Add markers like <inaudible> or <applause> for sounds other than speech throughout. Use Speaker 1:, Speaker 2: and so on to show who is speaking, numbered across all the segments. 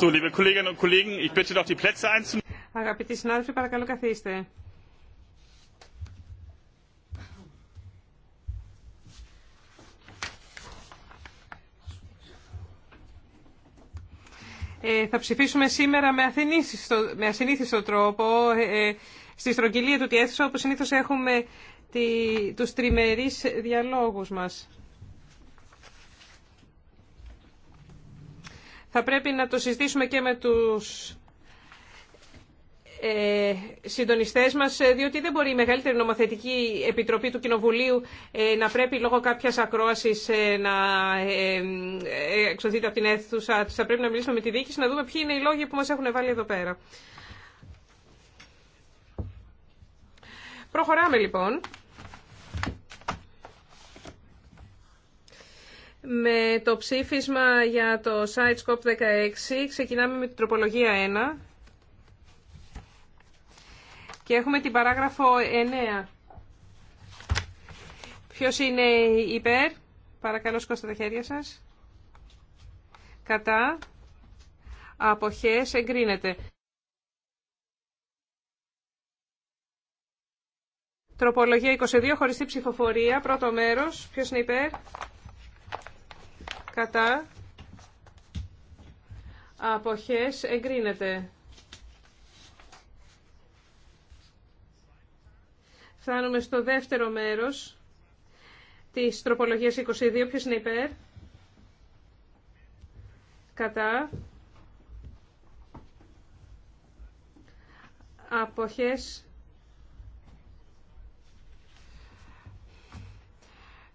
Speaker 1: So,
Speaker 2: Αγαπητοί συνάδελφοι, παρακαλώ καθίστε. Ε, θα ψηφίσουμε σήμερα με, με ασυνήθιστο τρόπο ε, ε, στη στρογγυλία του τη αίθουσα, όπως συνήθως έχουμε τη, τους τριμερείς διαλόγους μας. θα πρέπει να το συζητήσουμε και με τους ε, συντονιστές μας, ε, διότι δεν μπορεί η μεγαλύτερη νομοθετική επιτροπή του Κοινοβουλίου ε, να πρέπει λόγω κάποιας ακρόασης ε, να εξωθείται από την αίθουσα. Θα πρέπει να μιλήσουμε με τη διοίκηση, να δούμε ποιοι είναι οι λόγοι που μας έχουν βάλει εδώ πέρα. Προχωράμε λοιπόν. Με το ψήφισμα για το site COP16 ξεκινάμε με την τροπολογία 1 και έχουμε την παράγραφο 9. Ποιος είναι υπέρ, παρακαλώ σκώστε τα χέρια σας. Κατά, αποχές, εγκρίνεται. Τροπολογία 22, χωριστή ψηφοφορία, πρώτο μέρος, ποιος είναι υπέρ, κατά αποχές εγκρίνεται. Φτάνουμε στο δεύτερο μέρος της τροπολογίας 22. Ποιος είναι υπέρ? Κατά. Αποχές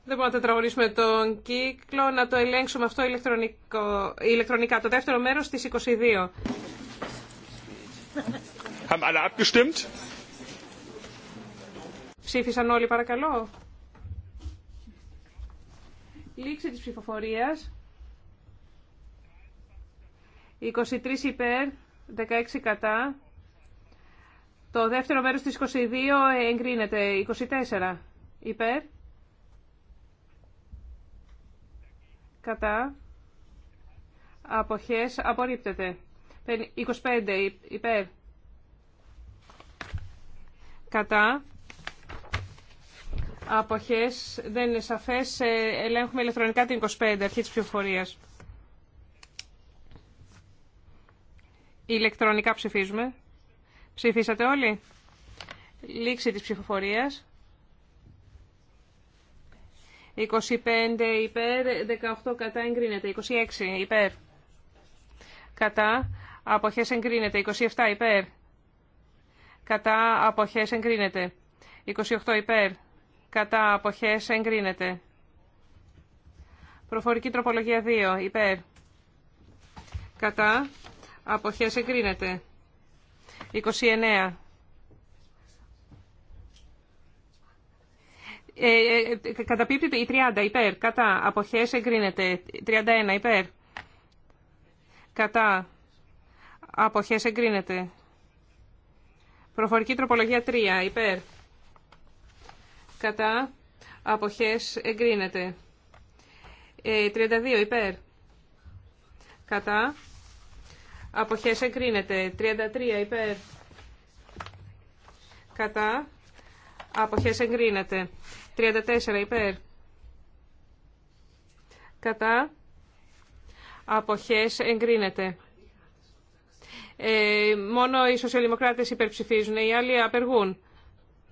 Speaker 2: Δεν μπορούμε να τετραγωνίσουμε τον κύκλο, να το ελέγξουμε αυτό ηλεκτρονικά. Το δεύτερο μέρος στις 22. Haben Ψήφισαν όλοι παρακαλώ. Λήξη της ψηφοφορίας. 23 υπέρ, 16 κατά. Το δεύτερο μέρος της 22 εγκρίνεται. 24 υπέρ. κατά, αποχές, απορρίπτεται. 25 υπέρ, κατά, αποχές, δεν είναι σαφές, ε, ελέγχουμε ηλεκτρονικά την 25, αρχή της ψηφοφορίας. Ηλεκτρονικά ψηφίζουμε. Ψηφίσατε όλοι. Λήξη της ψηφοφορίας. 25 υπέρ, 18 κατά εγκρίνεται, 26 υπέρ. Κατά, αποχές εγκρίνεται, 27 υπέρ. Κατά, αποχές εγκρίνεται, 28 υπέρ. Κατά, αποχές εγκρίνεται. Προφορική τροπολογία 2 υπέρ. Κατά, αποχές εγκρίνεται, 29 Ε, ε, καταπίπτει η 30 υπέρ, κατά, αποχές εγκρίνεται, 31 υπέρ, κατά, αποχές εγκρίνεται. Προφορική τροπολογία 3 υπέρ, κατά, αποχές εγκρίνεται. Ε, 32 υπέρ, κατά, αποχές εγκρίνεται. 33 υπέρ, κατά, αποχές εγκρίνεται. 34 υπέρ. Κατά. Αποχές εγκρίνεται. Ε, μόνο οι σοσιαλδημοκράτες υπερψηφίζουν, οι άλλοι απεργούν.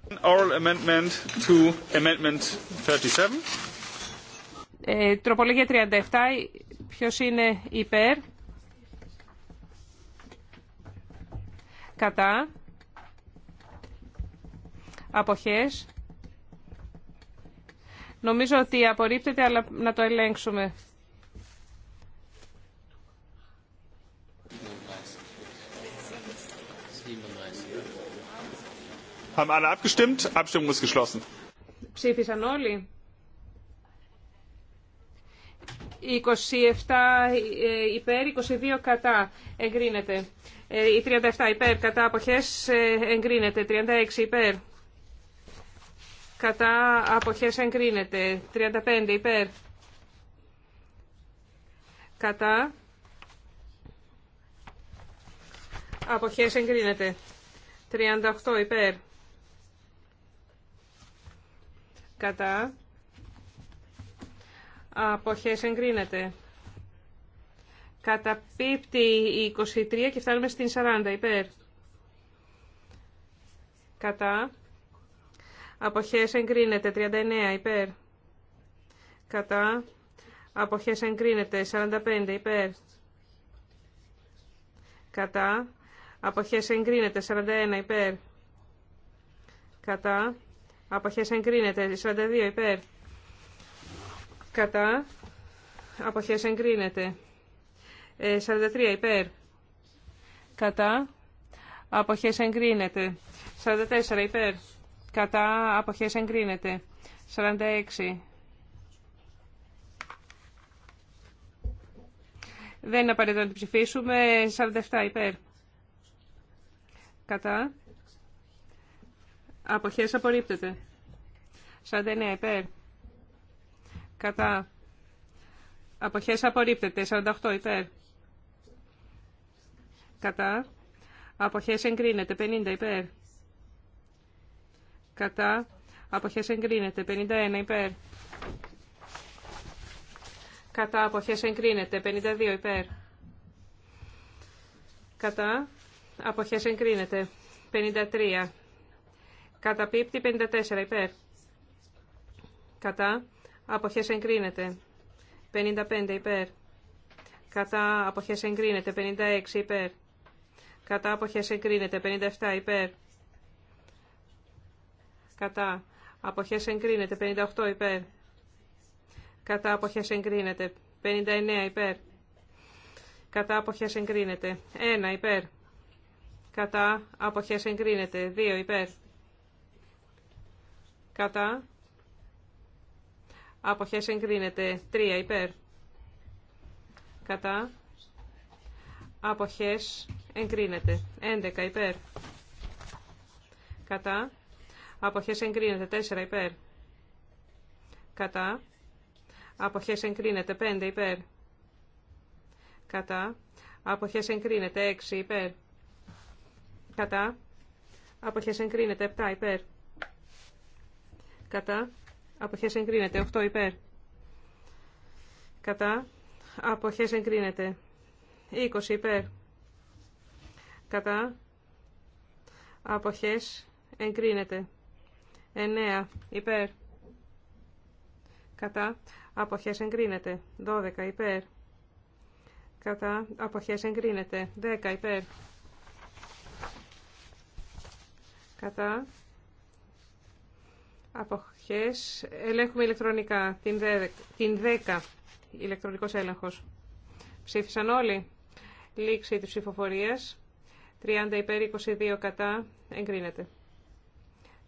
Speaker 1: Oral amendment to amendment 37.
Speaker 2: Ε, τροπολογία 37. Ποιος είναι υπέρ. Κατά. Αποχές. Νομίζω ότι απορρίπτεται, αλλά να το ελέγξουμε. Ψήφισαν όλοι. 27 ε, υπέρ, 22 κατά. Εγκρίνεται. Ε, η 37 υπέρ, κατά αποχές ε, εγκρίνεται. 36 υπέρ, κατά αποχές εγκρίνεται. 35 υπέρ κατά αποχές εγκρίνεται. 38 υπέρ κατά αποχές εγκρίνεται. Καταπίπτει η 23 και φτάνουμε στην 40 υπέρ. Κατά Αποχές εγκρίνεται 39 υπέρ. Κατά. Αποχές εγκρίνεται 45 υπέρ. Κατά. Αποχές εγκρίνεται 41 υπέρ. Κατά. Αποχές εγκρίνεται 42 υπέρ. Κατά. Αποχές εγκρίνεται 43 ε, υπέρ. Κατά. Αποχές εγκρίνεται 44 υπέρ κατά αποχές εγκρίνεται. 46. Δεν είναι απαραίτητο να την ψηφίσουμε. 47 υπέρ. Κατά. Αποχές απορρίπτεται. 49 υπέρ. Κατά. Αποχές απορρίπτεται. 48 υπέρ. Κατά. Αποχές εγκρίνεται. 50 υπέρ κατά αποχές εγκρίνεται 51 υπέρ κατά αποχές εγκρίνεται 52 υπέρ κατά αποχές εγκρίνεται 53 Κατά πίπτη 54 υπέρ κατά αποχές εγκρίνεται 55 υπέρ κατά αποχές εγκρίνεται 56 υπέρ κατά αποχές εγκρίνεται 57 υπέρ κατά αποχές εγκρίνεται 58 υπέρ κατά αποχές εγκρίνεται 59 υπέρ κατά αποχές εγκρίνεται 1 υπέρ κατά αποχές εγκρίνεται 2 υπέρ κατά αποχές εγκρίνεται 3 υπέρ κατά αποχές εγκρίνεται 11 υπέρ κατά Αποχές εγκρίνεται 4 υπέρ. Κατά. Αποχές εγκρίνεται 5 υπέρ. Κατά. Αποχές εγκρίνεται 6 υπέρ. Κατά. Αποχές εγκρίνεται 7 υπέρ. Κατά. Αποχές εγκρίνεται 8 υπέρ. Κατά. Αποχές εγκρίνεται 20 υπέρ. Κατά. Αποχές εγκρίνεται 9 υπέρ. Κατά αποχές εγκρίνεται. 12 υπέρ. Κατά αποχές εγκρίνεται. 10 υπέρ. Κατά αποχές ελέγχουμε ηλεκτρονικά. Την 10, ηλεκτρονικό έλεγχο. ηλεκτρονικός έλεγχος. Ψήφισαν όλοι. Λήξη της ψηφοφορίας. 30 υπέρ 22 κατά εγκρίνεται.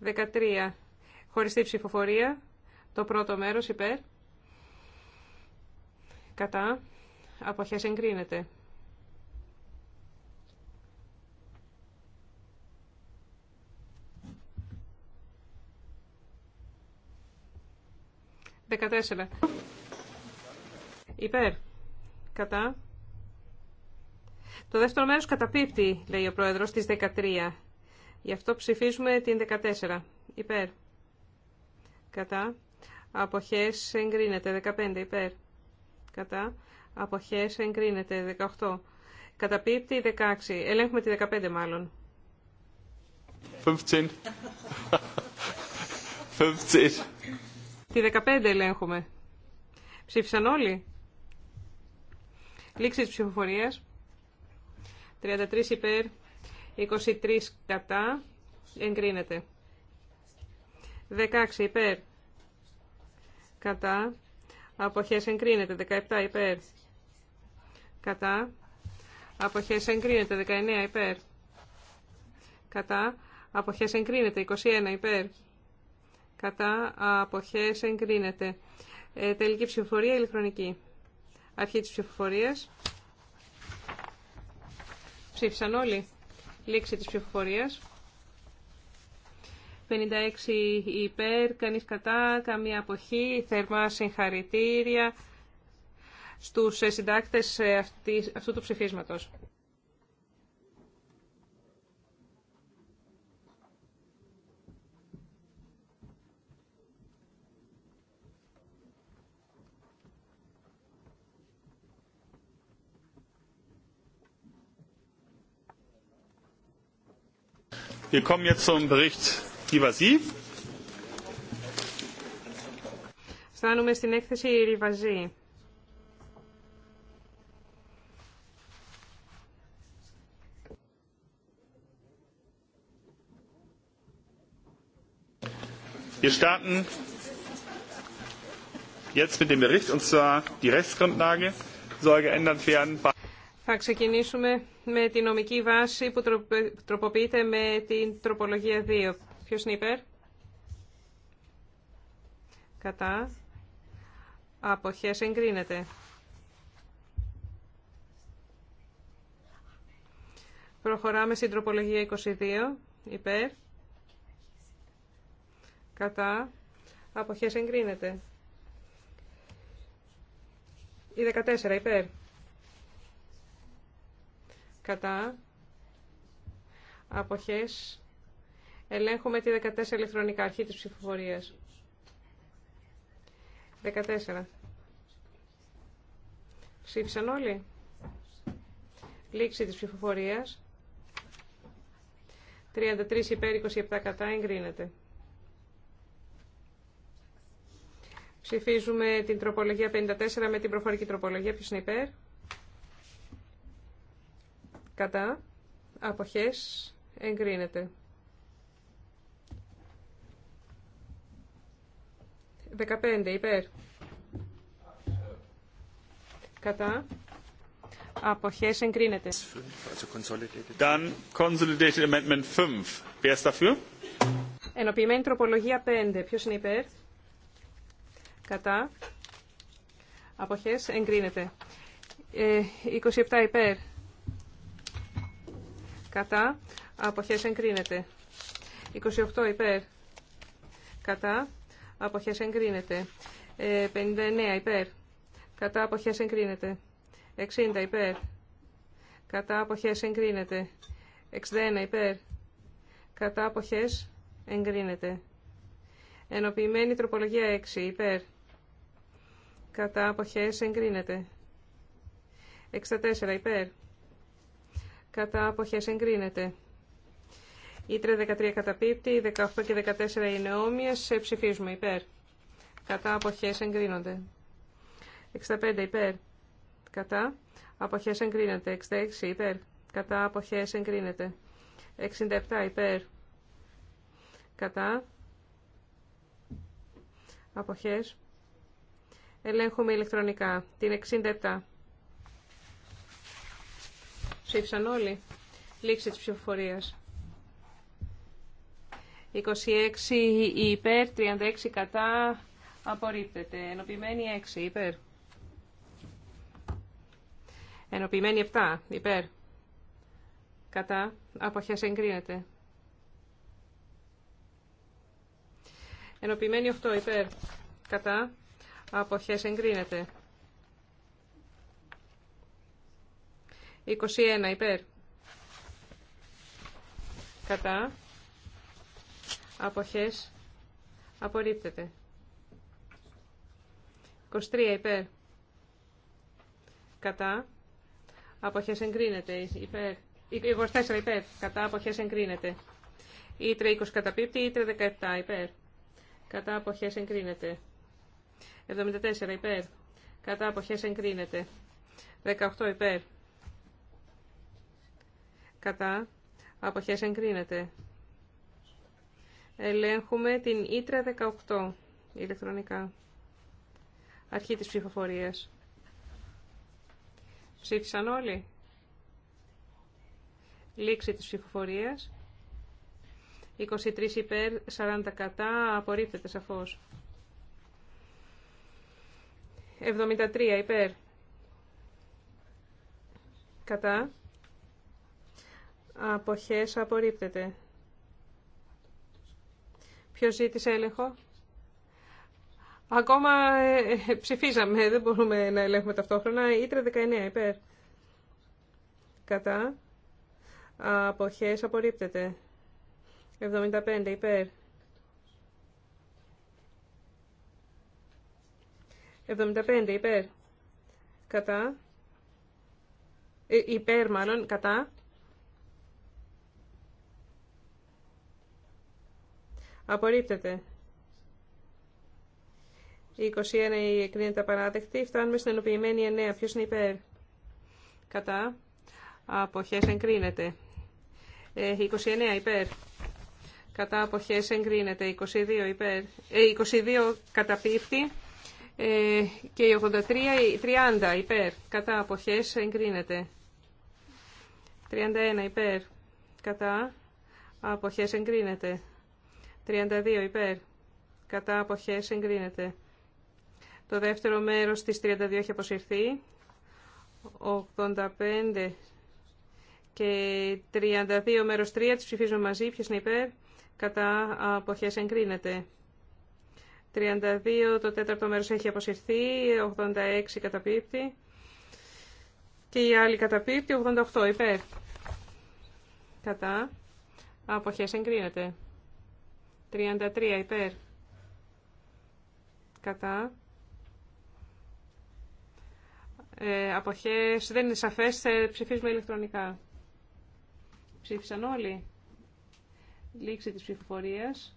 Speaker 2: 13. Χωριστή ψηφοφορία. Το πρώτο μέρος υπέρ. Κατά. Αποχές εγκρίνεται. Δεκατέσσερα. Υπέρ. Κατά. Το δεύτερο μέρος καταπίπτει, λέει ο πρόεδρος, στις 13. Γι' αυτό ψηφίζουμε την 14. Υπέρ. Κατά. Αποχές εγκρίνεται. 15. Υπέρ. Κατά. Αποχές εγκρίνεται. 18. Καταπίπτει 16. Ελέγχουμε τη 15 μάλλον.
Speaker 1: 15. 15.
Speaker 2: Τη 15 ελέγχουμε. Ψήφισαν όλοι. Λήξη τη ψηφοφορίας. 33 υπέρ, 23 κατά. Εγκρίνεται. 16 υπέρ. Κατά. Αποχές εγκρίνεται. 17 υπέρ. Κατά. Αποχές εγκρίνεται. 19 υπέρ. Κατά. Αποχές εγκρίνεται. 21 υπέρ. Κατά. Αποχές εγκρίνεται. Ε, τελική ψηφοφορία ηλεκτρονική. Αρχή της ψηφοφορίας. Ψήφισαν όλοι. Λήξη της ψηφοφορίας. 56 υπέρ, κανείς κατά, καμία αποχή, θερμά συγχαρητήρια στους συντάκτες αυτού του ψηφίσματος.
Speaker 1: Wir kommen jetzt zum Bericht Rivasi.
Speaker 2: Φτάνουμε στην έκθεση
Speaker 1: Wir starten jetzt mit dem Bericht, und zwar die Rechtsgrundlage soll geändert werden.
Speaker 2: Θα ξεκινήσουμε με τη νομική βάση που τροποποιείται με την τροπολογία 2. Ποιος είναι υπέρ? Κατά. Αποχές εγκρίνεται. Προχωράμε στην τροπολογία 22. Υπέρ. Κατά. Αποχές εγκρίνεται. Η 14. Υπέρ κατά αποχές ελέγχουμε τη 14 ηλεκτρονικά αρχή της ψηφοφορίας 14 ψήφισαν όλοι λήξη της ψηφοφορίας 33 υπέρ 27 κατά εγκρίνεται Ψηφίζουμε την τροπολογία 54 με την προφορική τροπολογία. Ποιος είναι υπέρ? κατά, αποχές, εγκρίνεται. 15 υπέρ, κατά, αποχές, εγκρίνεται.
Speaker 1: Dann consolidated amendment 5. Wer ist dafür?
Speaker 2: Ενοποιημένη τροπολογία 5. Ποιος είναι υπέρ? Κατά. Αποχές εγκρίνεται. 27 ε, υπέρ. Κατά. Αποχές εγκρίνεται. 28 υπέρ. Κατά. Αποχές εγκρίνεται. 59 ε, υπέρ. Κατά αποχές εγκρίνεται. 60 υπέρ. Κατά αποχές εγκρίνεται. 61 υπέρ. Κατά αποχές εγκρίνεται. Ενοποιημένη τροπολογία 6 υπέρ. Κατά αποχές εγκρίνεται. 64 υπέρ κατά αποχές εγκρίνεται. Η 13 καταπίπτει, 18 και 14 είναι όμοιες, ε, ψηφίζουμε υπέρ. Κατά αποχές εγκρίνονται. 65 υπέρ. Κατά αποχές εγκρίνεται. 66 υπέρ. Κατά αποχές εγκρίνεται. 67 υπέρ. Κατά αποχές. Ελέγχουμε ηλεκτρονικά την 67. Ψήφισαν όλοι. Λήξη της ψηφοφορίας. 26 υπέρ, 36 κατά, απορρίπτεται. Ενοποιημένη 6 υπέρ. Ενοποιημένη 7 υπέρ. Κατά, αποχές εγκρίνεται. Ενοποιημένη 8 υπέρ. Κατά, αποχές εγκρίνεται. 21 υπέρ. Κατά. Αποχές. Απορρίπτεται. 23 υπέρ. Κατά. Αποχές εγκρίνεται. Υπέρ. 24 υπέρ. Κατά. Αποχές εγκρίνεται. Ήτρε 20 καταπίπτει. Ήτρε 17 υπέρ. Κατά. Αποχές εγκρίνεται. 74 υπέρ. Κατά. Αποχές εγκρίνεται. 18 υπέρ κατά, αποχές εγκρίνεται. Ελέγχουμε την Ήτρα 18 ηλεκτρονικά. Αρχή της ψηφοφορίας. Ψήφισαν όλοι. Λήξη της ψηφοφορίας. 23 υπέρ, 40 κατά, απορρίπτεται σαφώς. 73 υπέρ. Κατά. Αποχές απορρίπτεται. Ποιος ζήτησε έλεγχο? Ακόμα ε, ε ψηφίζαμε, δεν μπορούμε να ελέγχουμε ταυτόχρονα. Ήτρα 19, υπέρ. Κατά. Αποχές απορρίπτεται. 75, υπέρ. 75, υπέρ. Κατά. Ε, υπέρ μάλλον, κατά. Απορρίπτεται. 21 η εκρίνεται απαράδεκτη. Φτάνουμε στην ενοποιημένη 9. Ποιο είναι υπέρ. Κατά. Αποχέ εγκρίνεται. 29 υπέρ. Κατά αποχέ εγκρίνεται. 22 υπέρ. 22 καταπίπτει. και η 83 30 υπέρ. Κατά αποχές εγκρίνεται. 31 ε, υπέρ. Κατά αποχές εγκρίνεται. 32 υπέρ. Κατά αποχές εγκρίνεται. Το δεύτερο μέρο της 32 έχει αποσυρθεί. 85 και 32 μέρο 3 τις ψηφίζουμε μαζί. Ποιες είναι υπέρ. Κατά αποχές εγκρίνεται. 32 το τέταρτο μέρο έχει αποσυρθεί. 86 καταπίπτει. Και η άλλη καταπίπτει. 88 υπέρ. Κατά αποχές εγκρίνεται. 33 υπέρ. Κατά. Ε, αποχές δεν είναι σαφές. Ε, ψηφίζουμε ηλεκτρονικά. Ψήφισαν όλοι. Λήξη της ψηφοφορίας.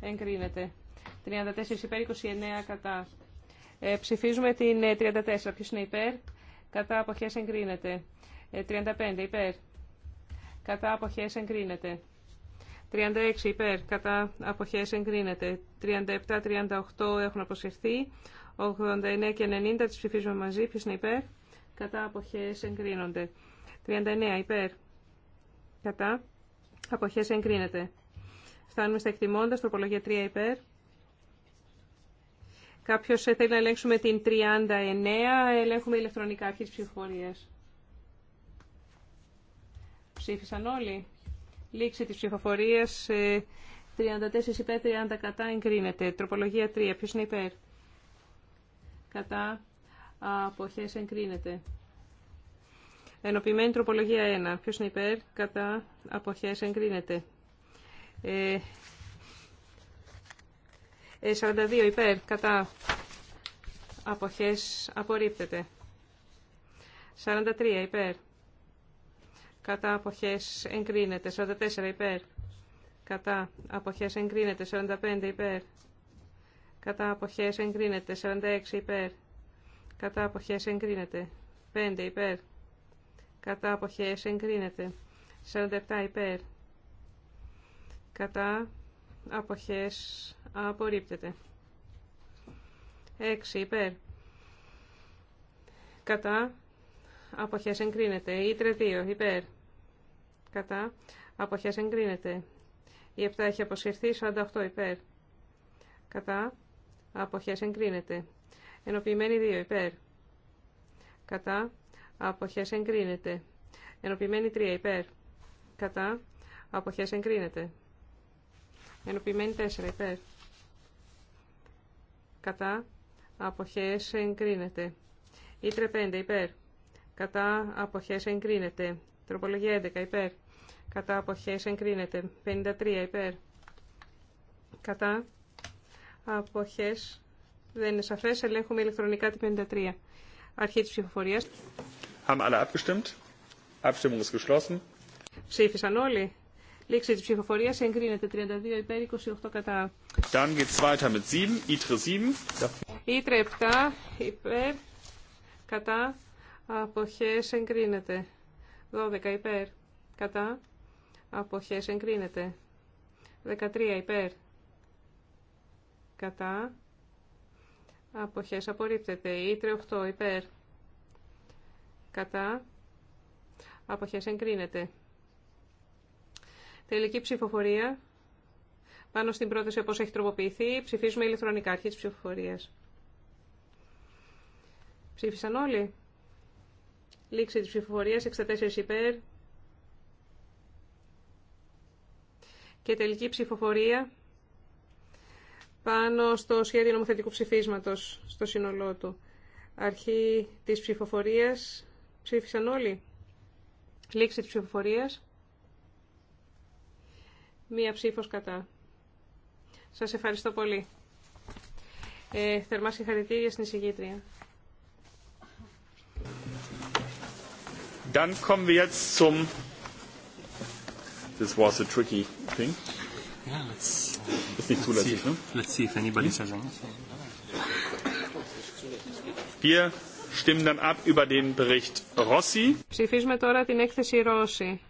Speaker 2: Εγκρίνεται. 34 υπέρ, 29 κατά. Ε, ψηφίζουμε την 34. Ε, Ποιος είναι υπέρ. Κατά αποχές εγκρίνεται. Ε, 35 υπέρ. Κατά αποχές εγκρίνεται. 36 υπέρ, κατά αποχές εγκρίνεται. 37-38 έχουν αποσυρθεί. 89 και 90 τις ψηφίζουμε μαζί. Ποιες είναι υπέρ, κατά αποχές εγκρίνονται. 39 υπέρ, κατά αποχές εγκρίνεται. Φτάνουμε στα εκτιμώντα, τροπολογία 3 υπέρ. Κάποιο ε, θέλει να ελέγξουμε την 39, ελέγχουμε ηλεκτρονικά αρχή ψηφοφορία. Ψήφισαν όλοι. Λήξη της ψηφοφορίας 34 ε, υπέρ, 30 κατά εγκρίνεται. Τροπολογία 3. Ποιος είναι υπέρ. Κατά αποχές εγκρίνεται. Ενωπημένη τροπολογία 1. Ποιος είναι υπέρ. Κατά αποχές εγκρίνεται. 42 ε, ε, υπέρ. Κατά αποχές απορρίπτεται. 43 υπέρ κατά αποχές εγκρίνεται 44 υπέρ κατά αποχές εγκρίνεται 45 υπέρ κατά αποχές εγκρίνεται 46 υπέρ κατά αποχές εγκρίνεται 5 υπέρ κατά αποχές εγκρίνεται 47 υπέρ κατά αποχές απορρίπτεται 6 υπέρ κατά αποχές εγκρίνεται ήτρε 2 υπέρ κατά από αποχές εγκρίνεται. Η 7 έχει αποσυρθεί, 48 υπέρ κατά από αποχές εγκρίνεται. Ενοποιημένη 2 υπέρ κατά από αποχές εγκρίνεται. Ενοποιημένη 3 υπέρ κατά αποχές εγκρίνεται. Ενοποιημένη 4 υπέρ κατά αποχές εγκρίνεται. Ήτρε 5 υπέρ κατά αποχές εγκρίνεται. Τροπολογία 11 υπέρ κατά αποχές εγκρίνεται. 53 υπέρ κατά αποχές δεν είναι σαφές. Ελέγχουμε ηλεκτρονικά την 53. Αρχή της ψηφοφορίας.
Speaker 1: Haben alle abgestimmt. Abstimmung ist geschlossen.
Speaker 2: Ψήφισαν όλοι. Λήξη της ψηφοφορίας εγκρίνεται 32 υπέρ 28 κατά.
Speaker 1: Dann geht's weiter mit 7, ITRE 7.
Speaker 2: ITRE 7 υπέρ κατά αποχές εγκρίνεται. 12 υπέρ κατά αποχές εγκρίνεται. 13 υπέρ κατά αποχές απορρίπτεται. Ήτρε 8 υπέρ κατά αποχές εγκρίνεται. Τελική ψηφοφορία πάνω στην πρόταση όπως έχει τροποποιηθεί. Ψηφίζουμε ηλεκτρονικά αρχή της ψηφοφορίας. Ψήφισαν όλοι. Λήξη της ψηφοφορίας 64 υπέρ, και τελική ψηφοφορία πάνω στο σχέδιο νομοθετικού ψηφίσματος στο σύνολό του. Αρχή της ψηφοφορίας. Ψήφισαν όλοι. Λήξη της ψηφοφορίας. Μία ψήφος κατά. Σας ευχαριστώ πολύ. Ε, θερμά συγχαρητήρια στην εισηγήτρια.
Speaker 1: Dann kommen wir jetzt zum This was a tricky thing. Yeah, let's,
Speaker 3: Ist nicht zulässig,
Speaker 1: ne? Let's see if anybody says anything. Wir stimmen dann ab über den Bericht Rossi.
Speaker 2: Ψηφίζουμε τώρα την έκθεση Ρώση.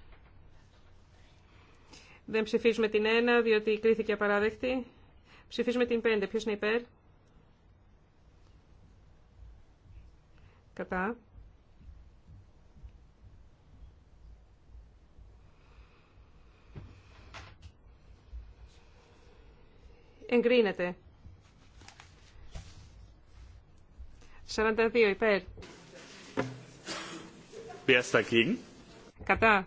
Speaker 2: Δεν ψηφίζουμε την 1, διότι κρίθηκε απαράδεκτη. Ψηφίζουμε την 5. Ποιος είναι υπέρ? Κατά. εγκρίνεται. 42 υπέρ. Κατά.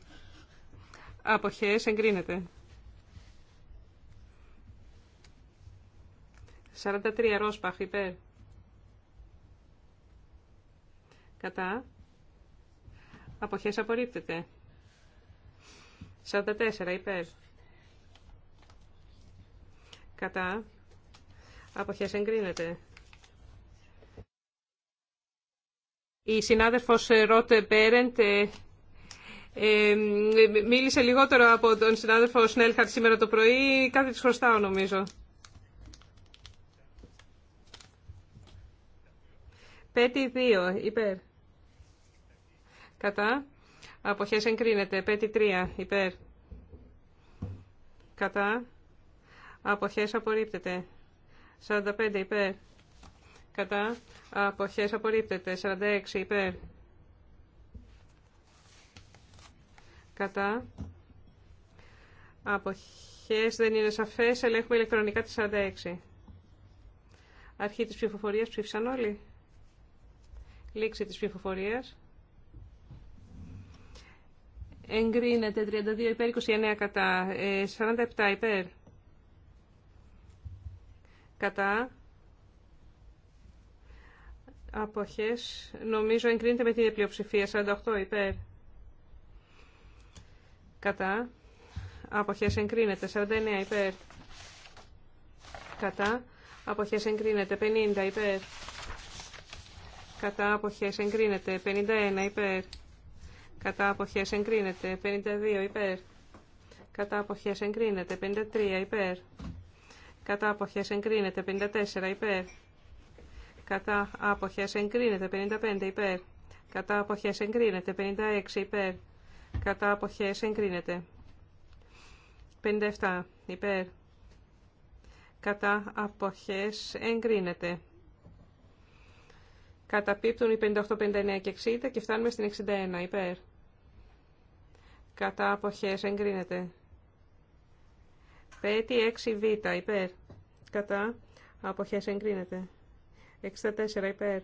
Speaker 2: Αποχές εγκρίνεται. 43 Ρόσπαχ υπέρ. Κατά. Αποχές απορρίπτεται. 44 υπέρ κατά αποχές εγκρίνεται. Η συνάδελφος Ρότε Μπέρεντ ε, ε, μίλησε λιγότερο από τον συνάδελφο Σνέλχαρτ σήμερα το πρωί. Κάτι της χρωστάω Πέτη 5-2 υπέρ. Κατά. Αποχές Πέτη 5-3 υπέρ. Κατά αποχές απορρίπτεται. 45 υπέρ. Κατά αποχές απορρίπτεται. 46 υπέρ. Κατά αποχές δεν είναι σαφές. Ελέγχουμε ηλεκτρονικά τη 46. Αρχή της ψηφοφορίας ψήφισαν όλοι. Λήξη της ψηφοφορίας. Εγκρίνεται 32 υπέρ, 29 κατά, 47 ε, υπέρ κατά αποχές νομίζω εγκρίνεται με την πλειοψηφία 48 υπέρ κατά αποχές εγκρίνεται 49 υπέρ κατά αποχές εγκρίνεται 50 υπέρ κατά αποχές εγκρίνεται 51 υπέρ κατά αποχές εγκρίνεται 52 υπέρ κατά αποχές εγκρίνεται 53 υπέρ Κατά αποχές εγκρίνεται 54 υπέρ. Κατά αποχές εγκρίνεται 55 υπέρ. Κατά αποχές εγκρίνεται 56 υπέρ. Κατά αποχές εγκρίνεται 57 υπέρ. Κατά αποχές εγκρίνεται. Καταπίπτουν οι 58, 59 και 60 και φτάνουμε στην 61 υπέρ. Κατά αποχές εγκρίνεται. Πέτει 6, β υπέρ κατά, αποχές εγκρίνεται. 64 υπέρ,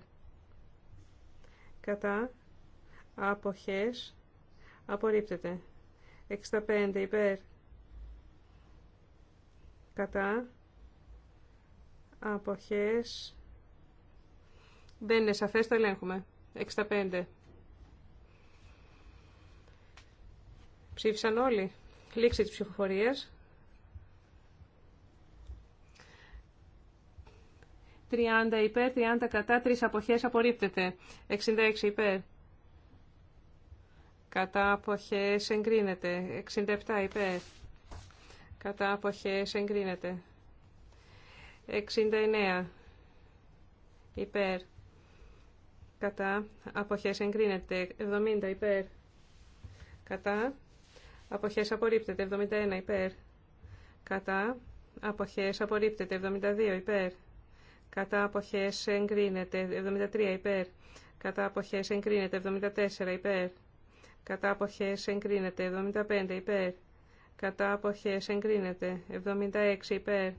Speaker 2: κατά, αποχές, απορρίπτεται. 65 υπέρ, κατά, αποχές, δεν είναι σαφές, το ελέγχουμε. 65. Ψήφισαν όλοι. Λήξη της ψηφοφορίας. 30 υπέρ, 30 κατά, 3 αποχές απορρίπτεται. 66 υπέρ. Κατά αποχές εγκρίνεται. 67 υπέρ. Κατά αποχές εγκρίνεται. 69 υπέρ. Κατά αποχές εγκρίνεται. 70 υπέρ. Κατά αποχές απορρίπτεται. 71 υπέρ. Κατά αποχές απορρίπτεται. 72 υπέρ κατά αποχές εγκρίνεται 73 υπέρ, κατά αποχές εγκρίνεται 74 υπέρ, κατά αποχές εγκρίνεται 75 υπέρ, κατά αποχές εγκρίνεται 76 υπέρ,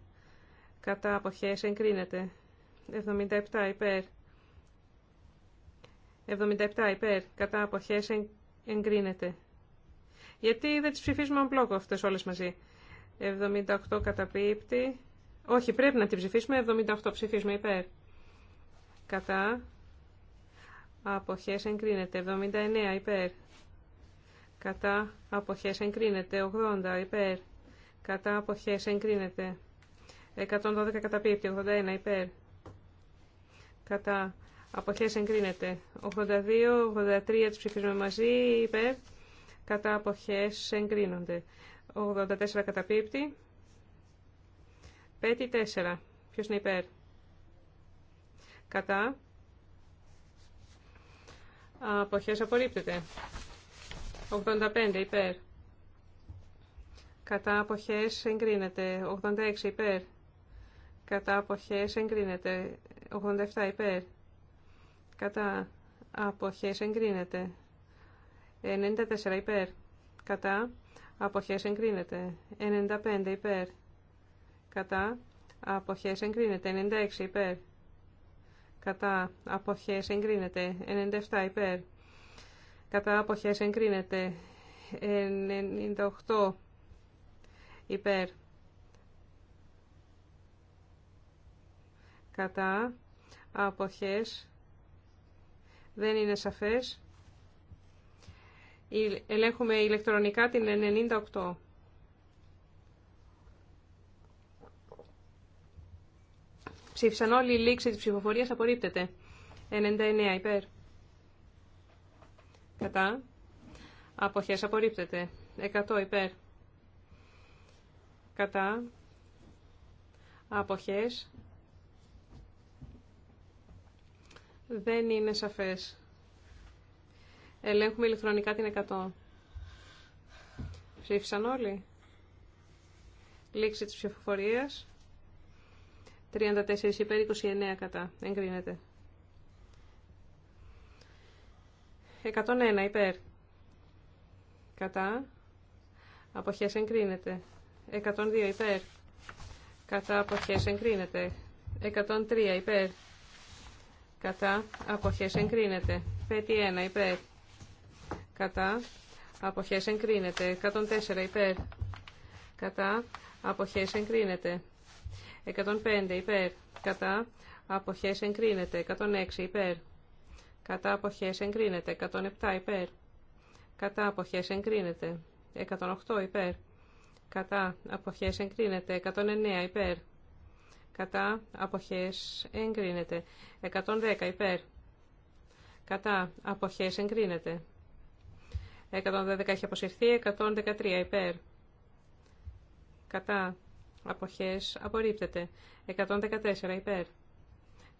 Speaker 2: κατά αποχές εγκρίνεται 77 υπέρ, 77 υπέρ, κατά αποχές εγκρίνεται. Γιατί δεν τις ψηφίζουμε μπλόκο αυτές όλες μαζί. 78 καταπίπτει, όχι, πρέπει να την ψηφίσουμε. 78 ψηφίσουμε υπέρ. Κατά. απόχε εγκρίνεται. 79 υπέρ. Κατά. Αποχές εγκρίνεται. 80 υπέρ. Κατά. αποχέ εγκρίνεται. 112 καταπίπτει. 81 υπέρ. Κατά. Αποχές εγκρίνεται. 82-83 τις ψηφίζουμε μαζί. Υπέρ. Κατά. αποχέ εγκρίνονται. 84 καταπίπτει. Πέτη 4. Ποιος είναι υπέρ. Κατά. Αποχές απορρίπτεται. 85 υπέρ. Κατά αποχές εγκρίνεται. 86 υπέρ. Κατά αποχές εγκρίνεται. 87 υπέρ. Κατά αποχές εγκρίνεται. 94 υπέρ. Κατά αποχές εγκρίνεται. 95 υπέρ κατά αποχές εγκρίνεται 96 υπέρ κατά αποχές εγκρίνεται 97 υπέρ κατά αποχές εγκρίνεται 98 υπέρ κατά αποχές δεν είναι σαφές ελέγχουμε ηλεκτρονικά την 98 Ψήφισαν όλοι η λήξη της ψηφοφορίας απορρίπτεται. 99 υπέρ. Κατά. Αποχές απορρίπτεται. 100 υπέρ. Κατά. Αποχές. Δεν είναι σαφές. Ελέγχουμε ηλεκτρονικά την 100. Ψήφισαν όλοι. Λήξη της ψηφοφορίας. 34 υπέρ 29 κατά. Εγκρίνεται. 101 υπέρ. Κατά. Αποχές εγκρίνεται. 102 υπέρ. Κατά αποχές εγκρίνεται. 103 υπέρ. Κατά αποχές εγκρίνεται. 51 1 υπέρ. Κατά αποχές εγκρίνεται. 104 υπέρ. Κατά αποχές εγκρίνεται. 105 υπέρ. Κατά αποχέ εγκρίνεται. 106 υπέρ. Κατά αποχέ εγκρίνεται. 107 υπέρ. Κατά αποχέ εγκρίνεται. 108 υπέρ. Κατά αποχέ εγκρίνεται. 109 υπέρ. Κατά αποχέ εγκρίνεται. 110 υπέρ. Κατά απόχέ εγκρίνεται. 112 έχει αποσυρθεί. 113 υπέρ. Κατά Αποχές απορρίπτεται. 114 υπέρ.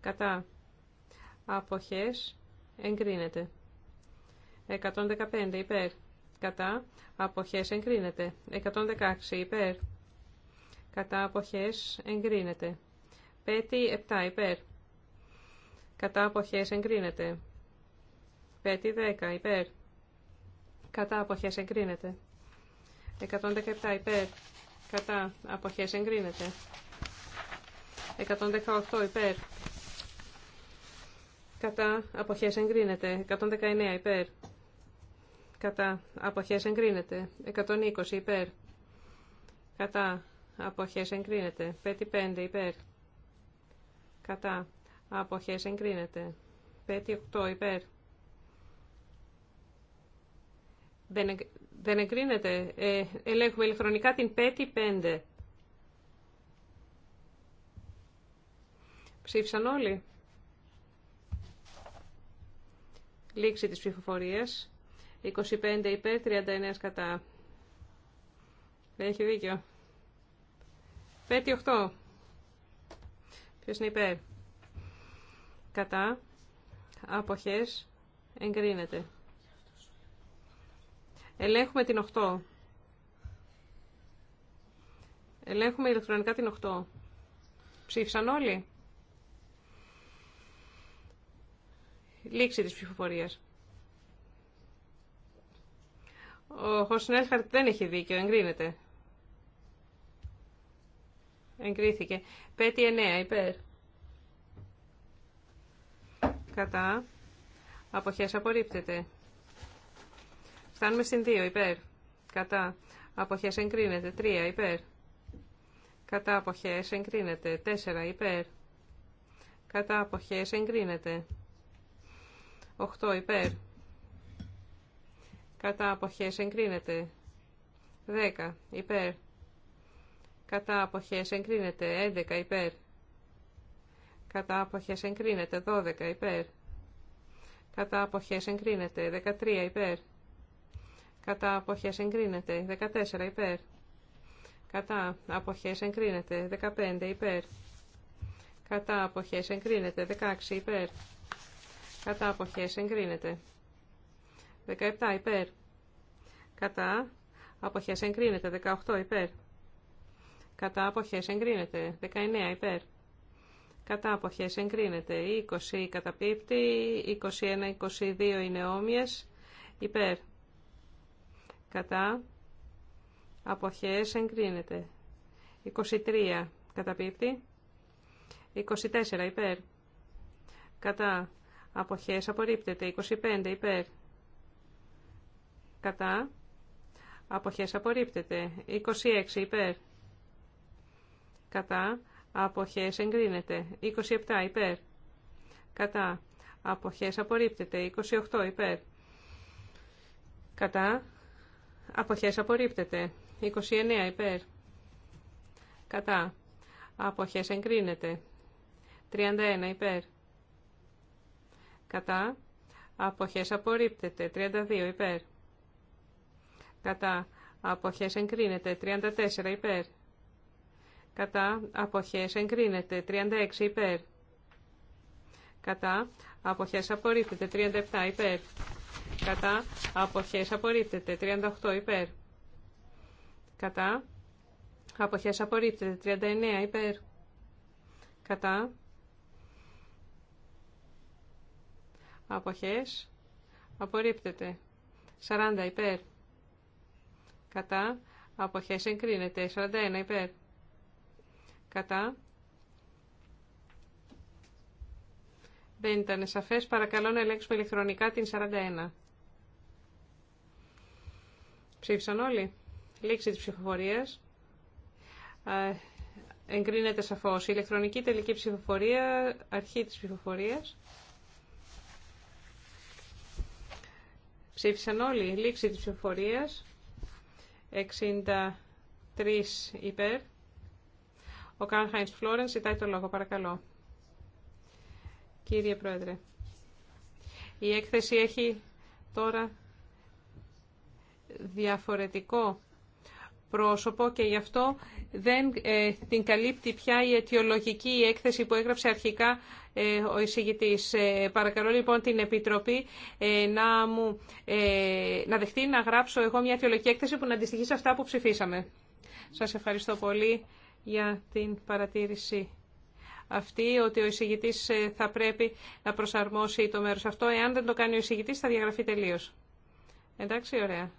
Speaker 2: Κατά. Αποχές εγκρίνεται. 115 υπέρ. Κατά. Αποχές εγκρίνεται. 116 υπέρ. Κατά. Αποχές εγκρίνεται. 5 7 υπέρ. Κατά. Αποχές εγκρίνεται. 5 10 υπέρ. Κατά. Αποχές εγκρίνεται. 117 υπέρ κατά αποχές εγκρίνεται 118 υπέρ κατά αποχές εγκρίνεται 119 υπέρ κατά αποχές εγκρίνεται 120 υπέρ κατά αποχές εγκρίνεται 5 υπέρ κατά αποχές εγκρίνεται 58 υπέρ δεν, δεν εγκρίνεται. Ε, ελέγχουμε ηλεκτρονικά την 5η 5. Ψήφισαν όλοι. Λήξη της ψηφοφορίας. 25 υπέρ, 39 κατά. Έχει δίκιο. 5-8. Ποιος είναι υπέρ. Κατά. Αποχές. Εγκρίνεται. Ελέγχουμε την 8. Ελέγχουμε ηλεκτρονικά την 8. Ψήφισαν όλοι. Λήξη της ψηφοφορίας. Ο Χωσνέλχαρτ δεν έχει δίκιο, εγκρίνεται. Εγκρίθηκε. Πέτει 9, υπέρ. Κατά. Αποχές απορρίπτεται. Φτάνουμε στην 2 υπέρ. Κατά αποχές εγκρίνεται. 3 υπέρ. Κατά αποχές εγκρίνεται. 4 υπέρ. Κατά αποχές εγκρίνεται. 8 υπέρ. Κατά αποχές εγκρίνεται. 10 υπέρ. Κατά αποχές εγκρίνεται. 11 υπέρ. Κατά αποχές εγκρίνεται. 12 υπέρ. Κατά αποχές εγκρίνεται. 13 υπέρ κατά αποχέ εγκρίνεται 14 υπέρ κατά απόχέ εγκρίνεται 15 υπέρ κατά αποχέ, εγκρίνεται 16 υπέρ κατά αποχέ εγκρίνεται 17 υπέρ κατά αποχέ εγκρίνεται 18 υπέρ κατά αποχέ εγκρίνεται 19 υπέρ κατά αποχέ εγκρίνεται 20 καταπίπτει 21-22 είναι όμοιε. υπέρ κατά αποχές εγκρίνεται. 23 καταπίπτει. 24 υπέρ κατά αποχές απορρίπτεται. 25 υπέρ κατά αποχές απορρίπτεται. 26 υπέρ κατά αποχές εγκρίνεται. 27 υπέρ κατά αποχές απορρίπτεται. 28 υπέρ κατά Αποχές απορρίπτεται. 29 υπέρ. Κατά. Αποχές εγκρίνεται. 31 υπέρ. Κατά. Αποχές απορρίπτεται. 32 υπέρ. Κατά. Αποχές εγκρίνεται. 34 υπέρ. Κατά. Αποχές εγκρίνεται. 36 υπέρ. Κατά. Αποχές απορρίπτεται. 37 υπέρ κατά αποχές απορρίπτεται 38 υπέρ κατά αποχές απορρίπτεται 39 υπέρ κατά αποχές απορρίπτεται 40 υπέρ κατά αποχές εγκρίνεται 41 υπέρ κατά Δεν ήταν σαφές. Παρακαλώ να ελέγξουμε ηλεκτρονικά την 41. Ψήφισαν όλοι. Λήξη της ψηφοφορίας. Εγκρίνεται σαφώς. Η ηλεκτρονική τελική ψηφοφορία, αρχή της ψηφοφορίας. Ψήφισαν όλοι. Λήξη της ψηφοφορίας. 63 υπέρ. Ο Κάνχαϊντς Φλόρεν ζητάει το λόγο. Παρακαλώ. Κύριε Πρόεδρε, η έκθεση έχει τώρα διαφορετικό πρόσωπο και γι' αυτό δεν ε, την καλύπτει πια η αιτιολογική έκθεση που έγραψε αρχικά ε, ο εισηγητής. Ε, παρακαλώ λοιπόν την Επιτροπή να, μου, να δεχτεί να γράψω εγώ μια αιτιολογική έκθεση που να αντιστοιχεί σε αυτά που ψηφίσαμε. Σας ευχαριστώ πολύ για την παρατήρηση αυτή ότι ο εισηγητής ε, θα πρέπει να προσαρμόσει το μέρος αυτό. Εάν δεν το κάνει ο εισηγητής θα διαγραφεί τελείως. Εντάξει, ωραία.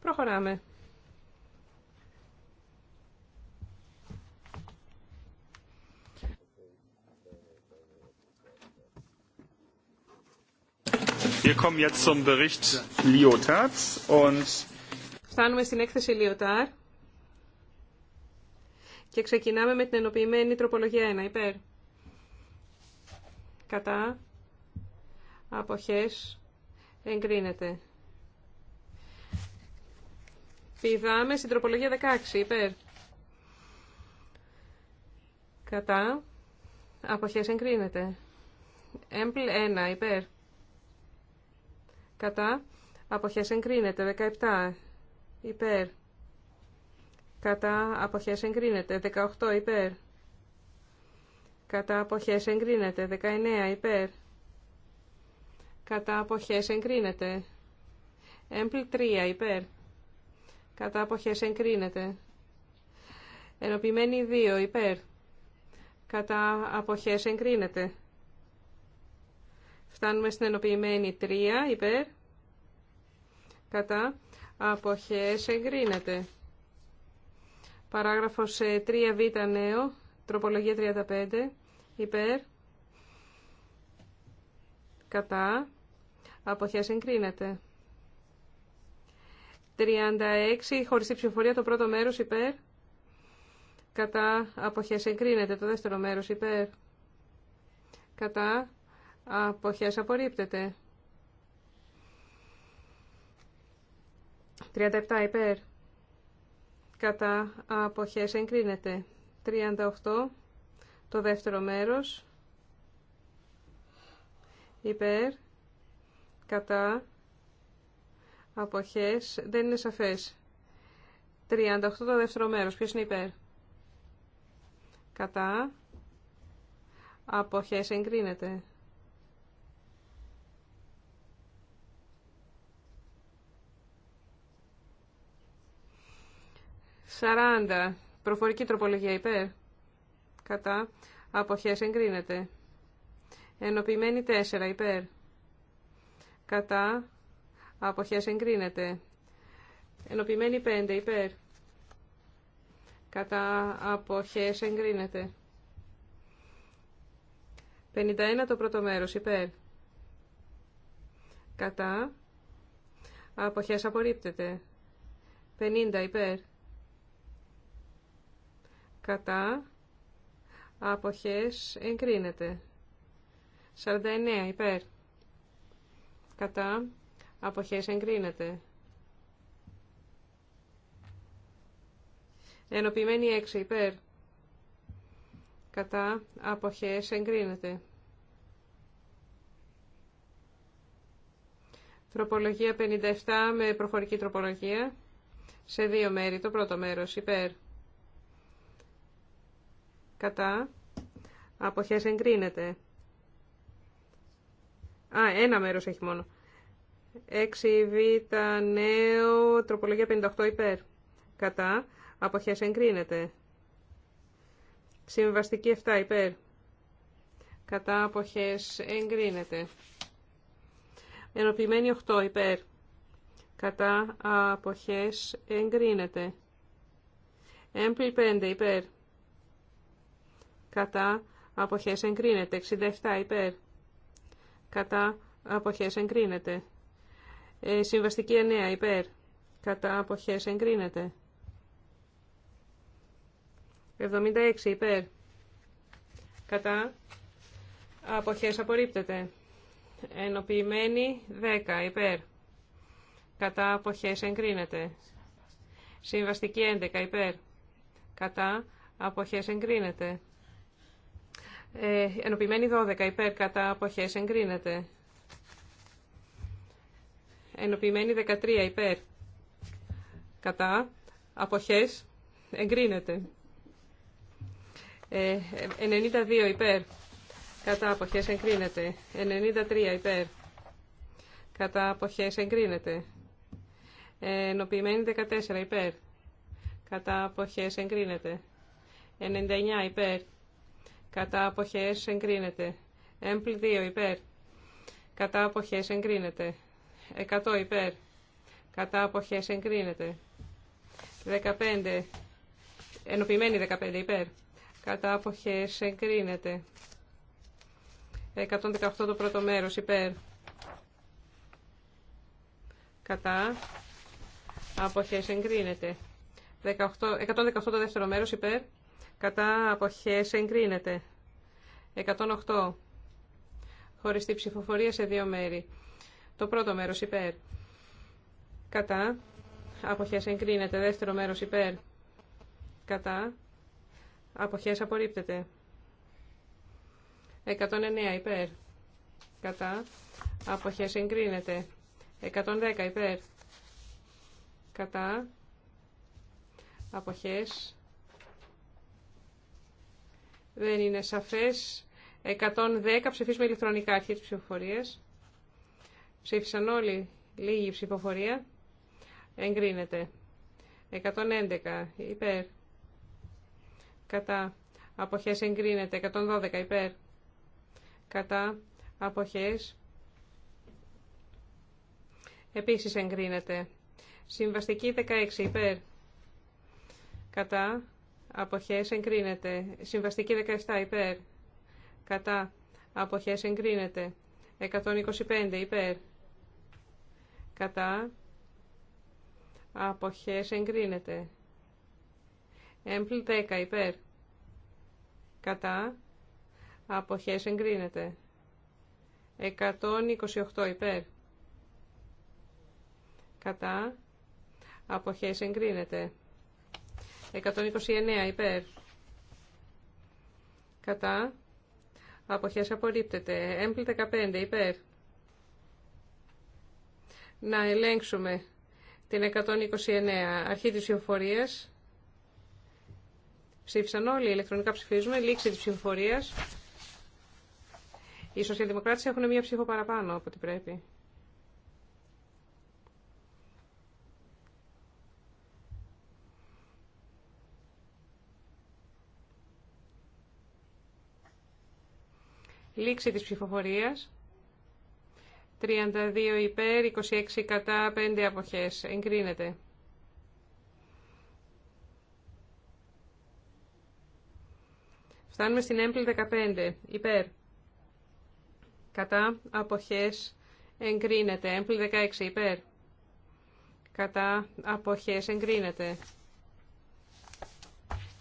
Speaker 2: Προχωράμε.
Speaker 1: Wir kommen jetzt zum Bericht und
Speaker 2: Φτάνουμε στην έκθεση Λιωτάρ. Και ξεκινάμε με την ενοποιημένη τροπολογία 1. Υπέρ. Κατά. Αποχές. Εγκρίνεται. Πηδάμε στην τροπολογία 16. Υπέρ. Κατά. Αποχές εγκρίνεται. Έμπλ 1. Υπέρ. Κατά. Αποχές εγκρίνεται. 17. Υπέρ. Κατά αποχές εγκρίνεται. 18 υπέρ. Κατά αποχές εγκρίνεται. 19 υπέρ. Κατά αποχές εγκρίνεται. Έμπλ 3 υπέρ. Κατά αποχές εγκρίνεται. Ενοποιημένη 2 υπέρ. Κατά αποχές εγκρίνεται. Φτάνουμε στην ενοποιημένη 3 υπέρ. Κατά αποχές εγκρίνεται. Παράγραφος 3β ε, νέο, τροπολογία 35, υπέρ, κατά, αποχές εγκρίνεται. 36, χωριστή ψηφοφορία, το πρώτο μέρος υπέρ, κατά, απόχε εγκρίνεται. Το δεύτερο μέρος υπέρ, κατά, αποχές απορρίπτεται. 37 υπέρ κατά αποχές εγκρίνεται. 38 το δεύτερο μέρος υπέρ κατά αποχές δεν είναι σαφές. 38 το δεύτερο μέρος. Ποιος είναι υπέρ. Κατά αποχές εγκρίνεται. 40. Προφορική τροπολογία υπέρ. Κατά. απόχέ εγκρίνεται. Ενοποιημένη 4 υπέρ. Κατά. απόχέ εγκρίνεται. Ενοποιημένη 5 υπέρ. Κατά. απόχέ εγκρίνεται. 51 το πρώτο μέρο υπέρ. Κατά. Αποχές απορρίπτεται. 50 υπέρ κατά, αποχές, εγκρίνεται. 49 υπέρ, κατά, αποχές, εγκρίνεται. Ενοποιημένη 6 υπέρ, κατά, αποχές, εγκρίνεται. Τροπολογία 57 με προφορική τροπολογία σε δύο μέρη. Το πρώτο μέρος υπέρ κατά αποχές εγκρίνεται. Α, ένα μέρος έχει μόνο. 6β νέο τροπολογία 58 υπέρ κατά αποχές εγκρίνεται. Συμβαστική 7 υπέρ κατά αποχές εγκρίνεται. Ενοποιημένη 8 υπέρ κατά αποχές εγκρίνεται. Έμπλη 5 υπέρ κατά αποχές εγκρίνεται. 67 υπέρ κατά αποχές εγκρίνεται. Ε, συμβαστική 9 υπέρ κατά αποχές εγκρίνεται. 76 υπέρ κατά αποχές απορρίπτεται. Ενοποιημένη 10 υπέρ κατά αποχές εγκρίνεται. Συμβαστική 11 υπέρ κατά αποχές εγκρίνεται. Ε, 12 υπέρ κατά αποχές εγκρίνεται. Ενοποιημένη 13 υπέρ κατά αποχές εγκρίνεται. Ε, 92 υπέρ κατά αποχές εγκρίνεται. 93 υπέρ κατά αποχές εγκρίνεται. Ε, 14 υπέρ κατά αποχές εγκρίνεται. 99 υπέρ κατά αποχές εγκρίνεται. Έμπλ 2 υπέρ, κατά αποχές εγκρίνεται. 100 υπέρ, κατά αποχές εγκρίνεται. 15, ενοποιημένη 15 υπέρ, κατά αποχές εγκρίνεται. 118 το πρώτο μέρο υπέρ, κατά αποχές εγκρίνεται. 118 το δεύτερο μέρος υπέρ, κατά αποχές εγκρίνεται. 108. Χωριστή ψηφοφορία σε δύο μέρη. Το πρώτο μέρος υπέρ. Κατά. Αποχές εγκρίνεται. Δεύτερο μέρος υπέρ. Κατά. Αποχές απορρίπτεται. 109 υπέρ. Κατά. Αποχές εγκρίνεται. 110 υπέρ. Κατά. Αποχές δεν είναι σαφές. 110 ψηφίσουμε ηλεκτρονικά αρχή της ψηφοφορίας. Ψήφισαν όλοι λίγη ψηφοφορία. Εγκρίνεται. 111 υπέρ. Κατά. Αποχές εγκρίνεται. 112 υπέρ. Κατά. Αποχές. Επίσης εγκρίνεται. Συμβαστική 16 υπέρ. Κατά. Αποχές εγκρίνεται. Συμβαστική 17 υπέρ. Κατά. Αποχές εγκρίνεται. 125 υπέρ. Κατά. Αποχές εγκρίνεται. Έμπλ 10 υπέρ. Κατά. Αποχές εγκρίνεται. 128 υπέρ. Κατά. Αποχές εγκρίνεται. 129 υπέρ. Κατά. Αποχές απορρίπτεται. Έμπλη 15 υπέρ. Να ελέγξουμε την 129 αρχή της ψηφοφορίας. Ψήφισαν όλοι, ηλεκτρονικά ψηφίζουμε, λήξη της ψηφοφορία. Οι σοσιαλδημοκράτες έχουν μία ψήφο παραπάνω από ό,τι πρέπει. Λήξη της ψηφοφορίας. 32 υπέρ, 26 κατά, 5 αποχές. Εγκρίνεται. Φτάνουμε στην έμπλη 15. Υπέρ. Κατά αποχές εγκρίνεται. Έμπλη 16. Υπέρ. Κατά αποχές εγκρίνεται.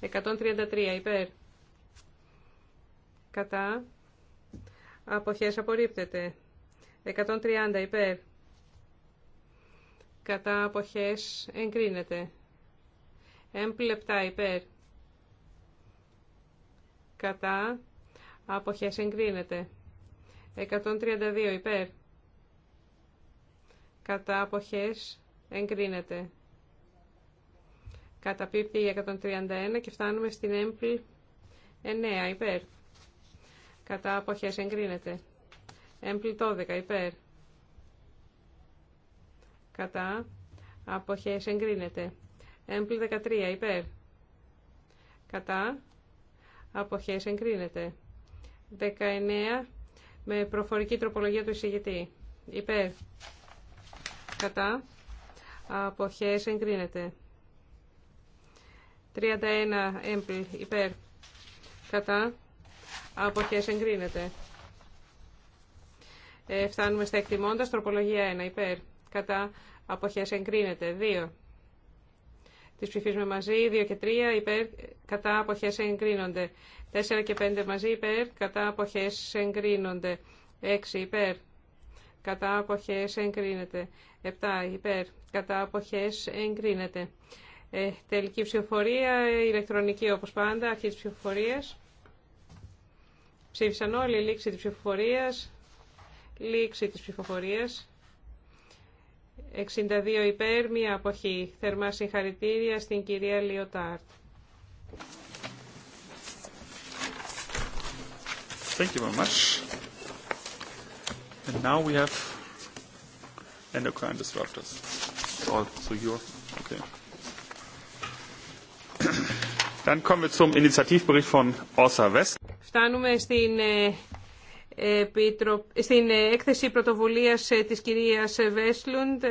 Speaker 2: 133. Υπέρ. Κατά Αποχές απορρίπτεται. 130 υπέρ. Κατά αποχές εγκρίνεται. Εμπλεπτά υπέρ. Κατά αποχές εγκρίνεται. 132 υπέρ. Κατά αποχές εγκρίνεται. Καταπίπτει η 131 και φτάνουμε στην έμπλη 9 υπέρ κατά αποχές εγκρίνεται. Έμπλη 12 υπέρ κατά αποχές εγκρίνεται. Έμπλη 13 υπέρ κατά αποχές εγκρίνεται. 19 με προφορική τροπολογία του εισηγητή. Υπέρ. Κατά. Αποχές εγκρίνεται. 31 έμπλη Υπέρ. Κατά αποχές εγκρίνεται. Ε, φτάνουμε στα εκτιμώντα. τροπολογία 1, υπέρ, κατά, αποχές εγκρίνεται. 2. Τις ψηφίζουμε μαζί, 2 και 3, υπέρ, κατά, αποχές εγκρίνονται. 4 και 5 μαζί, υπέρ, κατά, αποχές εγκρίνονται. 6, υπέρ, κατά, αποχές εγκρίνεται. 7, υπέρ, κατά, αποχές εγκρίνεται. Ε, τελική ψηφοφορία, ηλεκτρονική όπως πάντα, αρχή της ψηφοφορίας. Ψήφισαν όλοι, λήξη της ψηφοφορίας, λήξη της ψηφοφορίας. 62 υπέρ, μία αποχή. Θερμά συγχαρητήρια στην κυρία Λιωτάρτ.
Speaker 1: Thank you very much. And now we have endocrine disruptors. So you're okay. Dann kommen wir zum Initiativbericht von Orsa West
Speaker 2: φτάνουμε στην, ε, στην ε, έκθεση πρωτοβουλίας ε, της κυρίας Βέσλουντ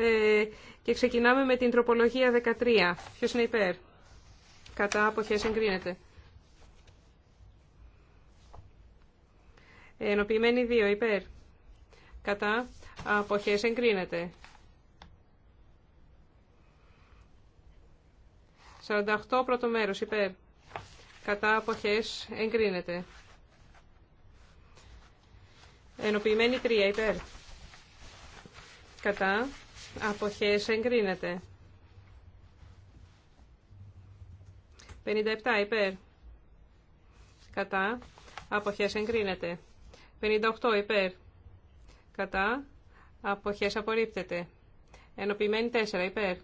Speaker 2: και ξεκινάμε με την τροπολογία 13. Ποιος είναι υπέρ. Κατά αποχές εγκρίνεται. Ενοποιημένοι 2 υπέρ. Κατά αποχές εγκρίνεται. 48 πρώτο μέρος υπέρ. Κατά αποχές εγκρίνεται. Ενοποιημένη 3 υπέρ. Κατά. Αποχές εγκρίνεται. 57 υπέρ. Κατά. Αποχές εγκρίνεται. 58 υπέρ. Κατά. Αποχές απορρίπτεται. Ενοποιημένη 4 υπέρ.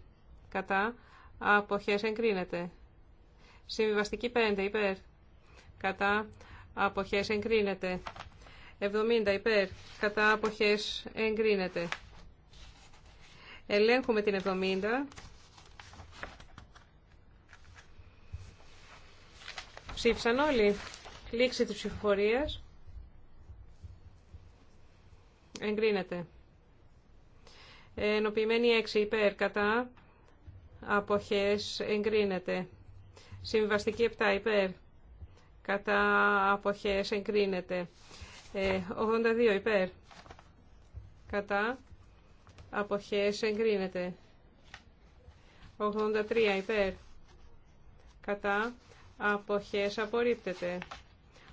Speaker 2: Κατά. Αποχές εγκρίνεται. Συμβιβαστική 5 υπέρ. Κατά. Αποχές εγκρίνεται. 70 υπέρ. Κατά αποχές εγκρίνεται. Ελέγχουμε την 70. Ψήφισαν όλοι. Λήξη της ψηφοφορίας. Εγκρίνεται. Ενοποιημένη 6 υπέρ κατά αποχές εγκρίνεται. Συμβαστική 7 υπέρ κατά αποχές εγκρίνεται. 82 ε, υπέρ. Κατά. Αποχές εγκρίνεται. 83 υπέρ. Κατά. Αποχές απορρίπτεται.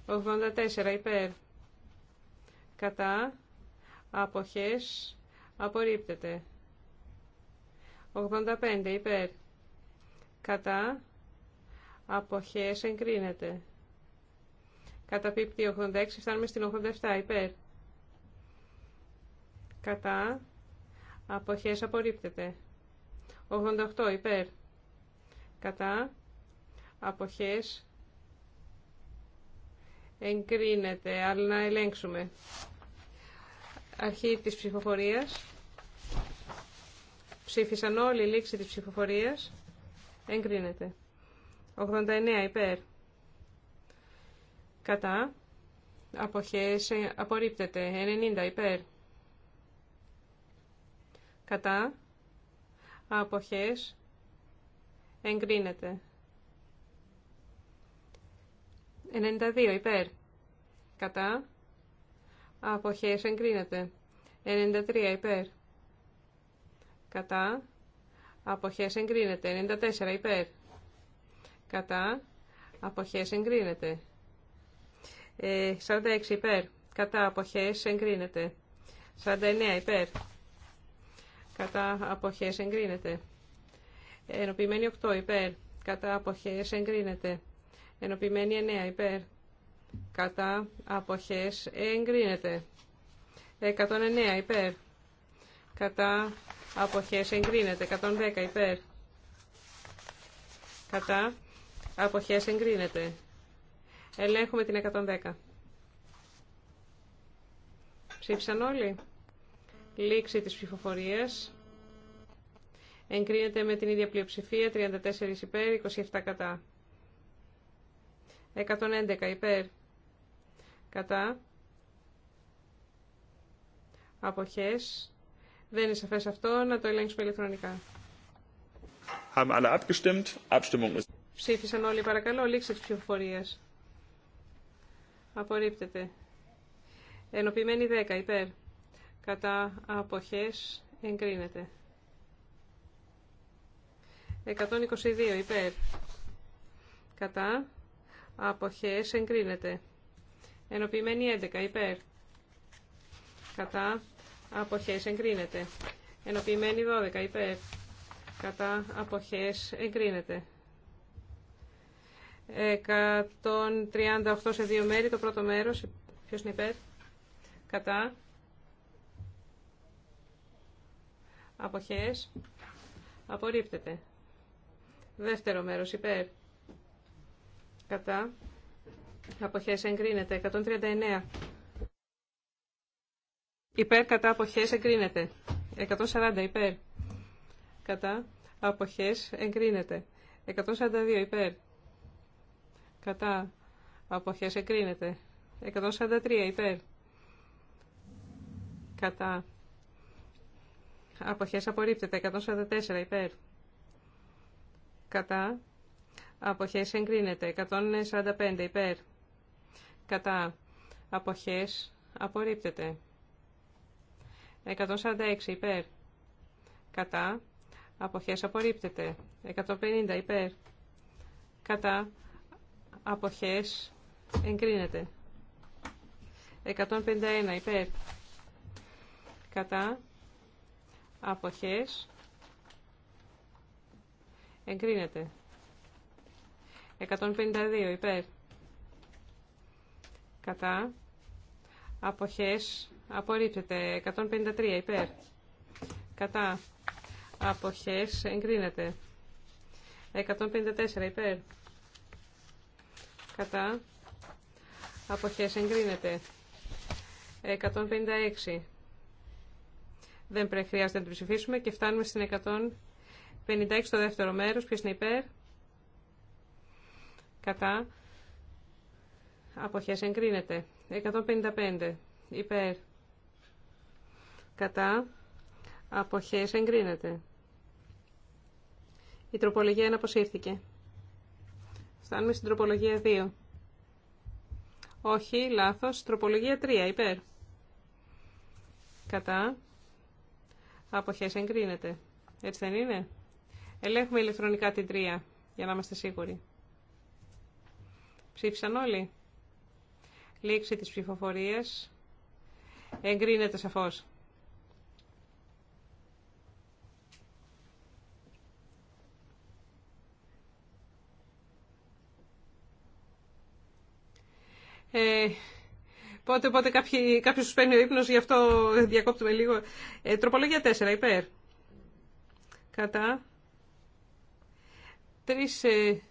Speaker 2: 84 υπέρ. Κατά. Αποχές απορρίπτεται. 85 υπέρ. Κατά. Αποχές εγκρίνεται. Κατά πίπτη 86, φτάνουμε στην 87, υπέρ. Κατά. Αποχές απορρίπτεται. 88, υπέρ. Κατά. Αποχές εγκρίνεται, αλλά να ελέγξουμε. Αρχή της ψηφοφορίας. Ψήφισαν όλοι η λήξη της ψηφοφορίας. Εγκρίνεται. 89 υπέρ κατά, αποχές, ε, απορρίπτεται. 90 υπέρ, κατά, αποχές, εγκρίνεται. 92 υπέρ, κατά, αποχές, εγκρίνεται. 93 υπέρ, κατά, αποχές, εγκρίνεται. 94 υπέρ, κατά, αποχές, εγκρίνεται. 46 ε, υπέρ. Κατά αποχές εγκρίνεται. 49 υπέρ. Κατά αποχές εγκρίνεται. Ενοποιημένη 8 υπέρ. Κατά αποχές εγκρίνεται. Ενοποιημένη 9 υπέρ. Κατά αποχές εγκρίνεται. 109 υπέρ. Κατά αποχές εγκρίνεται. 110 υπέρ. Κατά αποχές εγκρίνεται. Ελέγχουμε την 110. Ψήφισαν όλοι. Λήξη της ψηφοφορίας. Εγκρίνεται με την ίδια πλειοψηφία, 34 υπέρ, 27 κατά. 111 υπέρ, κατά. Αποχές. Δεν είναι σαφές αυτό, να το ελέγξουμε ηλεκτρονικά. Ψήφισαν όλοι παρακαλώ, λήξη της ψηφοφορίας. Απορρίπτεται. Ενοποιημένη 10 υπέρ. Κατά αποχές εγκρίνεται. 122 υπέρ. Κατά αποχές εγκρίνεται. Ενοποιημένη 11 υπέρ. Κατά αποχές εγκρίνεται. Ενοποιημένη 12 υπέρ. Κατά αποχές εγκρίνεται. 138 σε δύο μέρη, το πρώτο μέρος, ποιος είναι υπέρ, κατά, αποχές, απορρίπτεται. Δεύτερο μέρος, υπέρ, κατά, αποχές, εγκρίνεται, 139. Υπέρ κατά αποχές εγκρίνεται. 140 υπέρ. Κατά αποχές εγκρίνεται. 142 υπέρ κατά αποχές εγκρίνεται 143 υπέρ κατά αποχές απορρίπτεται 144 υπέρ κατά αποχές εγκρίνεται 145 υπέρ κατά αποχές απορρίπτεται 146 υπέρ κατά αποχές απορρίπτεται 150 υπέρ κατά αποχές εγκρίνεται. 151 υπέρ κατά αποχές εγκρίνεται. 152 υπέρ κατά αποχές απορρίπτεται. 153 υπέρ κατά αποχές εγκρίνεται. 154 υπέρ κατά αποχές εγκρίνεται 156 δεν πρέπει, χρειάζεται να την ψηφίσουμε και φτάνουμε στην 156 το δεύτερο μέρος ποιος είναι υπέρ κατά αποχές εγκρίνεται 155 υπέρ κατά αποχές εγκρίνεται η τροπολογία είναι αποσύρθηκε Φτάνουμε στην τροπολογία 2. Όχι, λάθος. Τροπολογία 3, υπέρ. Κατά. Αποχές εγκρίνεται. Έτσι δεν είναι. Ελέγχουμε ηλεκτρονικά την 3, για να είμαστε σίγουροι. Ψήφισαν όλοι. Λήξη της ψηφοφορίας. Εγκρίνεται σαφώς. Ε, πότε, πότε κάποιοι, κάποιος σου παίρνει ο ύπνος, γι' αυτό διακόπτουμε λίγο. Ε, τροπολογία 4, υπέρ. Κατά. Τρεις ε,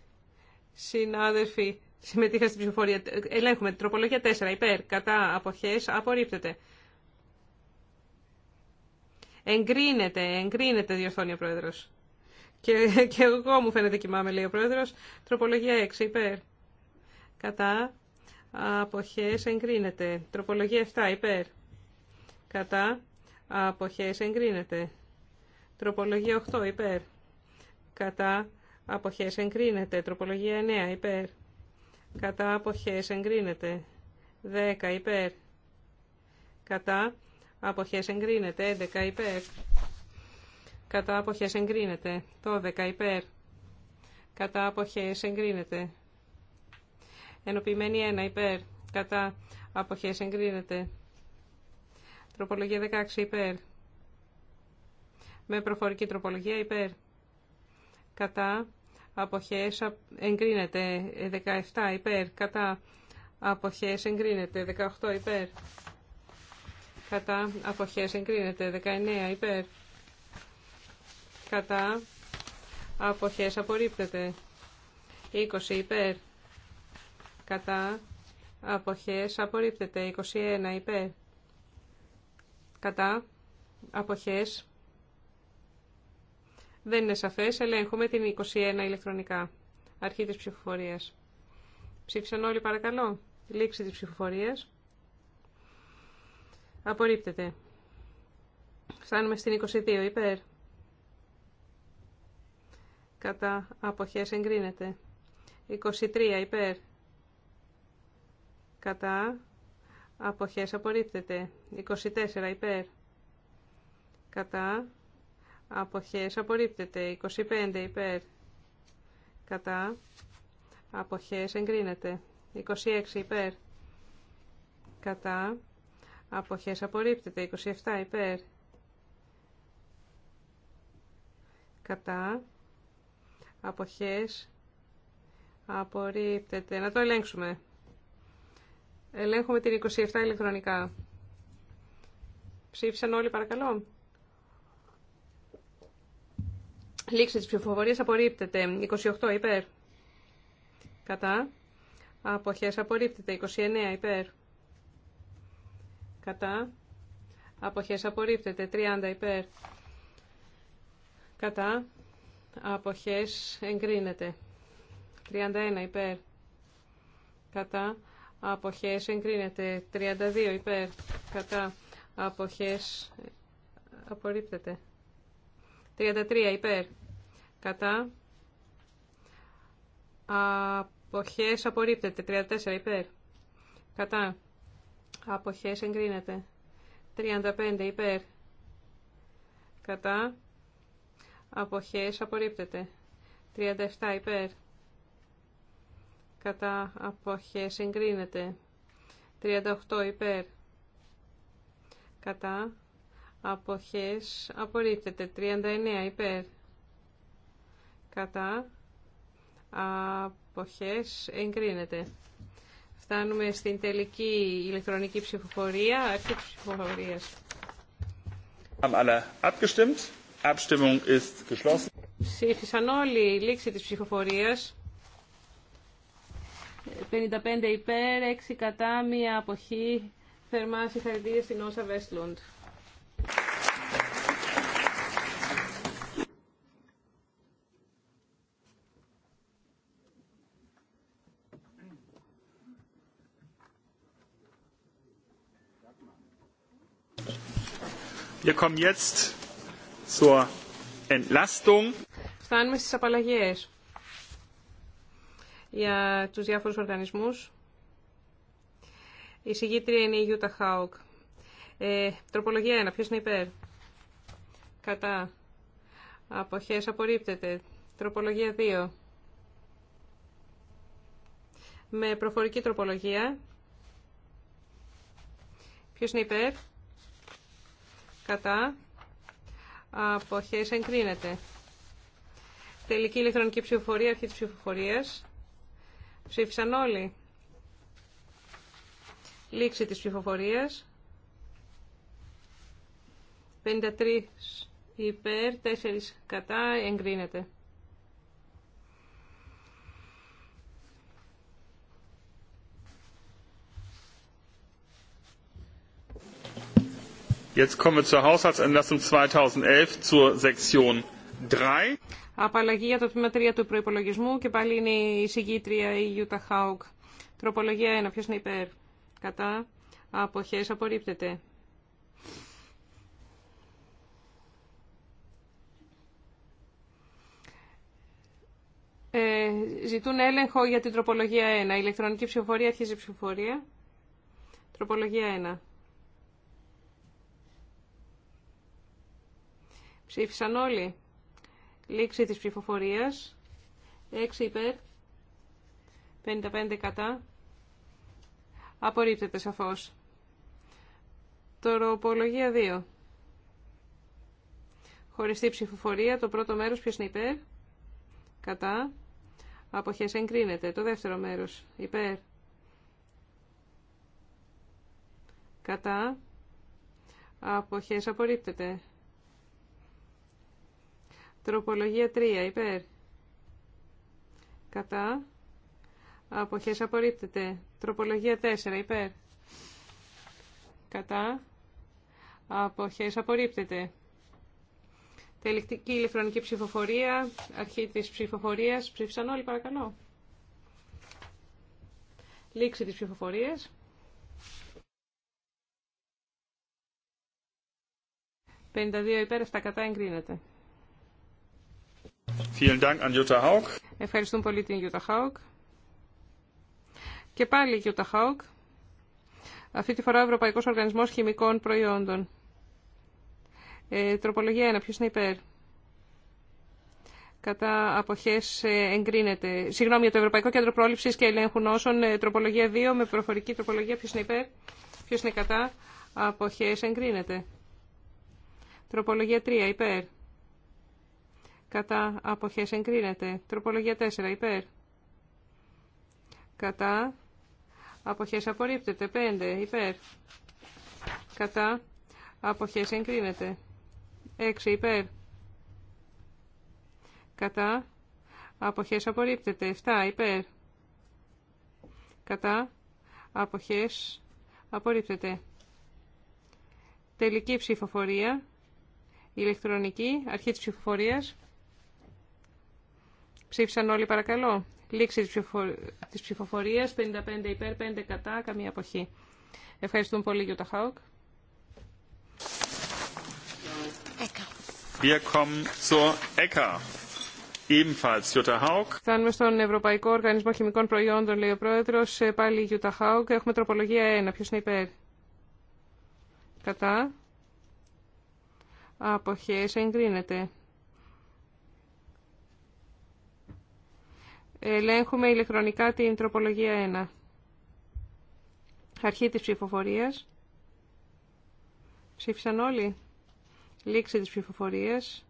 Speaker 2: συνάδελφοι συμμετείχαν στην ψηφοφορία. Ε, ελέγχουμε. Τροπολογία 4, υπέρ. Κατά. Αποχές. Απορρίπτεται. Εγκρίνεται, εγκρίνεται, διορθώνει ο Πρόεδρος. Και, και εγώ μου φαίνεται κοιμάμαι, λέει ο Πρόεδρος. Τροπολογία 6, υπέρ. Κατά αποχές εγκρίνεται. Τροπολογία 7 υπέρ. Κατά αποχές εγκρίνεται. Τροπολογία 8 υπέρ. Κατά αποχές εγκρίνεται. Τροπολογία 9 υπέρ. Κατά αποχές εγκρίνεται. 10 υπέρ. Κατά αποχές εγκρίνεται. 11 υπέρ. Κατά αποχές εγκρίνεται. 12 υπέρ. Κατά αποχές εγκρίνεται. Ενοποιημένη 1 υπέρ. Κατά αποχές εγκρίνεται. Τροπολογία 16 υπέρ. Με προφορική τροπολογία υπέρ. Κατά απόχέ εγκρίνεται. 17 υπέρ. Κατά αποχές εγκρίνεται. 18 υπέρ. Κατά απόχέ εγκρίνεται. 19 υπέρ. Κατά αποχές απορρίπτεται. 20 υπέρ κατά αποχές απορρίπτεται 21 υπέρ κατά αποχές δεν είναι σαφές ελέγχουμε την 21 ηλεκτρονικά αρχή της ψηφοφορίας ψήφισαν όλοι παρακαλώ λήξη της ψηφοφορίας απορρίπτεται φτάνουμε στην 22 υπέρ κατά αποχές εγκρίνεται 23 υπέρ κατά αποχές απορρίπτεται 24 υπέρ κατά αποχές απορρίπτεται 25 υπέρ κατά αποχές εγκρίνεται 26 υπέρ κατά αποχές απορρίπτεται 27 υπέρ κατά αποχές απορρίπτεται να το ελέγξουμε Ελέγχουμε την 27 ηλεκτρονικά. Ψήφισαν όλοι παρακαλώ. Λήξη της ψηφοφορίας απορρίπτεται. 28 υπέρ. Κατά. Αποχές απορρίπτεται. 29 υπέρ. Κατά. Αποχές απορρίπτεται. 30 υπέρ. Κατά. Αποχές εγκρίνεται. 31 υπέρ. Κατά αποχές εγκρίνεται. 32 υπέρ κατά αποχές απορρίπτεται. 33 υπέρ κατά αποχές απορρίπτεται. 34 υπέρ κατά αποχές εγκρίνεται. 35 υπέρ κατά αποχές απορρίπτεται. 37 υπέρ κατά αποχές εγκρίνεται. 38 υπέρ κατά αποχές απορρίπτεται. 39 υπέρ κατά αποχές εγκρίνεται. Φτάνουμε στην τελική ηλεκτρονική ψηφοφορία, αρχή ψηφοφορία.
Speaker 1: ψηφοφορία.
Speaker 2: Ψήφισαν όλοι η λήξη της ψηφοφορίας. 55 υπέρ, 6 κατά, μία αποχή. Θερμά συγχαρητήρια στην Όσα Βέσλοντ.
Speaker 1: Wir kommen jetzt zur Entlastung.
Speaker 2: Φτάνουμε στις απαλλαγές για τους διάφορους οργανισμούς. Η συγγήτρια είναι η Γιούτα Χάουκ. Ε, τροπολογία 1. Ποιος είναι υπέρ. Κατά. Αποχές απορρίπτεται. Τροπολογία 2. Με προφορική τροπολογία. Ποιος είναι υπέρ. Κατά. Αποχές εγκρίνεται. Τελική ηλεκτρονική ψηφοφορία, αρχή της ψηφοφορίας. Ψήφισαν όλοι. Λήξη της ψηφοφορίας. 53 υπέρ, 4 κατά, εγκρίνεται.
Speaker 1: Jetzt kommen wir zur Haushaltsentlastung 2011 zur Sektion 3.
Speaker 2: Απαλλαγή για το τμήμα 3 του προπολογισμού και πάλι είναι η συγκήτρια η Ιούτα Χάουκ. Τροπολογία 1. Ποιο είναι υπέρ. Κατά. Αποχέ. Απορρίπτεται. Ε, ζητούν έλεγχο για την τροπολογία 1. Ηλεκτρονική ψηφοφορία. Αρχίζει η ψηφοφορία. Τροπολογία 1. Ψήφισαν όλοι. Λήξη της ψηφοφορίας. 6 υπέρ. 55 κατά. Απορρίπτεται σαφώς. Τροπολογία 2. Χωριστή ψηφοφορία. Το πρώτο μέρος ποιος είναι υπέρ. Κατά. Αποχές εγκρίνεται. Το δεύτερο μέρος υπέρ. Κατά. Αποχές απορρίπτεται. Τροπολογία 3. Υπέρ. Κατά. Αποχές απορρίπτεται. Τροπολογία 4. Υπέρ. Κατά. Αποχές απορρίπτεται. Τελεκτική ηλεκτρονική ψηφοφορία. Αρχή της ψηφοφορίας. Ψήφισαν όλοι παρακαλώ. Λήξη της ψηφοφορίας. «52 υπέρ Αυτά κατά εγκρίνεται». Ευχαριστούμε πολύ την Γιούτα Χάουκ. Και πάλι Γιούτα Χάουκ. Αυτή τη φορά ο Ευρωπαϊκό Οργανισμό Χημικών Προϊόντων. Ε, τροπολογία 1. ποιο είναι υπέρ. Κατά αποχές ε, εγκρίνεται. Συγγνώμη, για το Ευρωπαϊκό Κέντρο Πρόληψη και Ελέγχου Νόσων. Ε, τροπολογία 2 με προφορική τροπολογία. ποιο είναι υπέρ. Ποιο είναι κατά. αποχέ εγκρίνεται. Τροπολογία 3. Υπέρ κατά αποχές εγκρίνεται. Τροπολογία 4 υπέρ. Κατά αποχές απορρίπτεται. 5 υπέρ. Κατά αποχές εγκρίνεται. 6 υπέρ. Κατά αποχές απορρίπτεται. 7 υπέρ. Κατά αποχές απορρίπτεται. Τελική ψηφοφορία. Ηλεκτρονική αρχή της ψηφοφορίας. Ψήφισαν όλοι παρακαλώ. Λήξη τη ψηφοφορία 55 υπέρ, 5 κατά, καμία αποχή. Ευχαριστούμε πολύ Γιούτα Χάουκ. Wir Φτάνουμε στον Ευρωπαϊκό Οργανισμό Χημικών Προϊόντων, λέει ο πρόεδρο. Ε, πάλι Γιούτα Χάουκ. Έχουμε τροπολογία 1. Ποιο είναι υπέρ. Κατά. Αποχέ. Εγκρίνεται. Ελέγχουμε ηλεκτρονικά την τροπολογία 1. Αρχή της ψηφοφορίας. Ψήφισαν όλοι. Λήξη της ψηφοφορίας.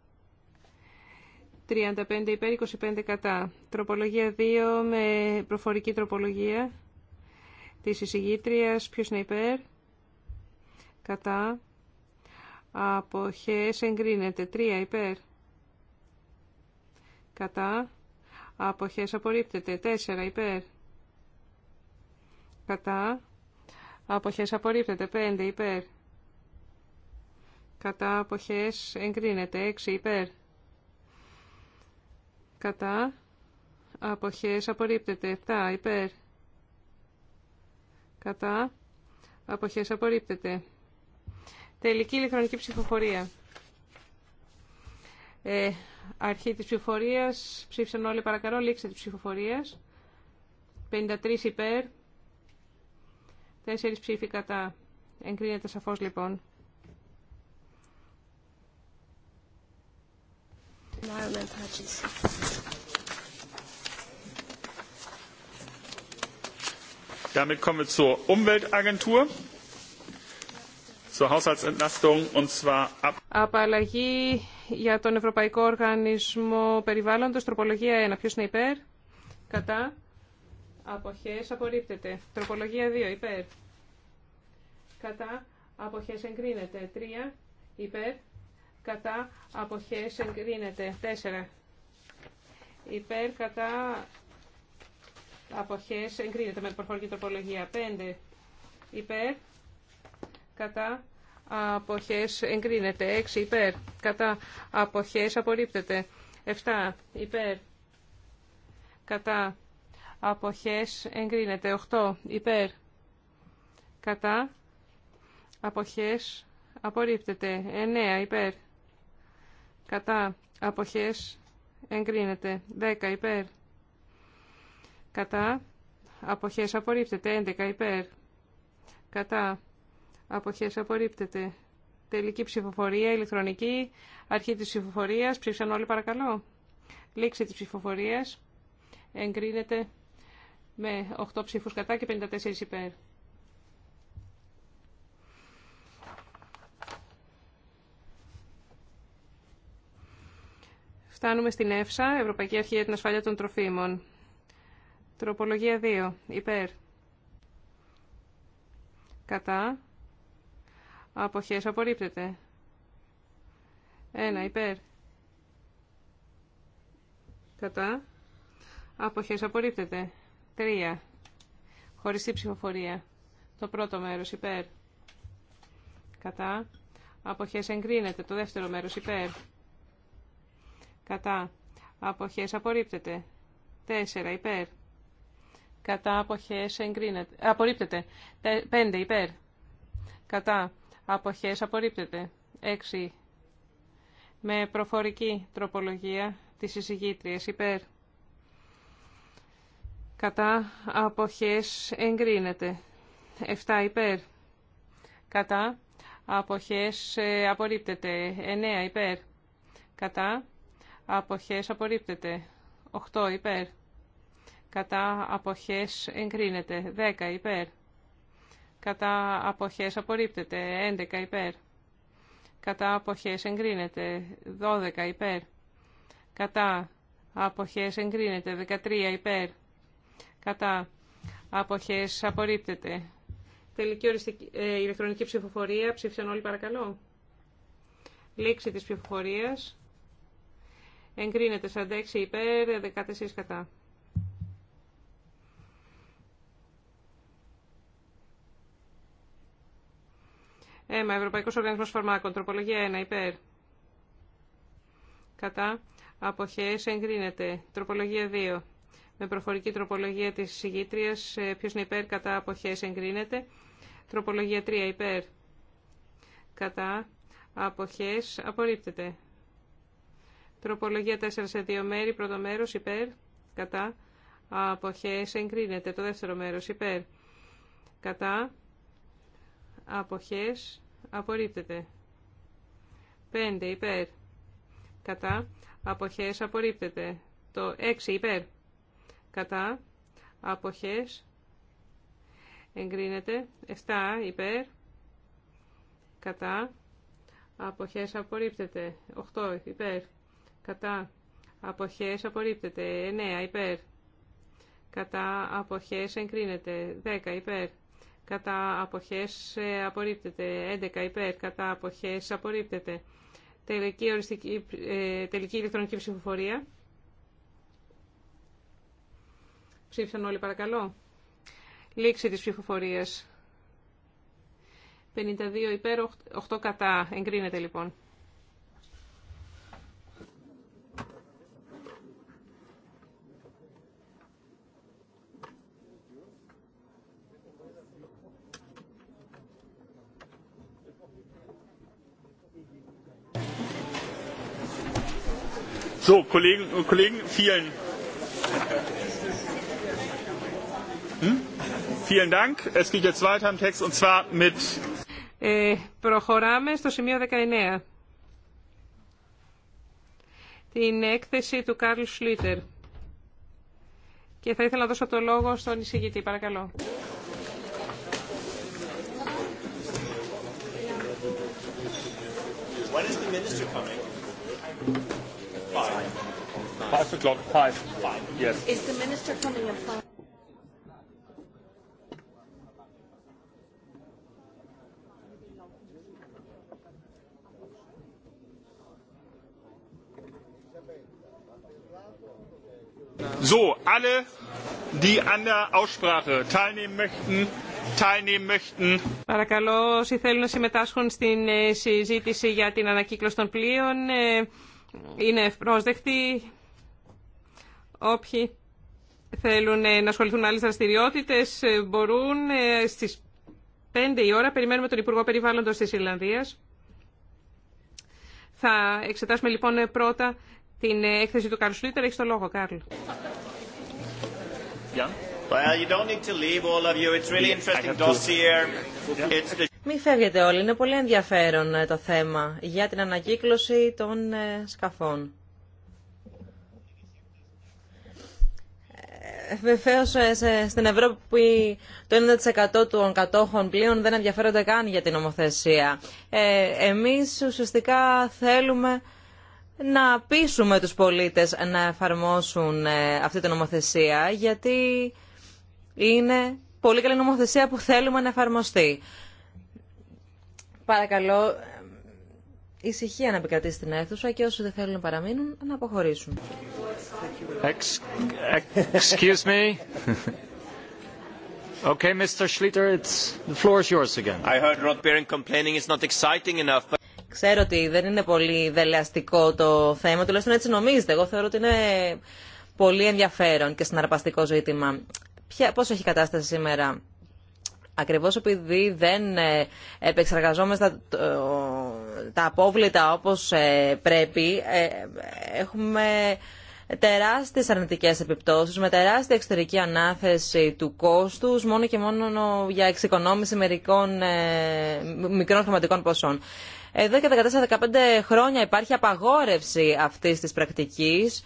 Speaker 2: 35 υπέρ, 25 κατά. Τροπολογία 2 με προφορική τροπολογία τη εισηγήτριας. Ποιος είναι υπέρ. Κατά. Αποχές εγκρίνεται. 3 υπέρ. Κατά αποχές απορρίπτεται. 4 υπέρ κατά αποχές απορρίπτεται. 5 υπέρ κατά αποχές εγκρίνεται. 6 υπέρ κατά αποχές απορρίπτεται. 7 υπέρ κατά αποχές απορρίπτεται. Τελική ηλεκτρονική ψηφοφορία. Ε, Αρχή της ψηφοφορίας. Ψήφισαν όλοι παρακαλώ. Λήξτε της ψηφοφορίας. 53 υπέρ. 4 ψήφοι κατά. Εγκρίνεται σαφώς λοιπόν.
Speaker 1: Damit kommen wir zur Umweltagentur, zur Haushaltsentlastung und zwar ab.
Speaker 2: Απαλλαγή για τον Ευρωπαϊκό Οργανισμό Περιβάλλοντος, τροπολογία 1. Ποιος είναι υπέρ, κατά, αποχές, απορρίπτεται. Τροπολογία 2, υπέρ, κατά, αποχές, εγκρίνεται. 3, υπέρ, κατά, αποχές, εγκρίνεται. 4, υπέρ, κατά, αποχές, εγκρίνεται με προφορική τροπολογία. 5, υπέρ, κατά, αποχές εγκρίνεται. 6 υπέρ. Κατά αποχές απορρίπτεται. 7 υπέρ. Κατά αποχές εγκρίνεται. 8 υπέρ. Κατά αποχές απορρίπτεται. 9 υπέρ. Κατά αποχές εγκρίνεται. 10 υπέρ. Κατά αποχές απορρίπτεται. 11 υπέρ. Κατά Αποχές απορρίπτεται. Τελική ψηφοφορία, ηλεκτρονική, αρχή της ψηφοφορίας. Ψήφισαν όλοι παρακαλώ. Λήξη της ψηφοφορίας. Εγκρίνεται με 8 ψήφους κατά και 54 υπέρ. Φτάνουμε στην ΕΦΣΑ, Ευρωπαϊκή Αρχή για την Ασφάλεια των Τροφίμων. Τροπολογία 2. Υπέρ. Κατά. Αποχές απορρίπτεται. Ένα υπέρ. Κατά. Αποχές απορρίπτεται. Τρία. Χωριστή ψηφοφορία. Το πρώτο μέρος υπέρ. Κατά. Αποχές εγκρίνεται. Το δεύτερο μέρος υπέρ. Κατά. Αποχές απορρίπτεται. Τέσσερα υπέρ. Κατά. Αποχές εγκρίνεται. Απορρίπτεται. Πέντε υπέρ. Κατά αποχές απορρίπτεται. 6. Με προφορική τροπολογία της εισηγήτριας υπέρ. Κατά αποχές εγκρίνεται. 7 ε, υπέρ. Κατά αποχές απορρίπτεται. 9 υπέρ. Κατά αποχές απορρίπτεται. 8 υπέρ. Κατά αποχές εγκρίνεται. 10 υπέρ κατά αποχές απορρίπτεται, 11 υπέρ, κατά αποχές εγκρίνεται, 12 υπέρ, κατά αποχές εγκρίνεται, 13 υπέρ, κατά αποχές απορρίπτεται. Τελική οριστική, ε, ηλεκτρονική ψηφοφορία, ψήφισαν όλοι παρακαλώ. Λήξη της ψηφοφορίας, εγκρίνεται 46 υπέρ, 14 κατά. ΕΜΑ, Ευρωπαϊκό Οργανισμό Φαρμάκων, τροπολογία 1, υπέρ. Κατά. απόχέ εγκρίνεται. Τροπολογία 2. Με προφορική τροπολογία τη συγγήτρια, ε, Ποιο είναι υπέρ, κατά, Αποχέ, εγκρίνεται. Τροπολογία 3, υπέρ. Κατά. απόχέ απορρίπτεται. Τροπολογία 4 σε δύο μέρη, πρώτο μέρο υπέρ. Κατά. Αποχέ. εγκρίνεται. Το δεύτερο μέρο υπέρ. Κατά αποχές απορρίπτεται. 5 υπέρ κατά αποχές απορρίπτεται. Το 6 υπέρ κατά αποχές εγκρίνεται. 7 υπέρ κατά αποχές απορρίπτεται. 8 υπέρ κατά αποχές απορρίπτεται. 9 υπέρ κατά αποχές εγκρίνεται. 10 υπέρ κατά αποχές ε, απορρίπτεται. 11 υπέρ κατά αποχές απορρίπτεται. Τελική, οριστική, ε, τελική ηλεκτρονική ψηφοφορία. Ψήφισαν όλοι παρακαλώ. Λήξη της ψηφοφορίας. 52 υπέρ, 8 κατά. Εγκρίνεται λοιπόν.
Speaker 1: So, Kollegen und Kollegen, vielen, hm? vielen Dank. Es geht jetzt weiter im Text und zwar mit.
Speaker 2: Ε, προχωράμε στο σημείο 19. Την έκθεση του Κάρλ Σλίτερ. Και θα ήθελα να δώσω το λόγο στον εισηγητή. Παρακαλώ.
Speaker 1: When is the minister coming? Five. Five o'clock. Five. Five. Yes. Is the
Speaker 4: minister coming at five?
Speaker 1: So, alle, die an der Aussprache teilnehmen möchten, teilnehmen möchten.
Speaker 2: Παρακαλώ όσοι θέλουν να συμμετάσχουν στην συζήτηση για την ανακύκλωση των πλοίων είναι ευπρόσδεκτοι όποιοι θέλουν ε, να ασχοληθούν με άλλες δραστηριότητες ε, μπορούν ε, στις 5 η ώρα περιμένουμε τον Υπουργό Περιβάλλοντος της Ιρλανδίας. Θα εξετάσουμε λοιπόν πρώτα την έκθεση του Καρλ Σλίτερ. Έχεις το λόγο, Καρλ.
Speaker 4: Yeah. Well, you don't need to leave, all of you. It's really interesting dossier. It's the...
Speaker 3: Μην φεύγετε όλοι, είναι πολύ ενδιαφέρον ε, το θέμα για την ανακύκλωση των ε, σκαφών. Ε, Βεβαίω στην Ευρώπη το 90% των κατόχων πλοίων δεν ενδιαφέρονται καν για την νομοθεσία. Εμείς ουσιαστικά θέλουμε να πείσουμε τους πολίτες να εφαρμόσουν αυτή την νομοθεσία γιατί είναι πολύ καλή νομοθεσία που θέλουμε να εφαρμοστεί. Παρακαλώ, ε, ησυχία να επικρατήσει την αίθουσα και όσοι δεν θέλουν να παραμείνουν να αποχωρήσουν. Excuse me. Okay, Mr. Schlitter, it's, the floor is yours again. I heard Rod complaining it's not exciting enough. Ξέρω ότι δεν είναι πολύ δελεαστικό το θέμα, τουλάχιστον έτσι νομίζετε. Εγώ θεωρώ ότι είναι πολύ ενδιαφέρον και συναρπαστικό ζήτημα. Ποια, πώς έχει κατάσταση σήμερα Ακριβώς επειδή δεν ε, επεξεργαζόμαστε ε, τα απόβλητα όπως ε, πρέπει, έχουμε τεράστιες αρνητικές επιπτώσεις με τεράστια εξωτερική ανάθεση του κόστους μόνο και μόνο για εξοικονόμηση μερικών μικρών χρηματικών ποσών. Εδώ και 14-15 χρόνια υπάρχει απαγόρευση αυτής της πρακτικής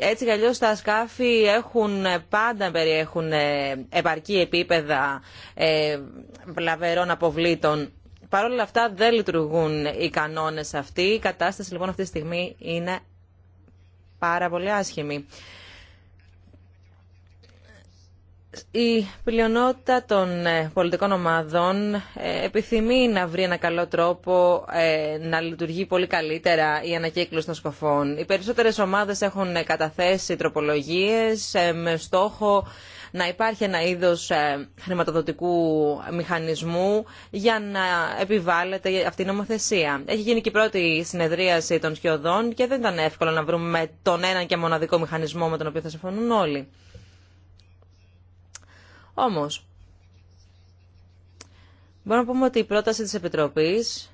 Speaker 3: έτσι κι αλλιώς τα σκάφη έχουν, πάντα περιέχουν ε, επαρκή επίπεδα ε, βλαβερών αποβλήτων. Παρ' όλα αυτά δεν λειτουργούν οι κανόνες αυτοί. Η κατάσταση λοιπόν αυτή τη στιγμή είναι πάρα πολύ άσχημη. Η πλειονότητα των ε, πολιτικών ομάδων ε, επιθυμεί να βρει ένα καλό τρόπο ε, να λειτουργεί πολύ καλύτερα η ανακύκλωση των σκοφών. Οι περισσότερες ομάδες έχουν καταθέσει τροπολογίες με στόχο να υπάρχει ένα είδος χρηματοδοτικού μηχανισμού για να επιβάλλεται αυτή η νομοθεσία. Έχει γίνει και η πρώτη συνεδρίαση των σκιωδών και δεν ήταν εύκολο να βρούμε τον έναν και μοναδικό μηχανισμό με τον οποίο θα συμφωνούν όλοι. Όμω, μπορούμε να πούμε ότι η πρόταση της Επιτροπής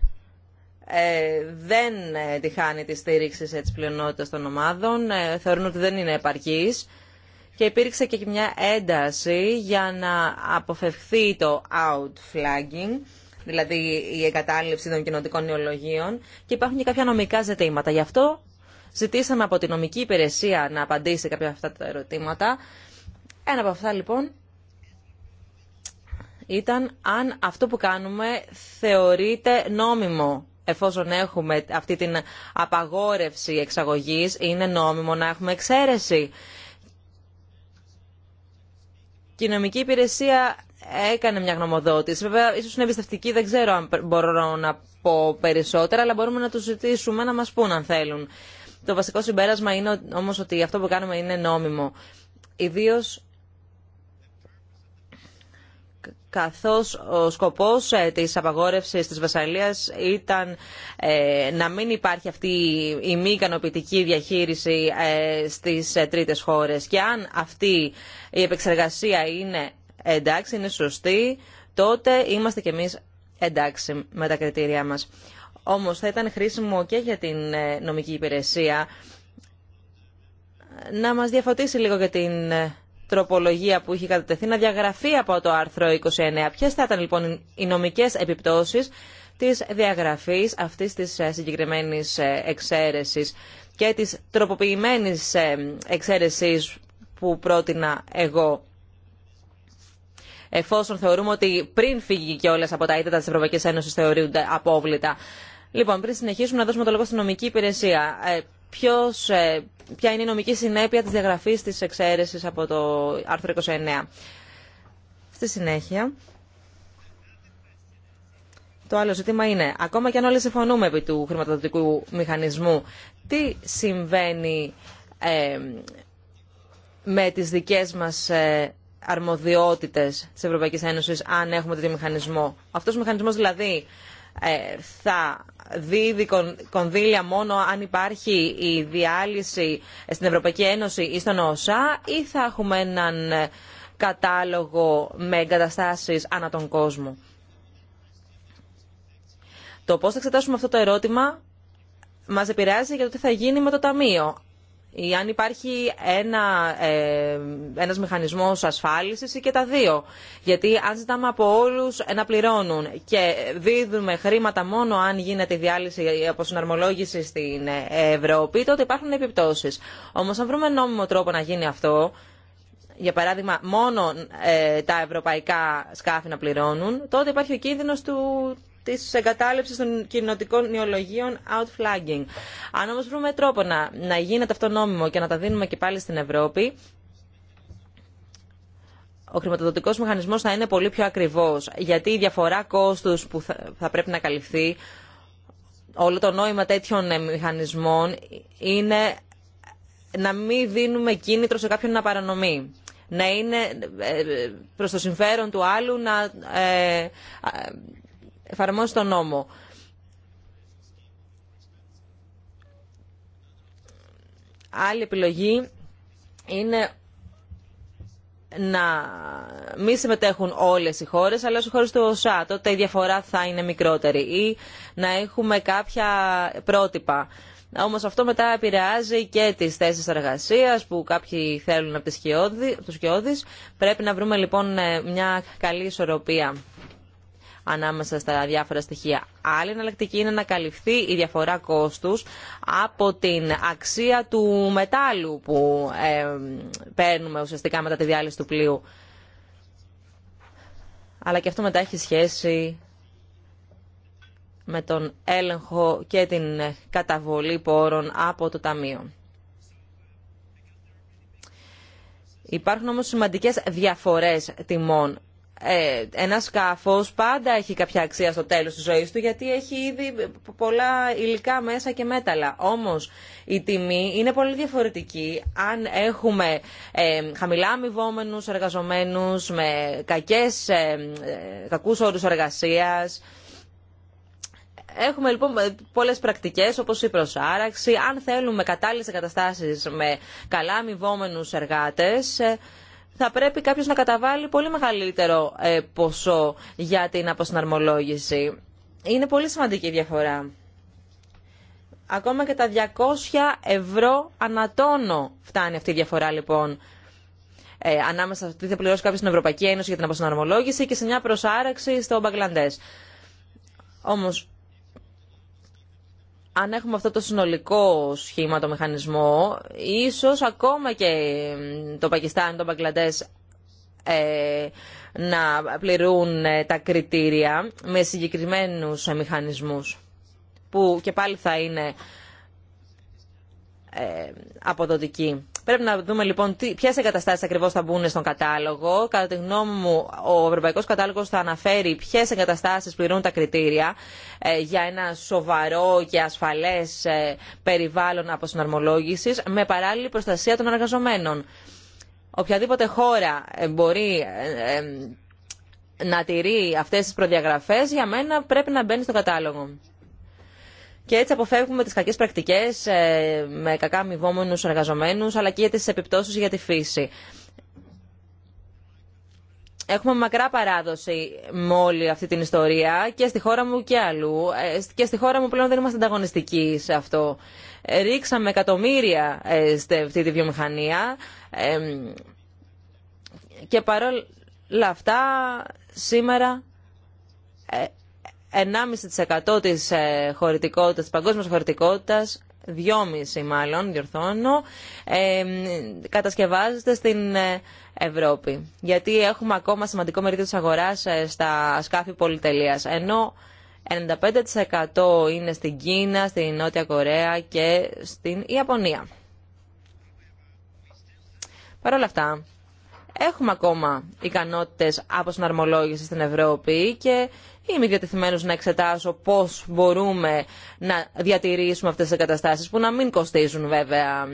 Speaker 3: ε, δεν ε, τη χάνει τη στήριξη ε, της πλειονότητας των ομάδων, ε, θεωρούν ότι δεν είναι επαρκής και υπήρξε και μια ένταση για να αποφευχθεί το outflagging, δηλαδή η εγκατάλειψη των κοινωτικών νεολογίων και υπάρχουν και κάποια νομικά ζητήματα. Γι' αυτό ζητήσαμε από την νομική υπηρεσία να απαντήσει κάποια από αυτά τα ερωτήματα. Ένα από αυτά λοιπόν ήταν αν αυτό που κάνουμε θεωρείται νόμιμο εφόσον έχουμε αυτή την απαγόρευση εξαγωγής, είναι νόμιμο να έχουμε εξαίρεση. Η νομική υπηρεσία έκανε μια γνωμοδότηση. Βέβαια, ίσως είναι εμπιστευτική, δεν ξέρω αν μπορώ να πω περισσότερα, αλλά μπορούμε να τους ζητήσουμε να μας πούν αν θέλουν. Το βασικό συμπέρασμα είναι όμως ότι αυτό που κάνουμε είναι νόμιμο. Ιδίως καθώς ο σκοπός ε, της απαγόρευσης της βασαλίας ήταν ε, να μην υπάρχει αυτή η μη ικανοποιητική διαχείριση ε, στις τρίτες χώρες. Και αν αυτή η επεξεργασία είναι εντάξει, είναι σωστή, τότε είμαστε κι εμείς εντάξει με τα κριτήρια μας. Όμως θα ήταν χρήσιμο και για την νομική υπηρεσία να μας διαφωτίσει λίγο για την τροπολογία που είχε κατατεθεί να διαγραφεί από το άρθρο 29. Ποιες θα ήταν λοιπόν οι νομικές επιπτώσεις της διαγραφής αυτής της ε, συγκεκριμένης ε, εξαίρεσης και της τροποποιημένης ε, εξαίρεσης που πρότεινα εγώ εφόσον θεωρούμε ότι πριν φύγει και όλες από τα ίδια της Ευρωπαϊκής Ένωσης θεωρούνται απόβλητα. Λοιπόν, πριν συνεχίσουμε να δώσουμε το λόγο στην νομική υπηρεσία ποιος, ε, ποια είναι η νομική συνέπεια της διαγραφής της εξαίρεσης από το άρθρο 29. Στη συνέχεια, το άλλο ζήτημα είναι, ακόμα και αν όλοι συμφωνούμε επί του χρηματοδοτικού μηχανισμού, τι συμβαίνει ε, με τις δικές μας ε, αρμοδιότητες της Ευρωπαϊκής Ένωσης αν έχουμε τέτοιο μηχανισμό. Αυτός ο μηχανισμός δηλαδή ε, θα δίδει κονδύλια μόνο αν υπάρχει η διάλυση στην Ευρωπαϊκή Ένωση ή στον ΩΣΑ ή θα έχουμε έναν κατάλογο με εγκαταστάσεις ανά τον κόσμο. Το πώς θα εξετάσουμε αυτό το ερώτημα μας επηρεάζει για το τι θα γίνει με το Ταμείο ή αν υπάρχει ένα, ε, ένας μηχανισμός ασφάλισης ή και τα δύο. Γιατί αν ζητάμε από όλους να πληρώνουν και δίδουμε χρήματα μόνο αν γίνεται η διάλυση από συναρμολόγηση στην Ευρώπη, τότε υπάρχουν επιπτώσεις. Όμως αν βρούμε νόμιμο τρόπο να γίνει αυτό, για παράδειγμα μόνο ε, τα ευρωπαϊκά σκάφη να πληρώνουν, τότε υπάρχει ο κίνδυνος του, της εγκατάλειψη των κοινωτικών νεολογίων outflagging. Αν όμω βρούμε τρόπο να, να γίνεται αυτό νόμιμο και να τα δίνουμε και πάλι στην Ευρώπη, ο χρηματοδοτικό μηχανισμός θα είναι πολύ πιο ακριβώ. γιατί η διαφορά κόστους που θα, πρέπει να καλυφθεί, όλο το νόημα τέτοιων ε, μηχανισμών είναι να μην δίνουμε κίνητρο σε κάποιον να παρανομεί. Να είναι ε, ε, προς το συμφέρον του άλλου να εφαρμόσει τον νόμο. Άλλη επιλογή είναι να μη συμμετέχουν όλες οι χώρες, αλλά όσο χώρες του ΩΣΑ. Τότε η διαφορά θα είναι μικρότερη ή να έχουμε κάποια πρότυπα. Όμως αυτό μετά επηρεάζει και τις θέσεις εργασίας που κάποιοι θέλουν από τους σκιώδεις. Πρέπει να βρούμε λοιπόν ε, μια καλή ισορροπία ανάμεσα στα διάφορα στοιχεία. Άλλη εναλλακτική είναι να καλυφθεί η διαφορά κόστους από την αξία του μετάλλου που ε, παίρνουμε ουσιαστικά μετά τη διάλυση του πλοίου. Αλλά και αυτό μετά έχει σχέση με τον έλεγχο και την καταβολή πόρων από το Ταμείο. Υπάρχουν όμως σημαντικές διαφορές τιμών ε, ένα σκάφος πάντα έχει κάποια αξία στο τέλος της ζωής του γιατί έχει ήδη πολλά υλικά μέσα και μέταλλα. Όμως η τιμή είναι πολύ διαφορετική αν έχουμε ε, χαμηλά αμοιβόμενου εργαζομένους με κακές, ε, κακούς όρους εργασίας. Έχουμε λοιπόν πολλέ πρακτικέ όπω η προσάραξη. Αν θέλουμε κατάλληλε εγκαταστάσει με καλά αμοιβόμενου εργάτε, ε, θα πρέπει κάποιο να καταβάλει πολύ μεγαλύτερο ε, ποσό για την αποσυναρμολόγηση. Είναι πολύ σημαντική η διαφορά. Ακόμα και τα 200 ευρώ ανατόνο φτάνει αυτή η διαφορά λοιπόν. Ε, ανάμεσα σε τι θα πληρώσει κάποιο στην Ευρωπαϊκή Ένωση για την αποσυναρμολόγηση και σε μια προσάραξη στο Μπαγκλαντέ. Όμω, αν έχουμε αυτό το συνολικό σχήμα, το μηχανισμό, ίσως ακόμα και το Πακιστάν, το Μπαγκλαντές ε, να πληρούν ε, τα κριτήρια με συγκεκριμένους ε, μηχανισμούς που και πάλι θα είναι ε, αποδοτικοί. Πρέπει να δούμε λοιπόν ποιε εγκαταστάσει ακριβώ θα μπουν στον κατάλογο. Κατά τη γνώμη μου, ο Ευρωπαϊκό Κατάλογο θα αναφέρει ποιε εγκαταστάσει πληρούν τα κριτήρια ε, για ένα σοβαρό και ασφαλέ ε, περιβάλλον αποσυναρμολόγηση με παράλληλη προστασία των εργαζομένων. Οποιαδήποτε χώρα ε, μπορεί να τηρεί αυτές τις προδιαγραφές, για μένα πρέπει να μπαίνει στον κατάλογο. Και έτσι αποφεύγουμε τις κακές πρακτικές ε, με κακά αμοιβόμενου εργαζόμενου, αλλά και για τις επιπτώσεις για τη φύση. Έχουμε μακρά παράδοση με όλη αυτή την ιστορία και στη χώρα μου και αλλού. Ε, και στη χώρα μου πλέον δεν είμαστε ανταγωνιστικοί σε αυτό. Ρίξαμε εκατομμύρια ε, σε αυτή τη βιομηχανία και παρόλα αυτά σήμερα 1,5% της ε, χωρητικότητας, της παγκόσμιας χωρητικότητας, 2,5 μάλλον, διορθώνω, ε, κατασκευάζεται στην ε, Ευρώπη. Γιατί έχουμε ακόμα σημαντικό μερίδιο της αγοράς ε, στα σκάφη πολυτελείας. Ενώ 95% είναι στην Κίνα, στην Νότια Κορέα και στην Ιαπωνία. Παρ' όλα αυτά, έχουμε ακόμα ικανότητες από στην Ευρώπη και είμαι διατεθειμένος να εξετάσω πώς μπορούμε να διατηρήσουμε αυτές τις εγκαταστάσεις που να μην κοστίζουν βέβαια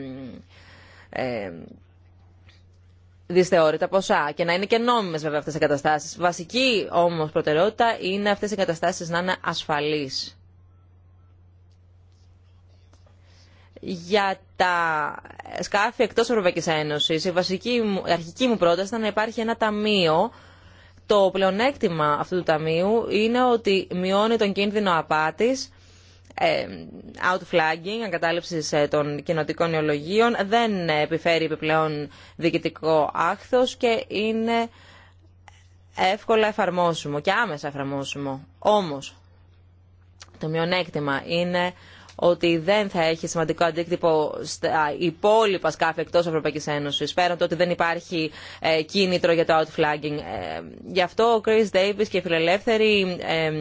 Speaker 3: ε, δυσθεώρητα ποσά και να είναι και νόμιμες βέβαια αυτές οι εγκαταστάσεις. Βασική όμως προτεραιότητα είναι αυτές οι εγκαταστάσεις να είναι ασφαλείς. για τα σκάφη εκτός Ευρωπαϊκής Ένωσης, η βασική η αρχική μου πρόταση ήταν να υπάρχει ένα ταμείο το πλεονέκτημα αυτού του ταμείου είναι ότι μειώνει τον κίνδυνο απάτης, ε, outflagging, ανακατάληψη ε, των κοινοτικών νεολογίων, δεν επιφέρει επιπλέον διοικητικό άχθος και είναι εύκολα εφαρμόσιμο και άμεσα εφαρμόσιμο. Όμως, το μειονέκτημα είναι ότι δεν θα έχει σημαντικό αντίκτυπο στα υπόλοιπα σκάφη εκτό Ευρωπαϊκή Ένωση, πέραν το ότι δεν υπάρχει ε, κίνητρο για το outflagging. Ε, γι' αυτό ο Chris Ντέιβι και οι φιλελεύθεροι ε,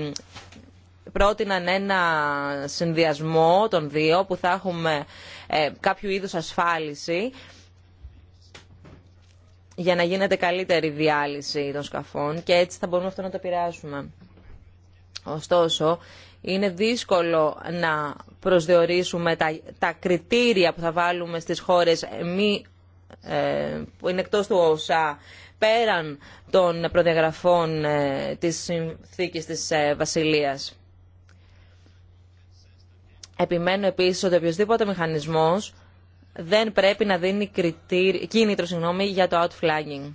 Speaker 3: πρότειναν ένα συνδυασμό των δύο που θα έχουμε κάποιο είδους ασφάλιση για να γίνεται καλύτερη διάλυση των σκαφών και έτσι θα μπορούμε αυτό να το πειράσουμε. Ωστόσο, είναι δύσκολο να προσδιορίσουμε τα, κριτήρια που θα βάλουμε στις χώρες ε, μη, ε, που είναι εκτός του ΩΣΑ πέραν των προδιαγραφών ε, της συνθήκης της Βασιλείας. Επιμένω επίσης ότι οποιοδήποτε μηχανισμός δεν πρέπει να δίνει κριτήρι, κίνητρο συγγνώμη, για το outflagging.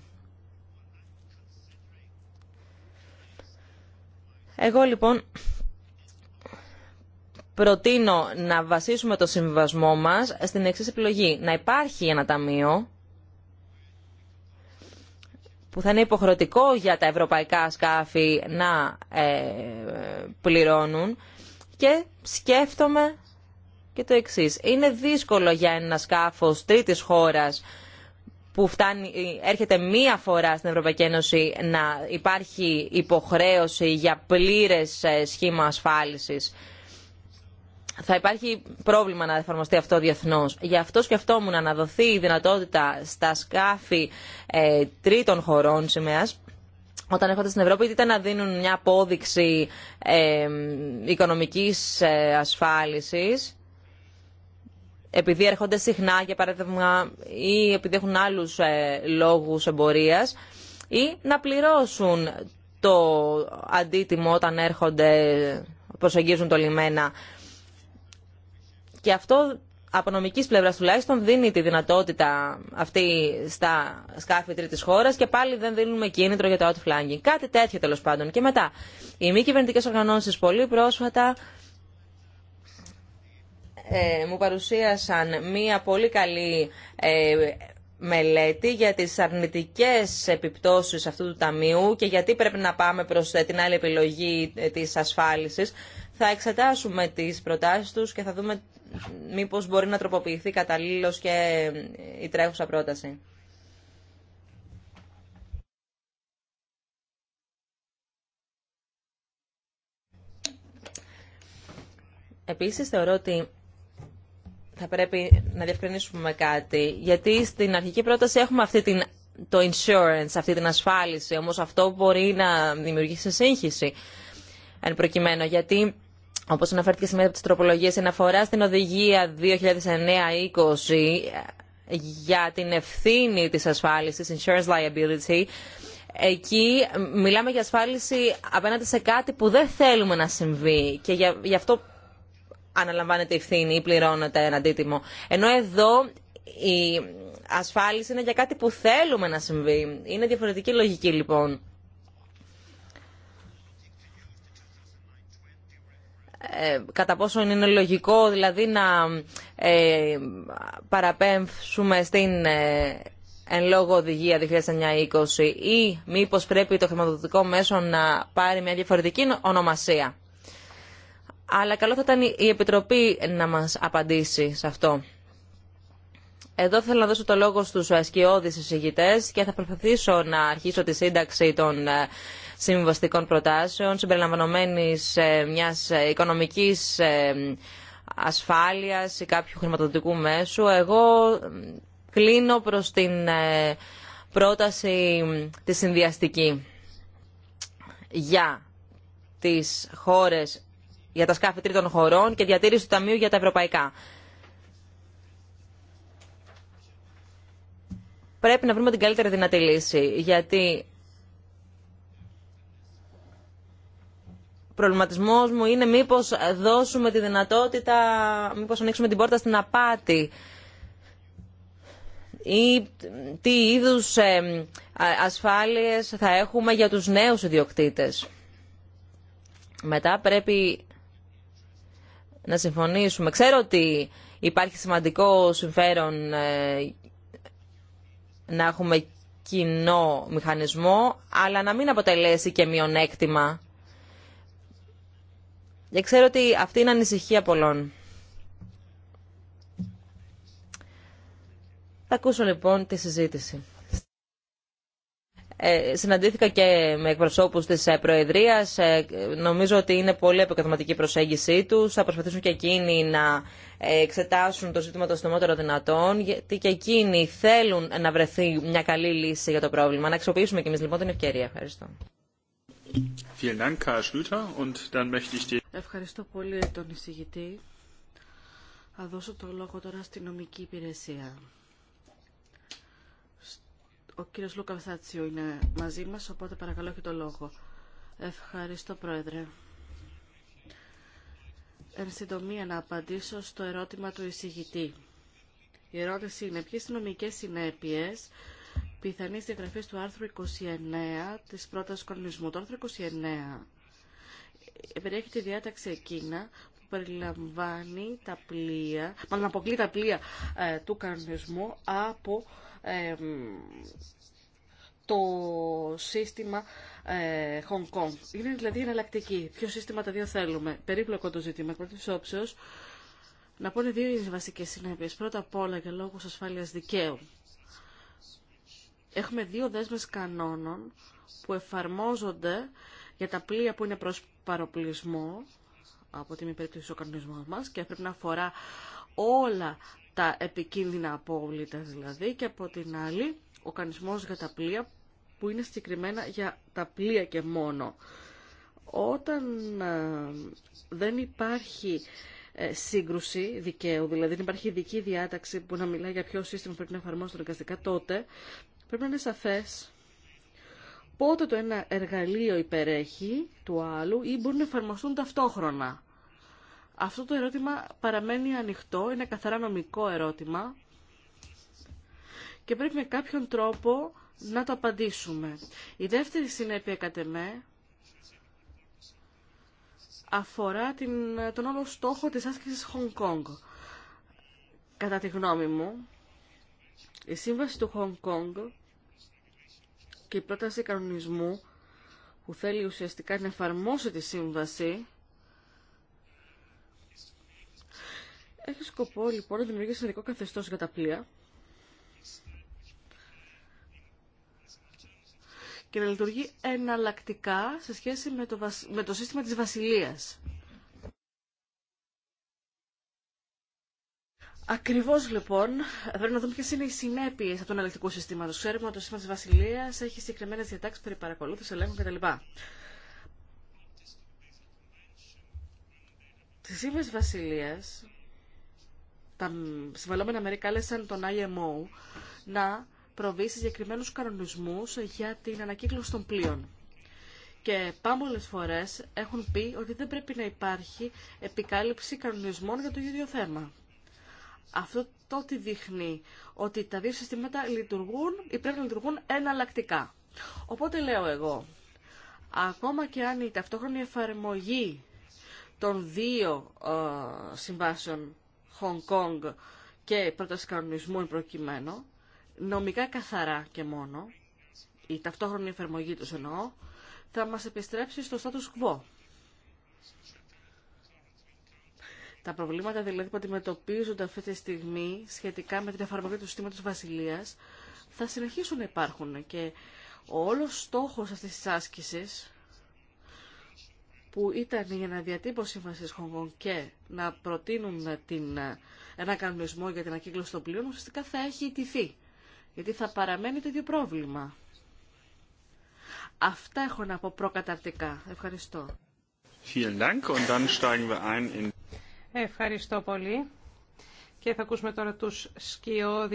Speaker 3: Εγώ λοιπόν προτείνω να βασίσουμε το συμβιβασμό μας στην εξή επιλογή. Να υπάρχει ένα ταμείο που θα είναι υποχρεωτικό για τα ευρωπαϊκά σκάφη να ε, πληρώνουν και σκέφτομαι και το εξή. Είναι δύσκολο για ένα σκάφος τρίτης χώρας που φτάνει, έρχεται μία φορά στην Ευρωπαϊκή Ένωση να υπάρχει υποχρέωση για πλήρες ε, σχήμα ασφάλισης θα υπάρχει πρόβλημα να εφαρμοστεί αυτό διεθνώ. Γι' αυτό σκεφτόμουν να δοθεί η δυνατότητα στα σκάφη ε, τρίτων χωρών σημαία, όταν έρχονται στην Ευρώπη, είτε να δίνουν μια απόδειξη ε, οικονομικής ε, ασφάλισης, επειδή έρχονται συχνά, για παράδειγμα, ή επειδή έχουν άλλους ε, λόγους εμπορίας, ή να πληρώσουν το αντίτιμο όταν έρχονται, προσεγγίζουν το λιμένα. Και αυτό από νομική πλευρά τουλάχιστον δίνει τη δυνατότητα αυτή στα σκάφη τρίτη χώρα και πάλι δεν δίνουμε κίνητρο για το outflanking. Κάτι τέτοιο τέλο πάντων. Και μετά, οι μη κυβερνητικέ οργανώσει πολύ πρόσφατα ε, μου παρουσίασαν μία πολύ καλή ε, μελέτη για τις αρνητικές επιπτώσεις αυτού του ταμείου και γιατί πρέπει να πάμε προς ε, την άλλη επιλογή ε, της ασφάλισης. Θα εξετάσουμε τις προτάσεις τους και θα δούμε μήπως μπορεί να τροποποιηθεί καταλήλως και η τρέχουσα πρόταση. Επίσης θεωρώ ότι θα πρέπει να διευκρινίσουμε κάτι, γιατί στην αρχική πρόταση έχουμε αυτή την, το insurance, αυτή την ασφάλιση, όμως αυτό μπορεί να δημιουργήσει σύγχυση, εν προκειμένου, γιατί Όπω αναφέρθηκε σήμερα από τι τροπολογίε, τροπολογίες, αναφορά στην οδηγία 2009-20 για την ευθύνη της ασφάλισης, insurance liability, εκεί μιλάμε για ασφάλιση απέναντι σε κάτι που δεν θέλουμε να συμβεί και γι' αυτό αναλαμβάνεται η ευθύνη ή πληρώνεται ένα αντίτιμο. Ενώ εδώ η ασφάλιση είναι για κάτι που θέλουμε να συμβεί. Είναι διαφορετική λογική λοιπόν. Ε, κατά πόσο είναι λογικό δηλαδή να ε, παραπέμψουμε στην ε, εν λόγω οδηγία 2009-20 ή μήπως πρέπει το χρηματοδοτικό μέσο 2020 ή μήπως πρέπει το χρηματοδοτικό μέσο να πάρει μια διαφορετική ονομασία. Αλλά καλό θα ήταν η Επιτροπή να μας απαντήσει σε αυτό. Εδώ θέλω να δώσω το λόγο στους ασκιώδεις εισηγητές και θα προσπαθήσω να αρχίσω τη σύνταξη των ε, συμβιβαστικών προτάσεων, συμπεριλαμβανομένης ε, μιας ε, οικονομικής ε, ασφάλειας ή κάποιου χρηματοδοτικού μέσου. Εγώ κλείνω προς την πρόταση τη συνδυαστική για τις χώρες, για τα σκάφη τρίτων χωρών και διατήρηση του Ταμείου για τα Ευρωπαϊκά. Πρέπει να βρούμε την καλύτερη δυνατή λύση, γιατί προβληματισμός μου είναι μήπως δώσουμε τη δυνατότητα, μήπως ανοίξουμε την πόρτα στην απάτη ή τι είδους ε, ασφάλειες θα έχουμε για τους νέους ιδιοκτήτες. Μετά πρέπει να συμφωνήσουμε. Ξέρω ότι υπάρχει σημαντικό συμφέρον ε, να έχουμε κοινό μηχανισμό, αλλά να μην αποτελέσει και μειονέκτημα και ξέρω ότι αυτή είναι ανησυχία πολλών. Θα ακούσω λοιπόν τη συζήτηση. Ε, συναντήθηκα και με εκπροσώπους της ε, Προεδρίας. Ε, νομίζω ότι είναι πολύ η προσέγγιση τους. Θα προσπαθήσουν και εκείνοι να ε, εξετάσουν το ζήτημα το συντομότερο δυνατόν, γιατί και εκείνοι θέλουν να βρεθεί μια καλή λύση για το πρόβλημα. Να αξιοποιήσουμε και εμείς λοιπόν την ευκαιρία. Ευχαριστώ. Ευχαριστώ πολύ τον εισηγητή. Θα δώσω το λόγο τώρα στην
Speaker 4: νομική υπηρεσία. Ο κύριος Λούκα Βθάτσιο είναι μαζί μας, οπότε παρακαλώ και το λόγο. Ευχαριστώ, Πρόεδρε. Εν συντομία να απαντήσω στο ερώτημα του εισηγητή. Η ερώτηση είναι ποιες νομικές συνέπειες πιθανής διαγραφής του άρθρου 29 της πρότασης κανονισμού. Το άρθρο 29 περιέχει τη διάταξη εκείνα που περιλαμβάνει τα πλοία, μάλλον αποκλεί τα πλοία ε, του κανονισμού από το σύστημα ε, Hong Kong. Είναι δηλαδή εναλλακτική. Ποιο σύστημα τα δύο θέλουμε. Περίπλοκο το ζήτημα. Πρώτη όψεω, να πω δύο βασικέ συνέπειε. Πρώτα απ' όλα για λόγου ασφάλεια δικαίου. Έχουμε δύο δέσμες κανόνων που εφαρμόζονται για τα πλοία που είναι προς παροπλισμό από την υπηρετήση ο κανονισμός μας και πρέπει να αφορά όλα τα επικίνδυνα απόβλητα δηλαδή και από την άλλη ο κανονισμός για τα πλοία που είναι συγκεκριμένα για τα πλοία και μόνο. Όταν ε, δεν υπάρχει ε, σύγκρουση δικαίου, δηλαδή δεν υπάρχει ειδική διάταξη που να μιλάει για ποιο σύστημα πρέπει να εφαρμόσει τον εργαστικά, τότε Πρέπει να είναι σαφές πότε το ένα εργαλείο υπερέχει του άλλου ή μπορούν να εφαρμοστούν ταυτόχρονα. Αυτό το ερώτημα παραμένει ανοιχτό, είναι καθαρά νομικό ερώτημα και πρέπει με κάποιον τρόπο να το απαντήσουμε. Η δεύτερη συνέπεια κατ' εμέ αφορά την, τον όλο στόχο της άσκησης Hong Kong. Κατά τη γνώμη μου, η σύμβαση του Χονγκ Κόνγκ και η πρόταση κανονισμού που θέλει ουσιαστικά να εφαρμόσει τη σύμβαση έχει σκοπό λοιπόν να δημιουργήσει ένα δικό καθεστώ για τα πλοία και να λειτουργεί εναλλακτικά σε σχέση με το, με το σύστημα της βασιλείας. Ακριβώ λοιπόν, πρέπει να δούμε ποιε είναι οι συνέπειε αυτού του ελεκτικού συστήματο. Ξέρουμε ότι το σύστημα τη Βασιλεία έχει συγκεκριμένε διατάξει περί παρακολούθηση, ελέγχου κτλ. Τη ίδιε Βασιλεία, τα συμβαλόμενα μέρη κάλεσαν τον IMO να προβεί σε συγκεκριμένου κανονισμού για την ανακύκλωση των πλοίων. Και πάμπολε φορέ έχουν πει ότι δεν πρέπει να υπάρχει επικάλυψη κανονισμών για το ίδιο θέμα. Αυτό το τι δείχνει ότι τα δύο συστήματα λειτουργούν ή πρέπει να λειτουργούν εναλλακτικά. Οπότε λέω εγώ, ακόμα και αν η ταυτόχρονη εφαρμογή των δύο ε, συμβάσεων Hong Kong και πρόταση κανονισμού προκειμένου, νομικά καθαρά και μόνο, η ταυτόχρονη εφαρμογή τους εννοώ, θα μας επιστρέψει στο status quo. Τα προβλήματα δηλαδή που αντιμετωπίζονται αυτή τη στιγμή σχετικά με την εφαρμογή του συστήματος βασιλείας θα συνεχίσουν να υπάρχουν και ο όλος στόχος αυτής της άσκησης που ήταν για η αναδιατύπωση της Χογκόν και να προτείνουν την, ένα κανονισμό για την ακύκλωση των πλοίων ουσιαστικά θα έχει ιτηθεί. Γιατί θα παραμένει το ίδιο πρόβλημα. Αυτά έχω να πω προκαταρτικά. Ευχαριστώ.
Speaker 1: Vielen Dank und dann steigen wir ein in
Speaker 2: Ευχαριστώ πολύ. Και θα ακούσουμε τώρα του σκιώδει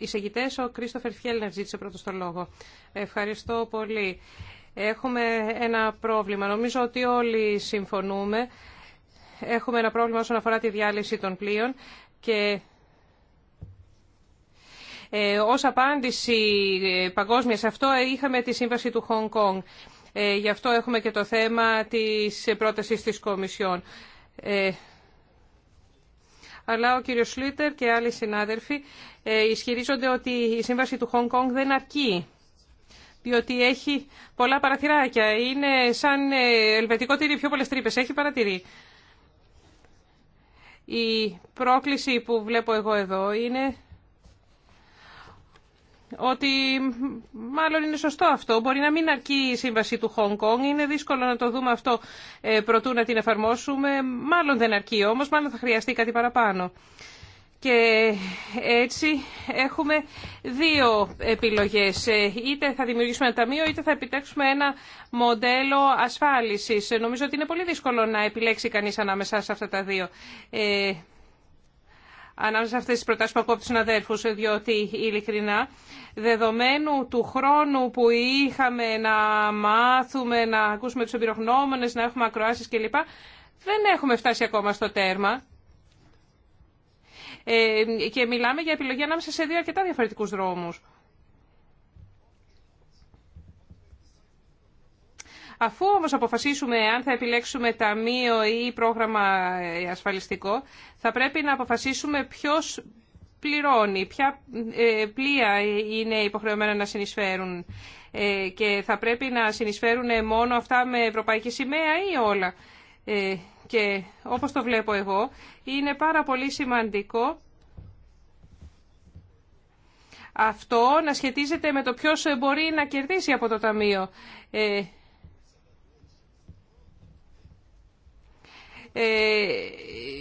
Speaker 2: εισηγητέ. Ο Κρίστοφερ Φιέλνερ ζήτησε πρώτο το λόγο. Ευχαριστώ πολύ. Έχουμε ένα πρόβλημα. Νομίζω ότι όλοι συμφωνούμε. Έχουμε ένα πρόβλημα όσον αφορά τη διάλυση των πλοίων και ε, ως απάντηση ε, παγκόσμια σε αυτό ε, είχαμε τη σύμβαση του Χονγκ Κονγκ. Ε, γι' αυτό έχουμε και το θέμα της πρότασης της Κομισιόν αλλά ο κύριος Σλίτερ και άλλοι συνάδελφοι ε, ισχυρίζονται ότι η σύμβαση του Χονγκ Κονγκ δεν αρκεί διότι έχει πολλά παραθυράκια. Είναι σαν ε, ελβετικό τύρι, πιο πολλές τρύπες. Έχει παρατηρεί. Η πρόκληση που βλέπω εγώ εδώ είναι ότι μάλλον είναι σωστό αυτό. Μπορεί να μην αρκεί η σύμβαση του Χονγκ Κόνγκ. Είναι δύσκολο να το δούμε αυτό ε, προτού να την εφαρμόσουμε. Μάλλον δεν αρκεί όμως, μάλλον θα χρειαστεί κάτι παραπάνω. Και έτσι έχουμε δύο επιλογές. Ε, είτε θα δημιουργήσουμε ένα ταμείο, είτε θα επιτέξουμε ένα μοντέλο ασφάλισης. Νομίζω ότι είναι πολύ δύσκολο να επιλέξει κανείς ανάμεσα σε αυτά τα δύο. Ε, ανάμεσα σε αυτές τις προτάσεις που ακούω από τους συναδέλφους, διότι ειλικρινά, δεδομένου του χρόνου που είχαμε να μάθουμε, να ακούσουμε τους εμπειρογνώμονες, να έχουμε ακροάσεις κλπ, δεν έχουμε φτάσει ακόμα στο τέρμα. Ε, και μιλάμε για επιλογή ανάμεσα σε δύο αρκετά διαφορετικούς δρόμους. Αφού όμως αποφασίσουμε αν θα επιλέξουμε ταμείο ή πρόγραμμα ε, ασφαλιστικό, θα πρέπει να αποφασίσουμε ποιο πληρώνει, ποια ε, πλοία είναι υποχρεωμένα να συνεισφέρουν ε, και θα πρέπει να συνεισφέρουν μόνο αυτά με ευρωπαϊκή σημαία ή όλα. Και όπως το βλέπω εγώ, είναι πάρα πολύ σημαντικό αυτό να σχετίζεται με το ποιος μπορεί να κερδίσει από το ταμείο. Ε,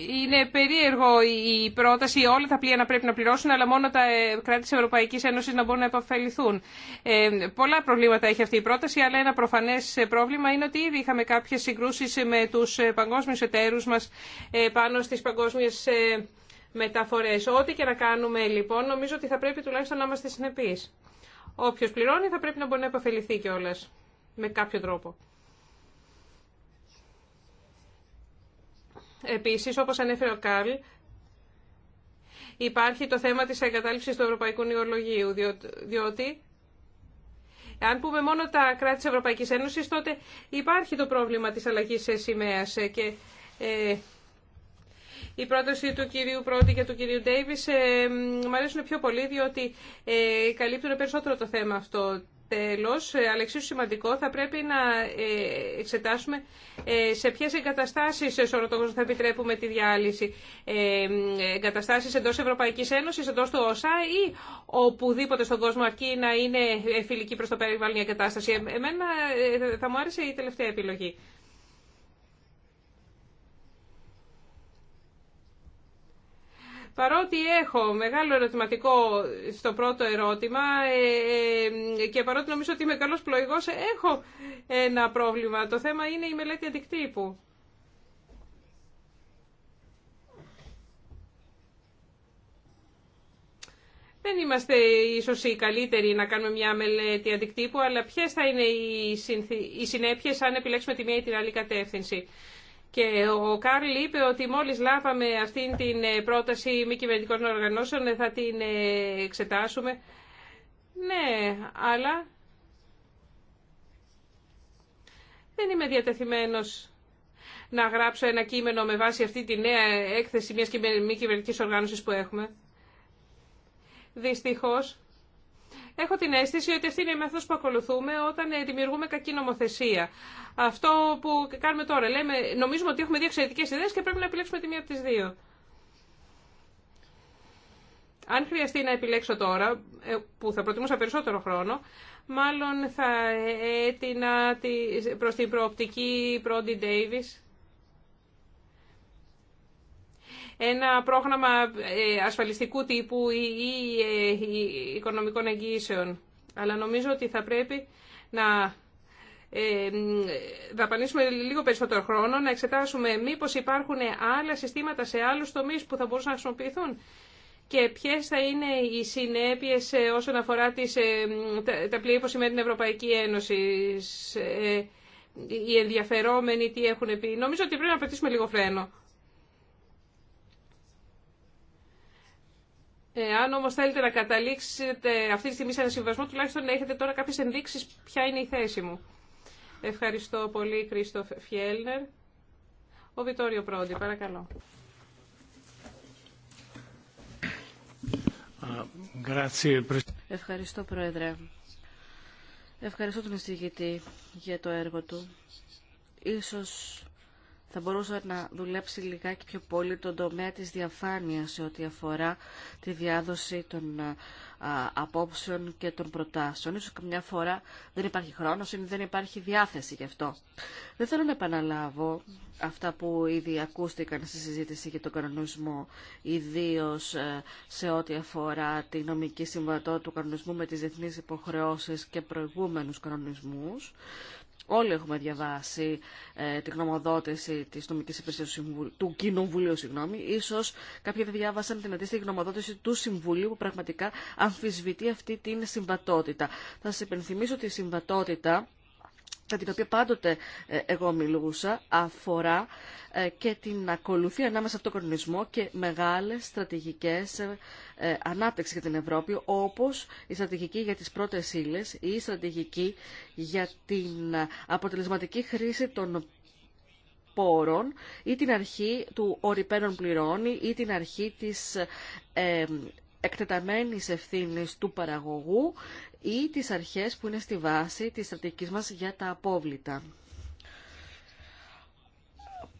Speaker 2: είναι περίεργο η πρόταση όλα τα πλοία να πρέπει να πληρώσουν, αλλά μόνο τα ε, κράτη της Ευρωπαϊκής Ένωσης να μπορούν να επωφεληθούν. Ε, πολλά προβλήματα έχει αυτή η πρόταση, αλλά ένα προφανές πρόβλημα είναι ότι ήδη είχαμε κάποιες συγκρούσεις με τους παγκόσμιους εταίρους μας πάνω στις παγκόσμιες μεταφορές. Ό,τι και να κάνουμε λοιπόν, νομίζω ότι θα πρέπει τουλάχιστον να είμαστε συνεπείς. Όποιος πληρώνει θα πρέπει να μπορεί να επαφεληθεί κιόλα με κάποιο τρόπο. Επίσης, όπως ανέφερε ο Καρλ, υπάρχει το θέμα της εγκατάλειψης του Ευρωπαϊκού Νεολογίου, διότι αν πούμε μόνο τα κράτη της Ευρωπαϊκής Ένωσης, τότε υπάρχει το πρόβλημα της αλλαγής σημαίας και ε, η πρόταση του κυρίου Πρώτη και του κυρίου Ντέιβις ε, μου αρέσουν πιο πολύ διότι ε, καλύπτουν περισσότερο το θέμα αυτό. Τέλος, ε, αλλά εξίσου σημαντικό, θα πρέπει να ε, εξετάσουμε ε, σε ποιες εγκαταστάσεις σε όλο τον κόσμο θα επιτρέπουμε τη διάλυση. Εγκαταστάσεις εντός Ευρωπαϊκής Ένωσης, εντός του ΩΣΑ ή οπουδήποτε στον κόσμο αρκεί να είναι φιλική προς το περιβάλλον η εγκατάσταση. Εμένα θα μου άρεσε η τελευταία επιλογή. Παρότι έχω μεγάλο ερωτηματικό στο πρώτο ερώτημα ε, ε, και παρότι νομίζω ότι είμαι καλός πλοηγός, έχω ένα πρόβλημα. Το θέμα είναι η μελέτη αντικτύπου. Δεν είμαστε ίσω οι καλύτεροι να κάνουμε μια μελέτη αντικτύπου, αλλά ποιε θα είναι οι συνέπειε αν επιλέξουμε τη μία ή την άλλη κατεύθυνση. Και ο Κάρλ είπε ότι μόλις λάβαμε αυτή την ε, πρόταση μη κυβερνητικών οργανώσεων ε, θα την ε, εξετάσουμε. Ναι, αλλά δεν είμαι διατεθειμένος να γράψω ένα κείμενο με βάση αυτή τη νέα έκθεση μιας μη κυβερνητικής οργάνωσης που έχουμε. Δυστυχώς, Έχω την αίσθηση ότι αυτή είναι η μέθοδος που ακολουθούμε όταν ε, δημιουργούμε κακή νομοθεσία. Αυτό που κάνουμε τώρα, λέμε, νομίζουμε ότι έχουμε δύο εξαιρετικέ ιδέες και πρέπει να επιλέξουμε τη μία από τι δύο. Αν χρειαστεί να επιλέξω τώρα, ε, που θα προτιμούσα περισσότερο χρόνο, μάλλον θα έτεινα προ την προοπτική πρώτη Ντέιβις, ένα πρόγραμμα ε, ασφαλιστικού τύπου ή ε, οικονομικών εγγύσεων. Αλλά νομίζω ότι θα πρέπει να ε, δαπανίσουμε λίγο περισσότερο χρόνο, να εξετάσουμε μήπως υπάρχουν άλλα συστήματα σε άλλους τομείς που θα μπορούσαν να χρησιμοποιηθούν και ποιε θα είναι οι συνέπειε όσον αφορά τις, τα πλοία που με την Ευρωπαϊκή Ένωση, οι ενδιαφερόμενοι τι έχουν πει. Νομίζω ότι πρέπει να πετύσουμε λίγο φρένο. Αν όμω θέλετε να καταλήξετε αυτή τη στιγμή σε ένα συμβασμό, τουλάχιστον να έχετε τώρα κάποιε ενδείξει ποια είναι η θέση μου. Ευχαριστώ πολύ, Κρίστοφ Φιέλνερ. Ο Βιτόριο Πρόντι, παρακαλώ.
Speaker 4: Ευχαριστώ, Πρόεδρε. Ευχαριστώ τον εισηγητή για το έργο του. Ίσως θα μπορούσε να δουλέψει λιγάκι πιο πολύ τον τομέα της διαφάνειας σε ό,τι αφορά τη διάδοση των απόψεων και των προτάσεων. Ίσως καμιά φορά δεν υπάρχει χρόνος ή δεν υπάρχει διάθεση γι' αυτό. Δεν θέλω να επαναλάβω αυτά που ήδη ακούστηκαν στη συζήτηση για τον κανονισμό, ιδίω ε, σε ό,τι αφορά τη νομική συμβατότητα του κανονισμού με τις διεθνείς υποχρεώσεις και προηγούμενους κανονισμούς. Όλοι έχουμε διαβάσει ε, τη γνωμοδότηση τη νομική υπηρεσία του, του Κοινοβουλίου. Συγγνώμη. Ίσως κάποιοι δεν διάβασαν την αντίστοιχη γνωμοδότηση του Συμβουλίου που πραγματικά αμφισβητεί αυτή την συμβατότητα. Θα σα υπενθυμίσω ότι η συμβατότητα για την οποία πάντοτε ε, εγώ μιλούσα, αφορά ε, και την ακολουθία ανάμεσα από τον και μεγάλες στρατηγικές ε, ανάπτυξη για την Ευρώπη, όπως η στρατηγική για τις πρώτες ύλε ή η στρατηγική για την αποτελεσματική χρήση των πόρων ή την αρχή του οριπένων πληρώνει ή την αρχή της εκτεταμένης ευθύνης του παραγωγού ή τις αρχές που είναι στη βάση της στρατηγικής μας για τα απόβλητα.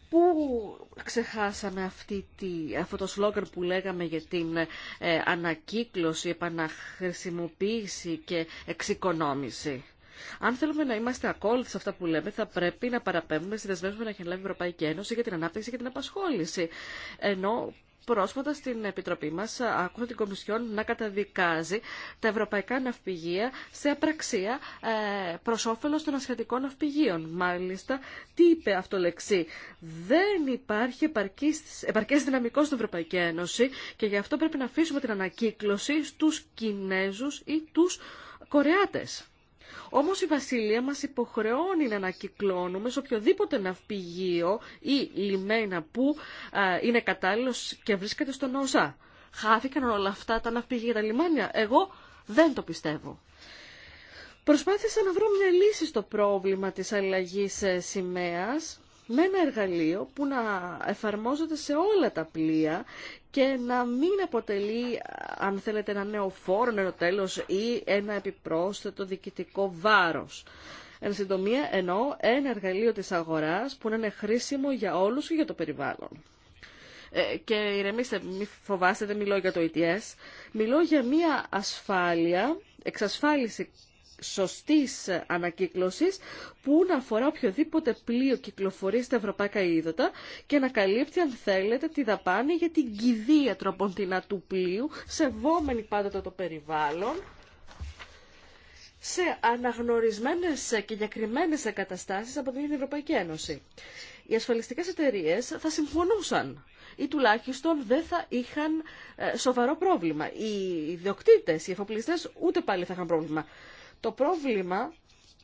Speaker 4: Πού ξεχάσαμε αυτή τη, αυτό το σλόγγαν που λέγαμε για την ε, ανακύκλωση, επαναχρησιμοποίηση και εξοικονόμηση. Αν θέλουμε να είμαστε ακόλουθοι σε αυτά που λέμε, θα πρέπει να παραπέμπουμε στη δεσμεύσει που έχει λάβει η Ευρωπαϊκή Ένωση για την ανάπτυξη και την απασχόληση. Ενώ Πρόσφατα στην Επιτροπή μας άκουσα την Κομισιόν να καταδικάζει τα ευρωπαϊκά ναυπηγεία σε απραξία ε, προς όφελος των ασιατικών ναυπηγείων. Μάλιστα, τι είπε αυτό λεξί. Δεν υπάρχει επαρκές δυναμικό στην Ευρωπαϊκή Ένωση και γι' αυτό πρέπει να αφήσουμε την ανακύκλωση στους Κινέζους ή τους Κορεάτες. Όμως η Βασιλεία μας υποχρεώνει να ανακυκλώνουμε σε οποιοδήποτε ναυπηγείο ή λιμένα που είναι κατάλληλο και βρίσκεται στον ΩΣΑ. Χάθηκαν όλα αυτά τα ναυπηγεία και τα λιμάνια. Εγώ δεν το πιστεύω. Προσπάθησα να βρω μια λύση στο πρόβλημα της αλλαγής ε, σημαίας με ένα εργαλείο που να εφαρμόζεται σε όλα τα πλοία και να μην αποτελεί, αν θέλετε, ένα νέο φόρο, νέο τέλος ή ένα επιπρόσθετο διοικητικό βάρος. Εν συντομία, εννοώ ένα εργαλείο της αγοράς που να είναι χρήσιμο για όλους και για το περιβάλλον. Ε, και ηρεμήστε, μη φοβάστε, δεν μιλώ για το ETS. Μιλώ για μια ασφάλεια, εξασφάλιση σωστής ανακύκλωσης που να αφορά οποιοδήποτε πλοίο κυκλοφορεί στα ευρωπαϊκά είδωτα και να καλύπτει αν θέλετε τη δαπάνη για την κηδεία τροποντινά του πλοίου σεβόμενη πάντοτε το περιβάλλον σε αναγνωρισμένες και διακριμένες εγκαταστάσεις από την Ευρωπαϊκή Ένωση. Οι ασφαλιστικές εταιρείες θα συμφωνούσαν ή τουλάχιστον δεν θα είχαν ε, σοβαρό πρόβλημα. Οι ιδιοκτήτες, οι εφοπλιστές ούτε πάλι θα είχαν πρόβλημα. Το πρόβλημα,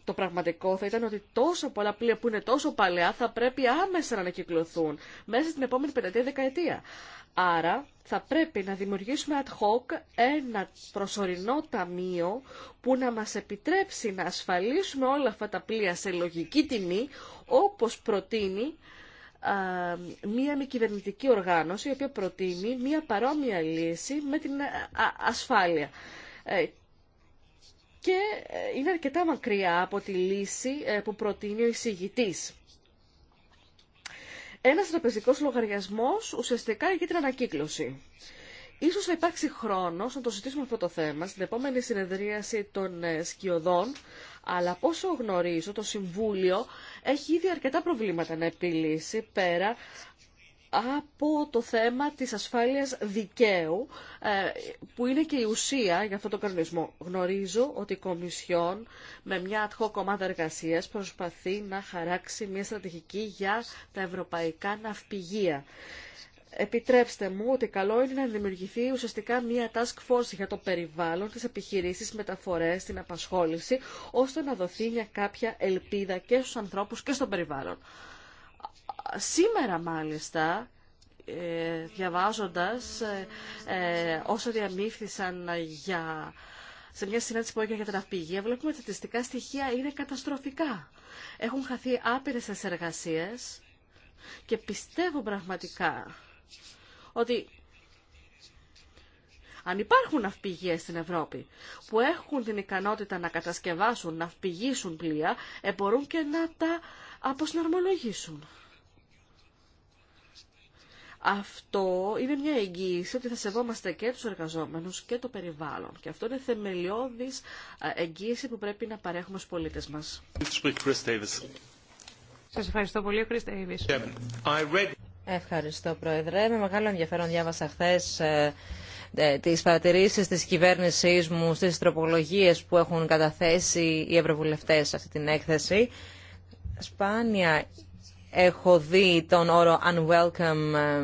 Speaker 4: το πραγματικό, θα ήταν ότι τόσο πολλά πλοία που είναι τόσο παλαιά θα πρέπει άμεσα να ανακυκλωθούν μέσα στην επόμενη πενταετία-δεκαετία. Άρα θα πρέπει να δημιουργήσουμε ad hoc ένα προσωρινό ταμείο που να μας επιτρέψει να ασφαλίσουμε όλα αυτά τα πλοία σε λογική τιμή, όπως προτείνει μία μη κυβερνητική οργάνωση η οποία προτείνει μία παρόμοια λύση με την ασφάλεια. Ε, και ε, είναι αρκετά μακριά από τη λύση ε, που προτείνει ο εισηγητής. Ένας τραπεζικός λογαριασμός ουσιαστικά για την ανακύκλωση. Ίσως θα υπάρξει χρόνος να το συζητήσουμε αυτό το θέμα στην επόμενη συνεδρίαση των ε, σκιωδών, αλλά πόσο γνωρίζω το Συμβούλιο έχει ήδη αρκετά προβλήματα να επιλύσει πέρα από το θέμα της ασφάλειας δικαίου, ε, που είναι και η ουσία για αυτό τον κανονισμό. Γνωρίζω ότι η Κομισιόν με μια ατχό κομμάδα ομάδα προσπαθεί να χαράξει μια στρατηγική για τα ευρωπαϊκά ναυπηγεία. Επιτρέψτε μου ότι καλό είναι να δημιουργηθεί ουσιαστικά μια task force για το περιβάλλον, τις επιχειρήσεις, μεταφορές, την απασχόληση, ώστε να δοθεί μια κάποια ελπίδα και στους ανθρώπους και στο περιβάλλον. Σήμερα μάλιστα ε, διαβάζοντας ε, ε, όσο διαμήφθησαν για, σε μια συνάντηση που έγινε για τα ναυπηγεία, βλέπουμε ότι τα στοιχεία είναι καταστροφικά. Έχουν χαθεί άπειρες εργασίες και πιστεύω πραγματικά ότι αν υπάρχουν ναυπηγεία στην Ευρώπη που έχουν την ικανότητα να κατασκευάσουν, να πλοία, ε, μπορούν και να τα αποσυναρμολογήσουν. Αυτό είναι μια εγγύηση ότι θα σεβόμαστε και τους εργαζόμενους και το περιβάλλον. Και αυτό είναι θεμελιώδης εγγύηση που πρέπει να παρέχουμε στους πολίτες
Speaker 2: μας. Σας ευχαριστώ πολύ, Chris Davis.
Speaker 3: Ευχαριστώ, Πρόεδρε. Με μεγάλο ενδιαφέρον διάβασα χθε ε, ε, τις παρατηρήσεις της κυβέρνησή μου στις τροπολογίες που έχουν καταθέσει οι ευρωβουλευτές σε αυτή την έκθεση. Σπάνια έχω δει τον όρο unwelcome,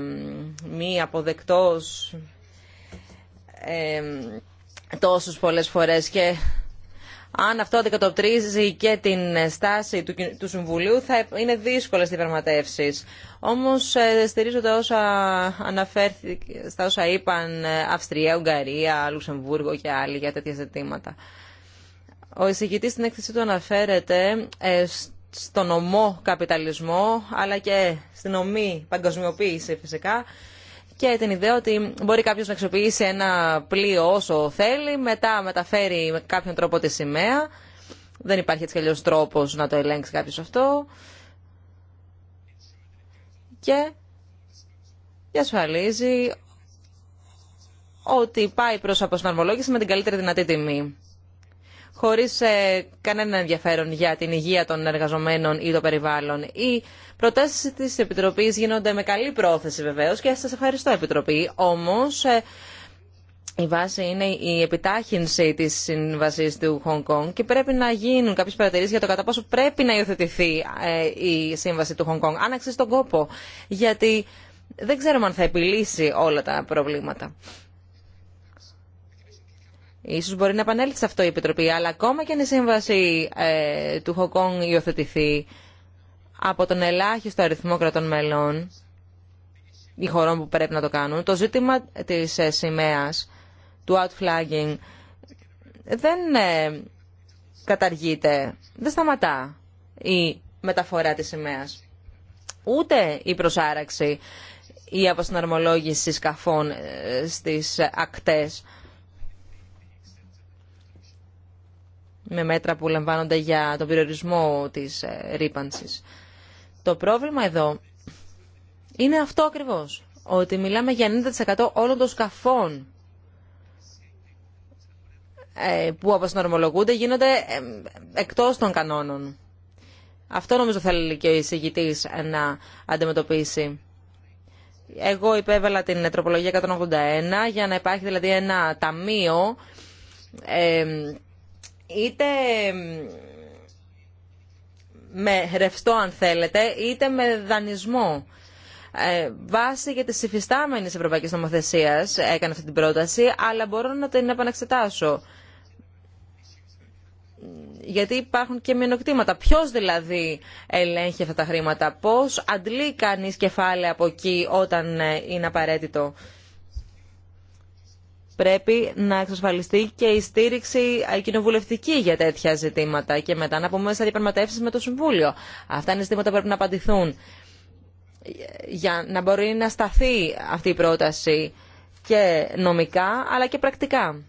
Speaker 3: μη αποδεκτός, ε, τόσους πολλές φορές και αν αυτό αντικατοπτρίζει και την στάση του, Συμβουλίου θα ε-, είναι δύσκολες οι πραγματεύσεις. Όμως ε, όσα αναφέρθηκε, στα όσα είπαν ε, Αυστρία, Ουγγαρία, Λουξεμβούργο και άλλοι για τέτοια ζητήματα. Ο εισηγητής στην έκθεση του αναφέρεται ε, στον ομό καπιταλισμό, αλλά και στην ομή παγκοσμιοποίηση φυσικά, και την ιδέα ότι μπορεί κάποιος να αξιοποιήσει ένα πλοίο όσο θέλει, μετά μεταφέρει με κάποιον τρόπο τη σημαία. Δεν υπάρχει έτσι καλύτερος τρόπος να το ελέγξει κάποιος αυτό. Και διασφαλίζει ότι πάει προς αποσυναρμολόγηση με την καλύτερη δυνατή τιμή χωρίς ε, κανένα ενδιαφέρον για την υγεία των εργαζομένων ή το περιβάλλον. Οι προτάσει της Επιτροπής γίνονται με καλή πρόθεση βεβαίως και σα ευχαριστώ Επιτροπή. Όμως ε, η βάση είναι η επιτάχυνση της σύμβασης του Χονγκ Κονγκ και πρέπει να γίνουν κάποιες παρατηρήσει για το κατά πόσο πρέπει να υιοθετηθεί ε, η σύμβαση του Χονγκ Κονγκ, αν τον κόπο, γιατί δεν ξέρουμε αν θα επιλύσει όλα τα προβλήματα. Ίσως μπορεί να επανέλθει σε αυτό η Επιτροπή, αλλά ακόμα και αν η σύμβαση ε, του Χοκόν υιοθετηθεί από τον ελάχιστο αριθμό κρατών μελών ή χωρών που πρέπει να το κάνουν, το ζήτημα της ε, σημαίας, του outflagging, δεν ε, καταργείται, δεν σταματά η μεταφορά της σημαίας. Ούτε η προσάραξη ή αποσυναρμολόγηση σκαφών ε, στις ακτές με μέτρα που λαμβάνονται για τον περιορισμό της ε, ρήπανσης. Το πρόβλημα εδώ είναι αυτό ακριβώς, ότι μιλάμε για 90% όλων των σκαφών ε, που όπως νορμολογούνται γίνονται ε, εκτός των κανόνων. Αυτό νομίζω θέλει και ο εισηγητής να αντιμετωπίσει. Εγώ υπέβαλα την τροπολογία 181 για να υπάρχει δηλαδή ένα ταμείο είτε με ρευστό αν θέλετε, είτε με δανεισμό. Ε, βάση για τις υφιστάμενες ευρωπαϊκής νομοθεσίες έκανε αυτή την πρόταση, αλλά μπορώ να την επαναξετάσω. Γιατί υπάρχουν και μειονοκτήματα. Ποιο δηλαδή ελέγχει αυτά τα χρήματα, πώ αντλεί κανεί κεφάλαια από εκεί όταν ε, είναι απαραίτητο πρέπει να εξασφαλιστεί και η στήριξη κοινοβουλευτική για τέτοια ζητήματα και μετά να πούμε σε διαπραγματεύσει με το Συμβούλιο. Αυτά είναι ζητήματα που πρέπει να απαντηθούν για να μπορεί να σταθεί αυτή η πρόταση και νομικά αλλά και πρακτικά.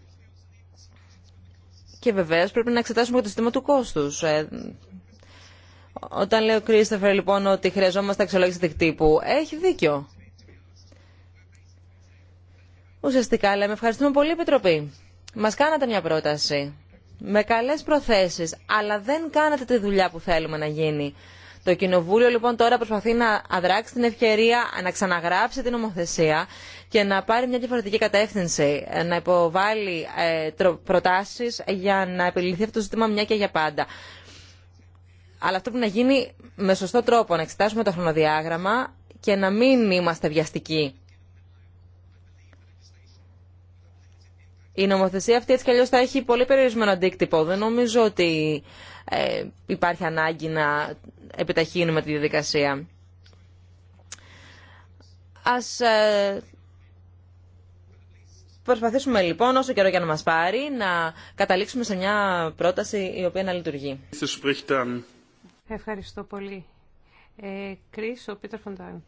Speaker 3: Και βεβαίως πρέπει να εξετάσουμε και το ζήτημα του κόστους. Ε, όταν λέει ο Κρίστεφερ λοιπόν ότι χρειαζόμαστε αξιολόγηση δικτύπου, έχει δίκιο. Ουσιαστικά λέμε ευχαριστούμε πολύ Επιτροπή. Μας κάνατε μια πρόταση με καλές προθέσεις, αλλά δεν κάνατε τη δουλειά που θέλουμε να γίνει. Το Κοινοβούλιο λοιπόν τώρα προσπαθεί να αδράξει την ευκαιρία να ξαναγράψει την νομοθεσία και να πάρει μια διαφορετική κατεύθυνση, ε, να υποβάλει ε, προτάσεις για να επιληθεί αυτό το ζήτημα μια και για πάντα. Αλλά αυτό πρέπει να γίνει με σωστό τρόπο, να εξετάσουμε το χρονοδιάγραμμα και να μην είμαστε βιαστικοί. Η νομοθεσία αυτή έτσι κι θα έχει πολύ περιορισμένο αντίκτυπο. Δεν νομίζω ότι ε, υπάρχει ανάγκη να επιταχύνουμε τη διαδικασία. Ας ε, προσπαθήσουμε λοιπόν όσο καιρό για να μας πάρει να καταλήξουμε σε μια πρόταση η οποία να λειτουργεί. Ευχαριστώ πολύ. Ε, ο Πίτερ Φοντάν.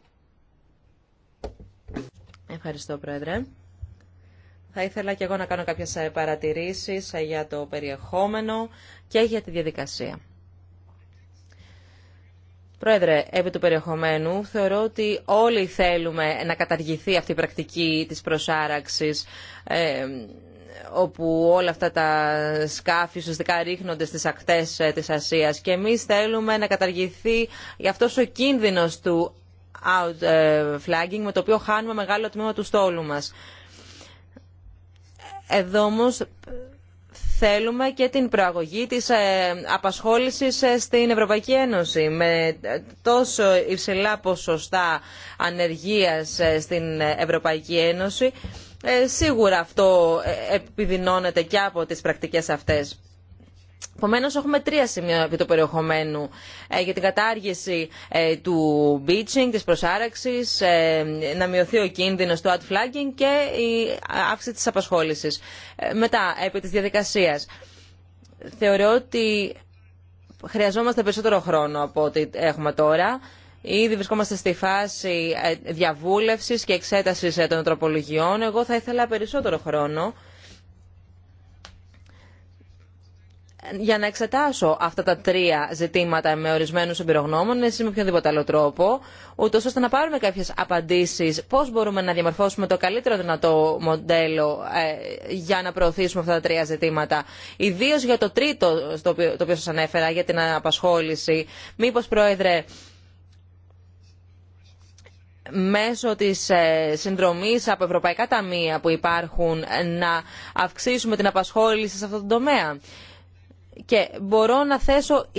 Speaker 3: Ευχαριστώ, Πρόεδρε. Θα ήθελα και εγώ να κάνω κάποιες ε, παρατηρήσεις ε, για το περιεχόμενο και για τη διαδικασία. Πρόεδρε, επί του περιεχομένου, θεωρώ ότι όλοι θέλουμε να καταργηθεί αυτή η πρακτική της προσάραξης, ε, όπου όλα αυτά τα σκάφη ουσιαστικά ρίχνονται στις ακτές της Ασίας και εμείς θέλουμε να καταργηθεί αυτός ο κίνδυνος του outflagging, με το οποίο χάνουμε μεγάλο τμήμα του στόλου μας. Εδώ όμω θέλουμε και την προαγωγή της ε, απασχόλησης ε, στην Ευρωπαϊκή Ένωση με ε, τόσο υψηλά ποσοστά ανεργίας στην Ευρωπαϊκή Ένωση. Σίγουρα αυτό επιδεινώνεται και από τις πρακτικές αυτές. Επομένω, έχουμε τρία σημεία επί του περιεχομένου ε, για την κατάργηση ε, του beaching, της προσάραξη, ε, να μειωθεί ο κίνδυνο του ad-flagging και η αύξηση της απασχόλησης. μετά, επί τη διαδικασία. Θεωρώ ότι χρειαζόμαστε περισσότερο χρόνο από ό,τι έχουμε τώρα. Ήδη βρισκόμαστε στη φάση διαβούλευσης και εξέτασης των τροπολογιών. Εγώ θα ήθελα περισσότερο χρόνο για να εξετάσω αυτά τα τρία ζητήματα με ορισμένου εμπειρογνώμων, ή με οποιονδήποτε άλλο τρόπο, ούτω ώστε να πάρουμε κάποιε απαντήσει πώ μπορούμε να διαμορφώσουμε το καλύτερο δυνατό μοντέλο ε, για να προωθήσουμε αυτά τα τρία ζητήματα. Ιδίω για το τρίτο, το οποίο, το σα ανέφερα, για την απασχόληση. Μήπω, Πρόεδρε, μέσω της ε, συνδρομής από ευρωπαϊκά ταμεία που υπάρχουν ε, να αυξήσουμε την απασχόληση σε αυτό το τομέα. Και μπορώ να θέσω 20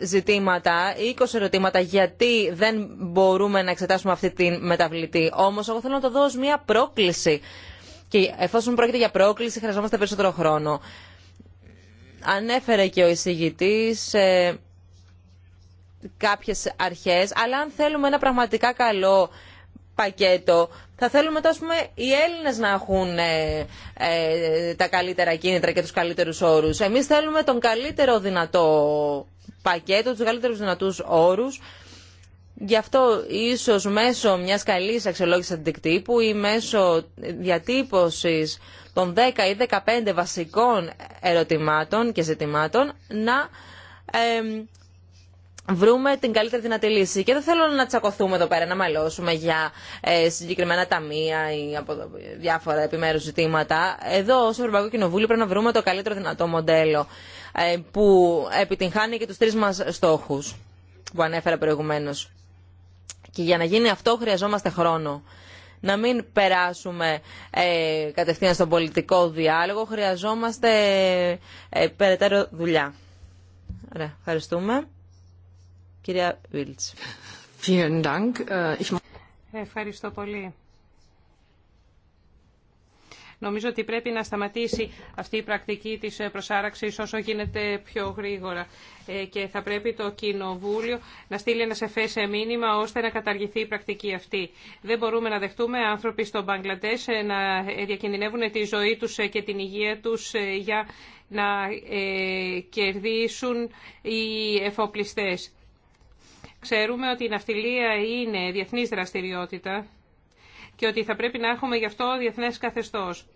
Speaker 3: ζητήματα, 20 ερωτήματα γιατί δεν μπορούμε να εξετάσουμε αυτή τη μεταβλητή. Όμως εγώ θέλω να το δω ως μια πρόκληση. Και εφόσον πρόκειται για πρόκληση χρειαζόμαστε περισσότερο χρόνο. Ανέφερε και ο εισηγητής ε, κάποιες αρχές, αλλά αν θέλουμε ένα πραγματικά καλό πακέτο θα θέλουμε τώρα, πούμε, οι Έλληνες να έχουν ε, ε, τα καλύτερα κίνητρα και τους καλύτερους όρου. Εμείς θέλουμε τον καλύτερο δυνατό πακέτο, του καλύτερους δυνατού όρου. Γι' αυτό ίσως μέσω μιας καλής αξιολόγησης αντικτύπου ή μέσω διατύπωσης των 10 ή 15 βασικών ερωτημάτων και ζητημάτων να... Ε, βρούμε την καλύτερη δυνατή λύση. Και δεν θέλω να τσακωθούμε εδώ πέρα, να μαλώσουμε για ε, συγκεκριμένα ταμεία ή από διάφορα επιμέρους ζητήματα. Εδώ ως Ευρωπαϊκό Κοινοβούλιο πρέπει να βρούμε το καλύτερο δυνατό μοντέλο ε, που επιτυγχάνει και τους τρεις μας στόχους που ανέφερα προηγουμένως. Και για να γίνει αυτό χρειαζόμαστε χρόνο. Να μην περάσουμε ε, κατευθείαν στον πολιτικό διάλογο, χρειαζόμαστε ε, περαιτέρω δουλειά. Ωραία, ευχαριστούμε. Κυρία Βίλτς. Äh,
Speaker 2: Ευχαριστώ πολύ. Νομίζω ότι πρέπει να σταματήσει αυτή η πρακτική της ε, προσάραξης όσο γίνεται πιο γρήγορα ε, και θα πρέπει το Κοινοβούλιο να στείλει ένα σεφέ σε μήνυμα ώστε να καταργηθεί η πρακτική αυτή. Δεν μπορούμε να δεχτούμε άνθρωποι στο Μπαγκλαντές ε, να διακινδυνεύουν τη ζωή τους και την υγεία τους για να κερδίσουν οι εφοπλιστές. Ξέρουμε ότι η ναυτιλία είναι διεθνής δραστηριότητα και ότι θα πρέπει να έχουμε γι' αυτό διεθνές καθεστώς.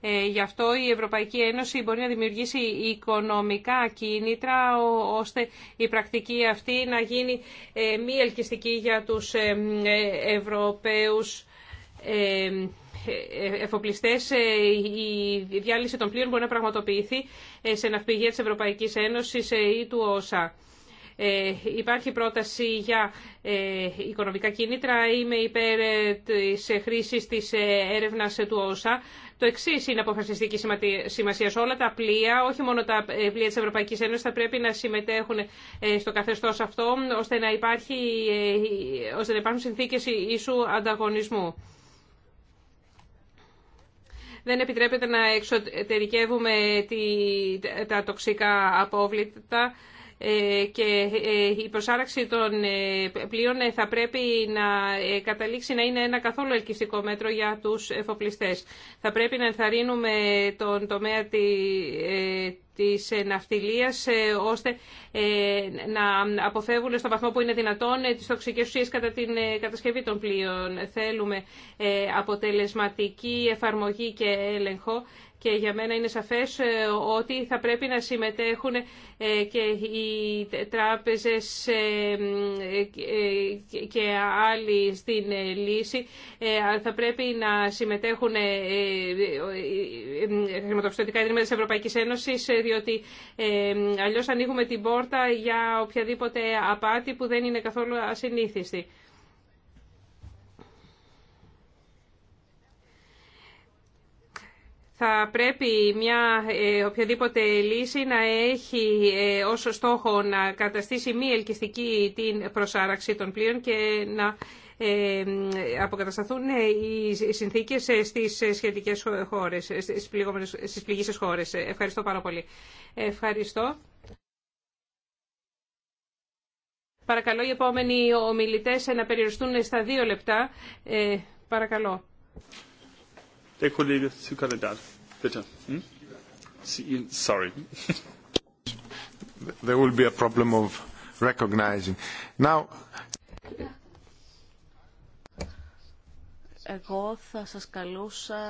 Speaker 2: Ε, γι' αυτό η Ευρωπαϊκή Ένωση μπορεί να δημιουργήσει οικονομικά κίνητρα ώστε η πρακτική αυτή να γίνει ε, μη ελκυστική για τους ε, ε Ευρωπαίους ε, ε, εφοπλιστές. Η διάλυση των πλοίων μπορεί να πραγματοποιηθεί σε ναυπηγεία της Ευρωπαϊκής Ένωσης ή του ΩΣΑ. Ε, υπάρχει πρόταση για ε, οικονομικά κίνητρα. Είμαι υπέρ ε, της χρήσης της έρευνας του ΩΣΑ. Το εξή είναι αποφασιστική σημασία. Όλα τα πλοία, όχι μόνο τα πλοία τη Ευρωπαϊκή Ένωση, θα πρέπει να συμμετέχουν στο καθεστώ αυτό, ώστε να, υπάρχει, ώστε να υπάρχουν συνθήκε ίσου ανταγωνισμού. Δεν επιτρέπεται να εξωτερικεύουμε τα τοξικά απόβλητα. Ε, και ε, η προσάραξη των ε, πλοίων θα πρέπει να καταλήξει να είναι ένα καθόλου ελκυστικό μέτρο για τους εφοπλιστές. Θα πρέπει να ενθαρρύνουμε τον τομέα της ναυτιλίας ώστε να αποφεύγουν στον βαθμό που είναι δυνατόν τις τοξικές ουσίες κατά την κατασκευή των πλοίων. Θέλουμε αποτελεσματική εφαρμογή και έλεγχο και για μένα είναι σαφές ε, ότι θα πρέπει να συμμετέχουν ε, και οι τράπεζες ε, και άλλοι στην λύση. Θα πρέπει να συμμετέχουν χρηματοπιστωτικά ιδρύματα της Ευρωπαϊκής Ένωσης, διότι αλλιώς ανοίγουμε την πόρτα για οποιαδήποτε απάτη που δεν είναι καθόλου ασυνήθιστη. θα πρέπει μια ε, οποιαδήποτε λύση να έχει ε, ως στόχο να καταστήσει μη ελκυστική την προσάραξη των πλοίων και να ε, αποκατασταθούν οι συνθήκες στις σχετικές χώρες, στις, στις πληγήσεις χώρες. Ευχαριστώ πάρα πολύ. Ευχαριστώ. Παρακαλώ οι επόμενοι ομιλητές να περιοριστούν στα δύο λεπτά. παρακαλώ.
Speaker 1: Εγώ θα
Speaker 4: σας καλούσα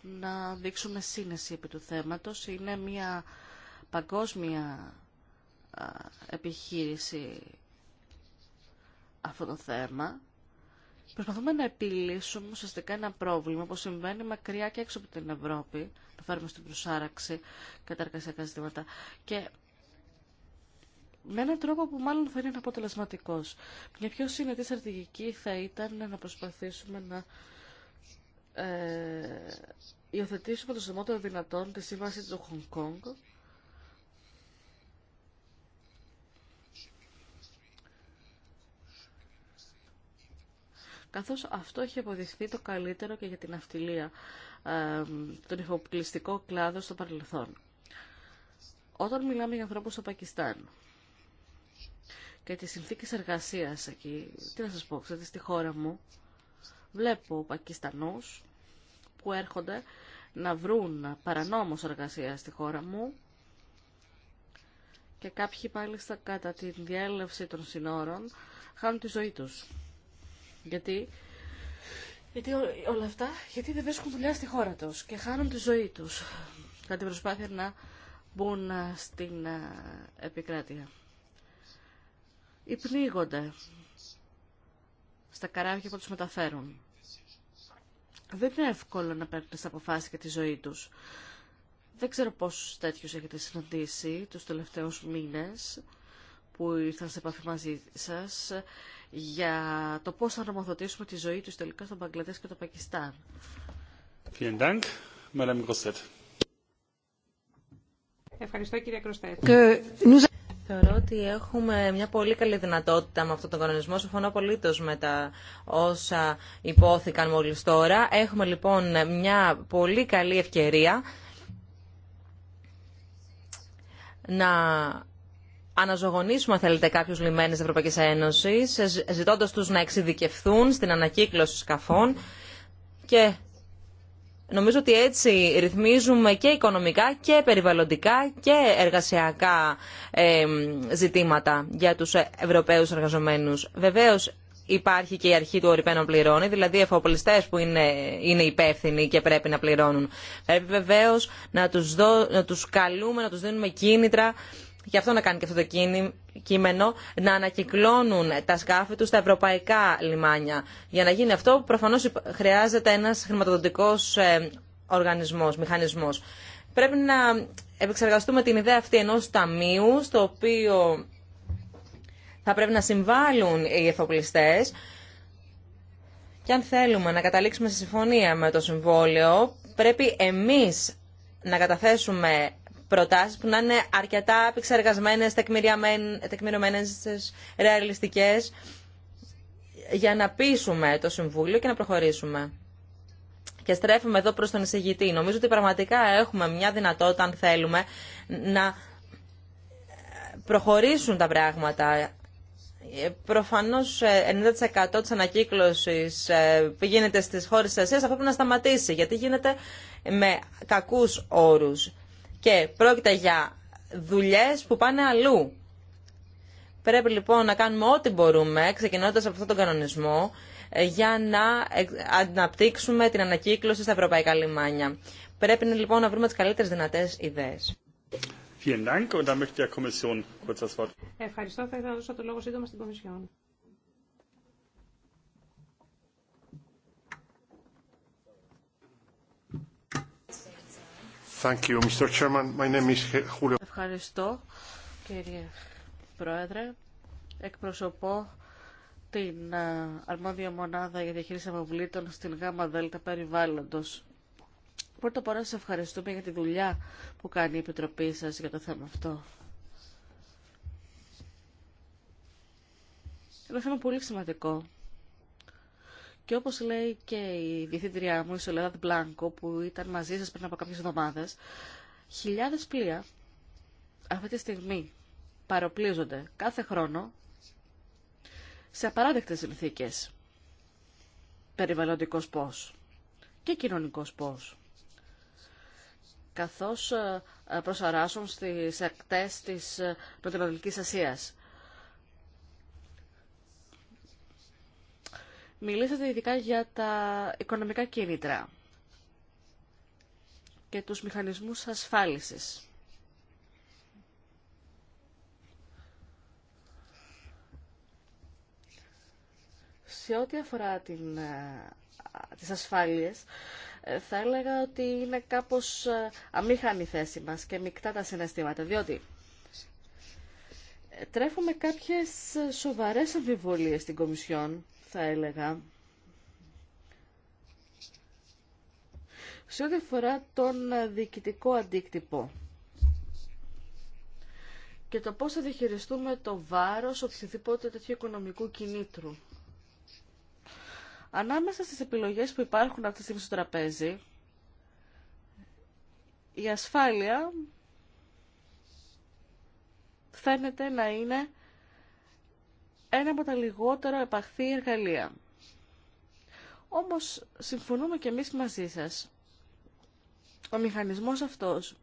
Speaker 4: να δείξουμε σύνεση επί του θέματος. Είναι μια παγκόσμια επιχείρηση αυτό το θέμα Προσπαθούμε να επιλύσουμε ουσιαστικά ένα πρόβλημα που συμβαίνει μακριά και έξω από την Ευρώπη. να φέρουμε στην προσάραξη κατά εργασιακά ζητήματα. Και με έναν τρόπο που μάλλον θα είναι αποτελεσματικό. Μια πιο συνετή στρατηγική θα ήταν να προσπαθήσουμε να ε, υιοθετήσουμε το των δυνατών τη σύμβαση του Χονγκ Κόνγκ καθώς αυτό έχει αποδειχθεί το καλύτερο και για την αυτιλία, τον υποκλειστικό κλάδο στο παρελθόν. Όταν μιλάμε για ανθρώπους στο Πακιστάν και τις συνθήκες εργασίας εκεί, τι να σας πω, ξέρετε, στη χώρα μου βλέπω Πακιστανούς που έρχονται να βρουν παρανόμως εργασία στη χώρα μου και κάποιοι μάλιστα κατά τη διέλευση των συνόρων χάνουν τη ζωή τους. Γιατί, γιατί όλα αυτά, γιατί δεν βρίσκουν δουλειά στη χώρα τους και χάνουν τη ζωή τους κατά την προσπάθεια να μπουν στην επικράτεια. Υπνίγονται στα καράβια που τους μεταφέρουν. Δεν είναι εύκολο να παίρνουν τις αποφάσεις και τη ζωή τους. Δεν ξέρω πόσους τέτοιους έχετε συναντήσει τους τελευταίους μήνες που ήρθαν σε επαφή μαζί σας για το πώς θα νομοθετήσουμε τη ζωή τους τελικά στον Παγκλαντές και το Πακιστάν.
Speaker 3: Ευχαριστώ κύριε Κροστέτ. Θεωρώ ότι έχουμε μια πολύ καλή δυνατότητα με αυτόν τον κανονισμό. Συμφωνώ απολύτω με τα όσα υπόθηκαν μόλι τώρα. Έχουμε λοιπόν μια πολύ καλή ευκαιρία να αναζωογονήσουμε, αν θέλετε, κάποιους λιμένες της Ευρωπαϊκής Ένωσης, ε, ζητώντας τους να εξειδικευθούν στην ανακύκλωση σκαφών και νομίζω ότι έτσι ρυθμίζουμε και οικονομικά και περιβαλλοντικά και εργασιακά ζητήματα για τους ε, Ευρωπαίους εργαζομένους. Βεβαίως, υπάρχει και η αρχή του ορυπαίνων πληρώνει, δηλαδή οι που είναι, είναι υπεύθυνοι και πρέπει να πληρώνουν. Πρέπει βεβαίω να του τους καλούμε, να του δίνουμε κίνητρα Γι' αυτό να κάνει και αυτό το κείμενο, να ανακυκλώνουν τα σκάφη του στα ευρωπαϊκά λιμάνια. Για να γίνει αυτό, προφανώς χρειάζεται ένας χρηματοδοτικός ε, οργανισμός, μηχανισμός. Πρέπει να επεξεργαστούμε την ιδέα αυτή ενός ταμείου, στο οποίο θα πρέπει να συμβάλλουν οι εφοπλιστέ. Και αν θέλουμε να καταλήξουμε σε συμφωνία με το Συμβόλαιο, πρέπει εμείς να καταθέσουμε Προτάσει που να είναι αρκετά επεξεργασμένε, τεκμηριωμένε, ρεαλιστικέ, για να πείσουμε το Συμβούλιο και να προχωρήσουμε. Και στρέφουμε εδώ προ τον εισηγητή. Νομίζω ότι πραγματικά έχουμε μια δυνατότητα, αν θέλουμε, να προχωρήσουν τα πράγματα. Προφανώ 90% ε, τη ανακύκλωση ε, που γίνεται στι χώρε τη Ασία θα πρέπει να σταματήσει, γιατί γίνεται με κακού όρου και πρόκειται για δουλειές που πάνε αλλού. Πρέπει λοιπόν να κάνουμε ό,τι μπορούμε, ξεκινώντας από αυτόν τον κανονισμό, ε, για να αναπτύξουμε την ανακύκλωση στα ευρωπαϊκά λιμάνια. Πρέπει λοιπόν να βρούμε τις καλύτερες δυνατές ιδέες.
Speaker 1: Ευχαριστώ. Θα
Speaker 2: ήθελα να δώσω το λόγο σύντομα στην Κομισιόν.
Speaker 4: Ευχαριστώ, κύριε Πρόεδρε. Εκπροσωπώ την ε, αρμόδια μονάδα για διαχείριση αμβλήτων στην ΓΑΜΑ ΔΕΛΤΑ περιβάλλοντος. Πρώτα απ' όλα σας ευχαριστούμε για τη δουλειά που κάνει η Επιτροπή σας για το θέμα αυτό. Είναι ένα θέμα πολύ σημαντικό και όπως λέει και η διευθύντριά μου, η Σολέδα Μπλάνκο, που ήταν μαζί σας πριν από κάποιες εβδομάδες, χιλιάδες πλοία αυτή τη στιγμή παροπλίζονται κάθε χρόνο σε απαράδεκτες συνθήκες. Περιβαλλοντικός πώς και κοινωνικός πώς. Καθώς ε, ε, προσαράσουν στις ακτές της ε, Νοτιοανατολικής Ασίας. Μιλήσατε ειδικά για τα οικονομικά κίνητρα και τους μηχανισμούς ασφάλισης. Σε ό,τι αφορά την, ε, τις ασφάλειες, ε, θα έλεγα ότι είναι κάπως ε, αμήχανη θέση μας και μεικτά τα συναισθήματα, διότι τρέφουμε κάποιες σοβαρές αμφιβολίες στην Κομισιόν θα έλεγα. Σε ό,τι αφορά τον διοικητικό αντίκτυπο και το πώς θα διαχειριστούμε το βάρος οποιοδήποτε τέτοιου οικονομικού κινήτρου. Ανάμεσα στις επιλογές που υπάρχουν αυτή τη στιγμή στο τραπέζι, η ασφάλεια φαίνεται να είναι ένα από τα λιγότερα επαχθή εργαλεία. Όμως συμφωνούμε και εμείς μαζί σας. Ο μηχανισμός αυτός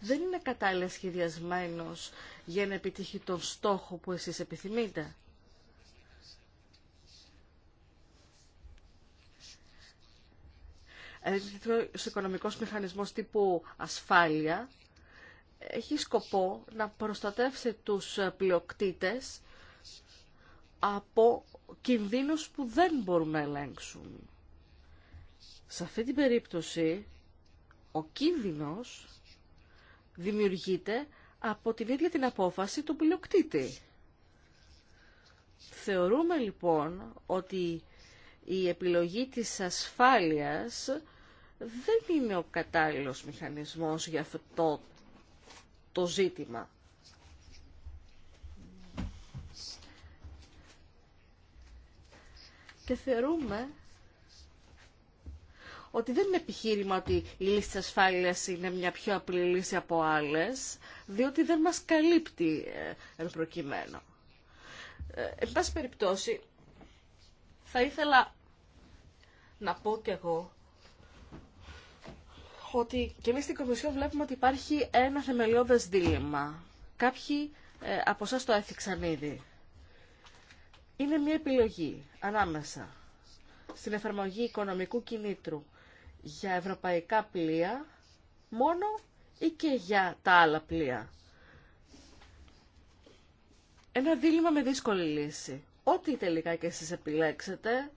Speaker 4: δεν είναι κατάλληλα σχεδιασμένος για να επιτύχει τον στόχο που εσείς επιθυμείτε. ο οικονομικός μηχανισμός τύπου ασφάλεια έχει σκοπό να προστατεύσει τους πλειοκτήτες από κινδύνους που δεν μπορούν να ελέγξουν. Σε αυτή την περίπτωση, ο κίνδυνος δημιουργείται από την ίδια την απόφαση του πλειοκτήτη. Θεωρούμε λοιπόν ότι η επιλογή της ασφάλειας δεν είναι ο κατάλληλος μηχανισμός για αυτό το ζήτημα. Και θεωρούμε ότι δεν είναι επιχείρημα ότι η λύση της ασφάλειας είναι μια πιο απλή λύση από άλλες, διότι δεν μας καλύπτει ε, εν προκειμένου. Ε, εν πάση περιπτώσει, θα ήθελα να πω κι εγώ ότι και εμεί στην Κομισιόν βλέπουμε ότι υπάρχει ένα θεμελιώδες δίλημα. Κάποιοι ε, από εσά το έθιξαν ήδη. Είναι μια επιλογή ανάμεσα στην εφαρμογή οικονομικού κινήτρου για ευρωπαϊκά πλοία μόνο ή και για τα άλλα πλοία. Ένα δίλημα με δύσκολη λύση. Ό,τι τελικά και εσείς επιλέξετε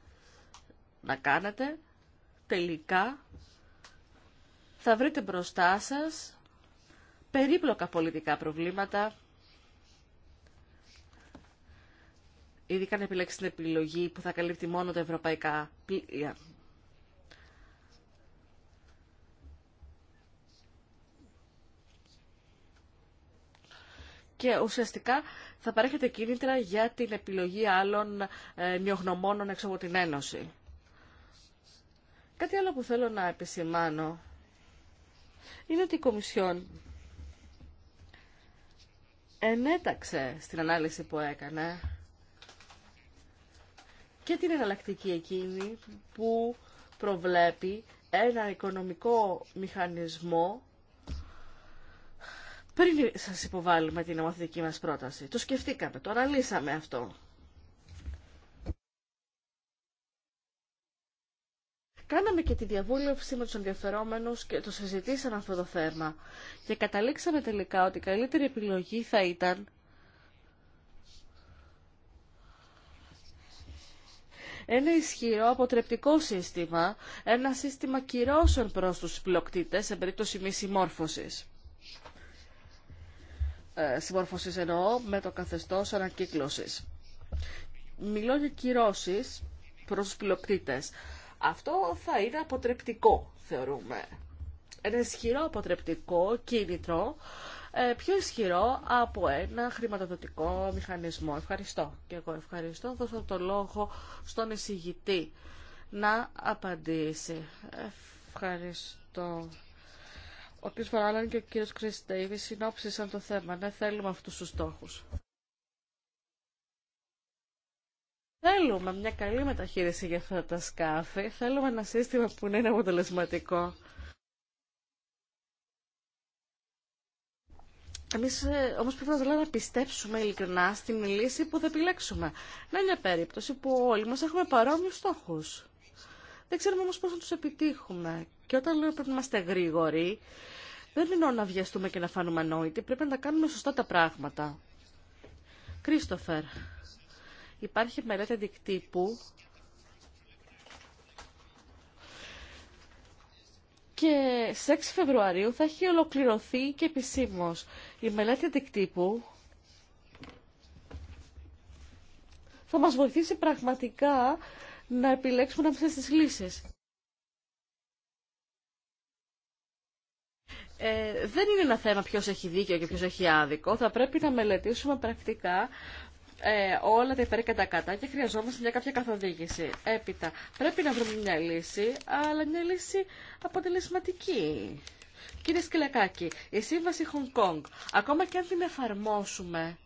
Speaker 4: να κάνετε, τελικά θα βρείτε μπροστά σας περίπλοκα πολιτικά προβλήματα, ειδικά αν επιλέξει την επιλογή που θα καλύπτει μόνο τα ευρωπαϊκά πλοία. Και ουσιαστικά θα παρέχετε κίνητρα για την επιλογή άλλων ε, μειογνωμόνων έξω από την Ένωση. Κάτι άλλο που θέλω να επισημάνω είναι ότι η Κομισιόν ενέταξε στην ανάλυση που έκανε και την εναλλακτική εκείνη που προβλέπει ένα οικονομικό μηχανισμό πριν σας υποβάλουμε την νομοθετική μας πρόταση. Το σκεφτήκαμε, το αναλύσαμε αυτό. Κάναμε και τη διαβούλευση με τους ενδιαφερόμενους και το συζητήσαμε αυτό το θέμα. Και καταλήξαμε τελικά ότι η καλύτερη επιλογή θα ήταν ένα ισχυρό αποτρεπτικό σύστημα, ένα σύστημα κυρώσεων προς τους πλοκτήτες σε περίπτωση μη συμμόρφωσης. Ε, συμμόρφωσης εννοώ με το καθεστώς ανακύκλωσης. Μιλώ για κυρώσεις προς τους πλοκτήτες. Αυτό θα είναι αποτρεπτικό, θεωρούμε. Ένα ισχυρό αποτρεπτικό κίνητρο, ε, πιο ισχυρό από ένα χρηματοδοτικό μηχανισμό. Ευχαριστώ. Και εγώ ευχαριστώ. Δώσω το λόγο στον εισηγητή να απαντήσει. Ευχαριστώ. Ο κ. παράλληλα και ο κ. Κρυστέιβη συνόψισαν το θέμα. Δεν ναι, θέλουμε αυτούς τους στόχους. Θέλουμε μια καλή μεταχείριση για αυτά τα σκάφη. Θέλουμε ένα σύστημα που να είναι αποτελεσματικό. Εμείς ε, όμως πρέπει να να πιστέψουμε ειλικρινά στην λύση που θα επιλέξουμε. Να είναι μια περίπτωση που όλοι μας έχουμε παρόμοιους στόχους. Δεν ξέρουμε όμως πώς να τους επιτύχουμε. Και όταν λέω πρέπει να είμαστε γρήγοροι, δεν εννοώ να βιαστούμε και να φάνουμε ανόητοι. Πρέπει να τα κάνουμε σωστά τα πράγματα. Κρίστοφερ. Υπάρχει μελέτη δικτύπου και σε 6 Φεβρουαρίου θα έχει ολοκληρωθεί και επισήμως. Η μελέτη δικτύπου θα μας βοηθήσει πραγματικά να επιλέξουμε να στις λύσεις. Ε, δεν είναι ένα θέμα ποιος έχει δίκιο και ποιος έχει άδικο. Θα πρέπει να μελετήσουμε πρακτικά ε, όλα τα υπέρ και κατά και χρειαζόμαστε μια κάποια καθοδήγηση. Έπειτα, πρέπει να βρούμε μια λύση, αλλά μια λύση αποτελεσματική. Κύριε Σκυλακάκη, η σύμβαση Hong Kong, ακόμα και αν την εφαρμόσουμε,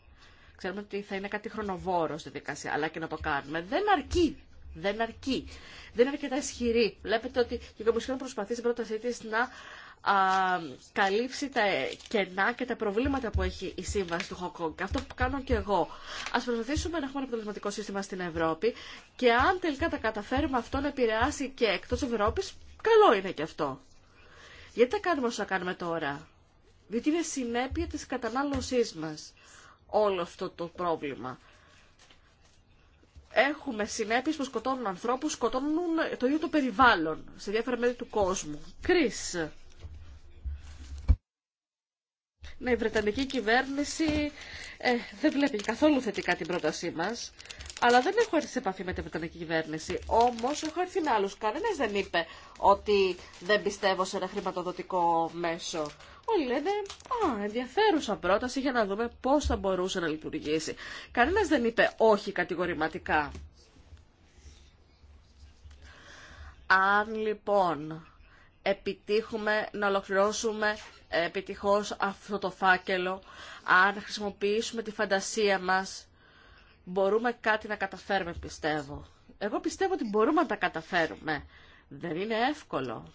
Speaker 4: ξέρουμε ότι θα είναι κάτι χρονοβόρο στη δικασία, αλλά και να το κάνουμε, δεν αρκεί. Δεν αρκεί. Δεν είναι αρκετά ισχυρή. Βλέπετε ότι η Κομισιόν προσπαθεί στην πρότασή τη να καλύψει τα κενά και τα προβλήματα που έχει η σύμβαση του Χοκόγκ. Αυτό που κάνω και εγώ. Ας προσπαθήσουμε να έχουμε ένα αποτελεσματικό σύστημα στην Ευρώπη και αν τελικά τα καταφέρουμε αυτό να επηρεάσει και εκτός Ευρώπης, καλό είναι και αυτό. Γιατί τα κάνουμε όσα κάνουμε τώρα. Διότι είναι συνέπεια της κατανάλωσής μας όλο αυτό το πρόβλημα. Έχουμε συνέπειες που σκοτώνουν ανθρώπους, σκοτώνουν το ίδιο το περιβάλλον σε διάφορα μέρη του κόσμου. Κρίς. Ναι, η Βρετανική κυβέρνηση ε, δεν βλέπει καθόλου θετικά την πρότασή μα. Αλλά δεν έχω έρθει σε επαφή με την Βρετανική κυβέρνηση. Όμω έχω έρθει με άλλου. Κανένα δεν είπε ότι δεν πιστεύω σε ένα χρηματοδοτικό μέσο. Όλοι λένε, Α, ενδιαφέρουσα πρόταση για να δούμε πώ θα μπορούσε να λειτουργήσει. Κανένα δεν είπε όχι κατηγορηματικά. Αν λοιπόν επιτύχουμε να ολοκληρώσουμε ε, επιτυχώς αυτό το φάκελο. Αν χρησιμοποιήσουμε τη φαντασία μας, μπορούμε κάτι να καταφέρουμε, πιστεύω. Εγώ πιστεύω ότι μπορούμε να τα καταφέρουμε. Δεν είναι εύκολο.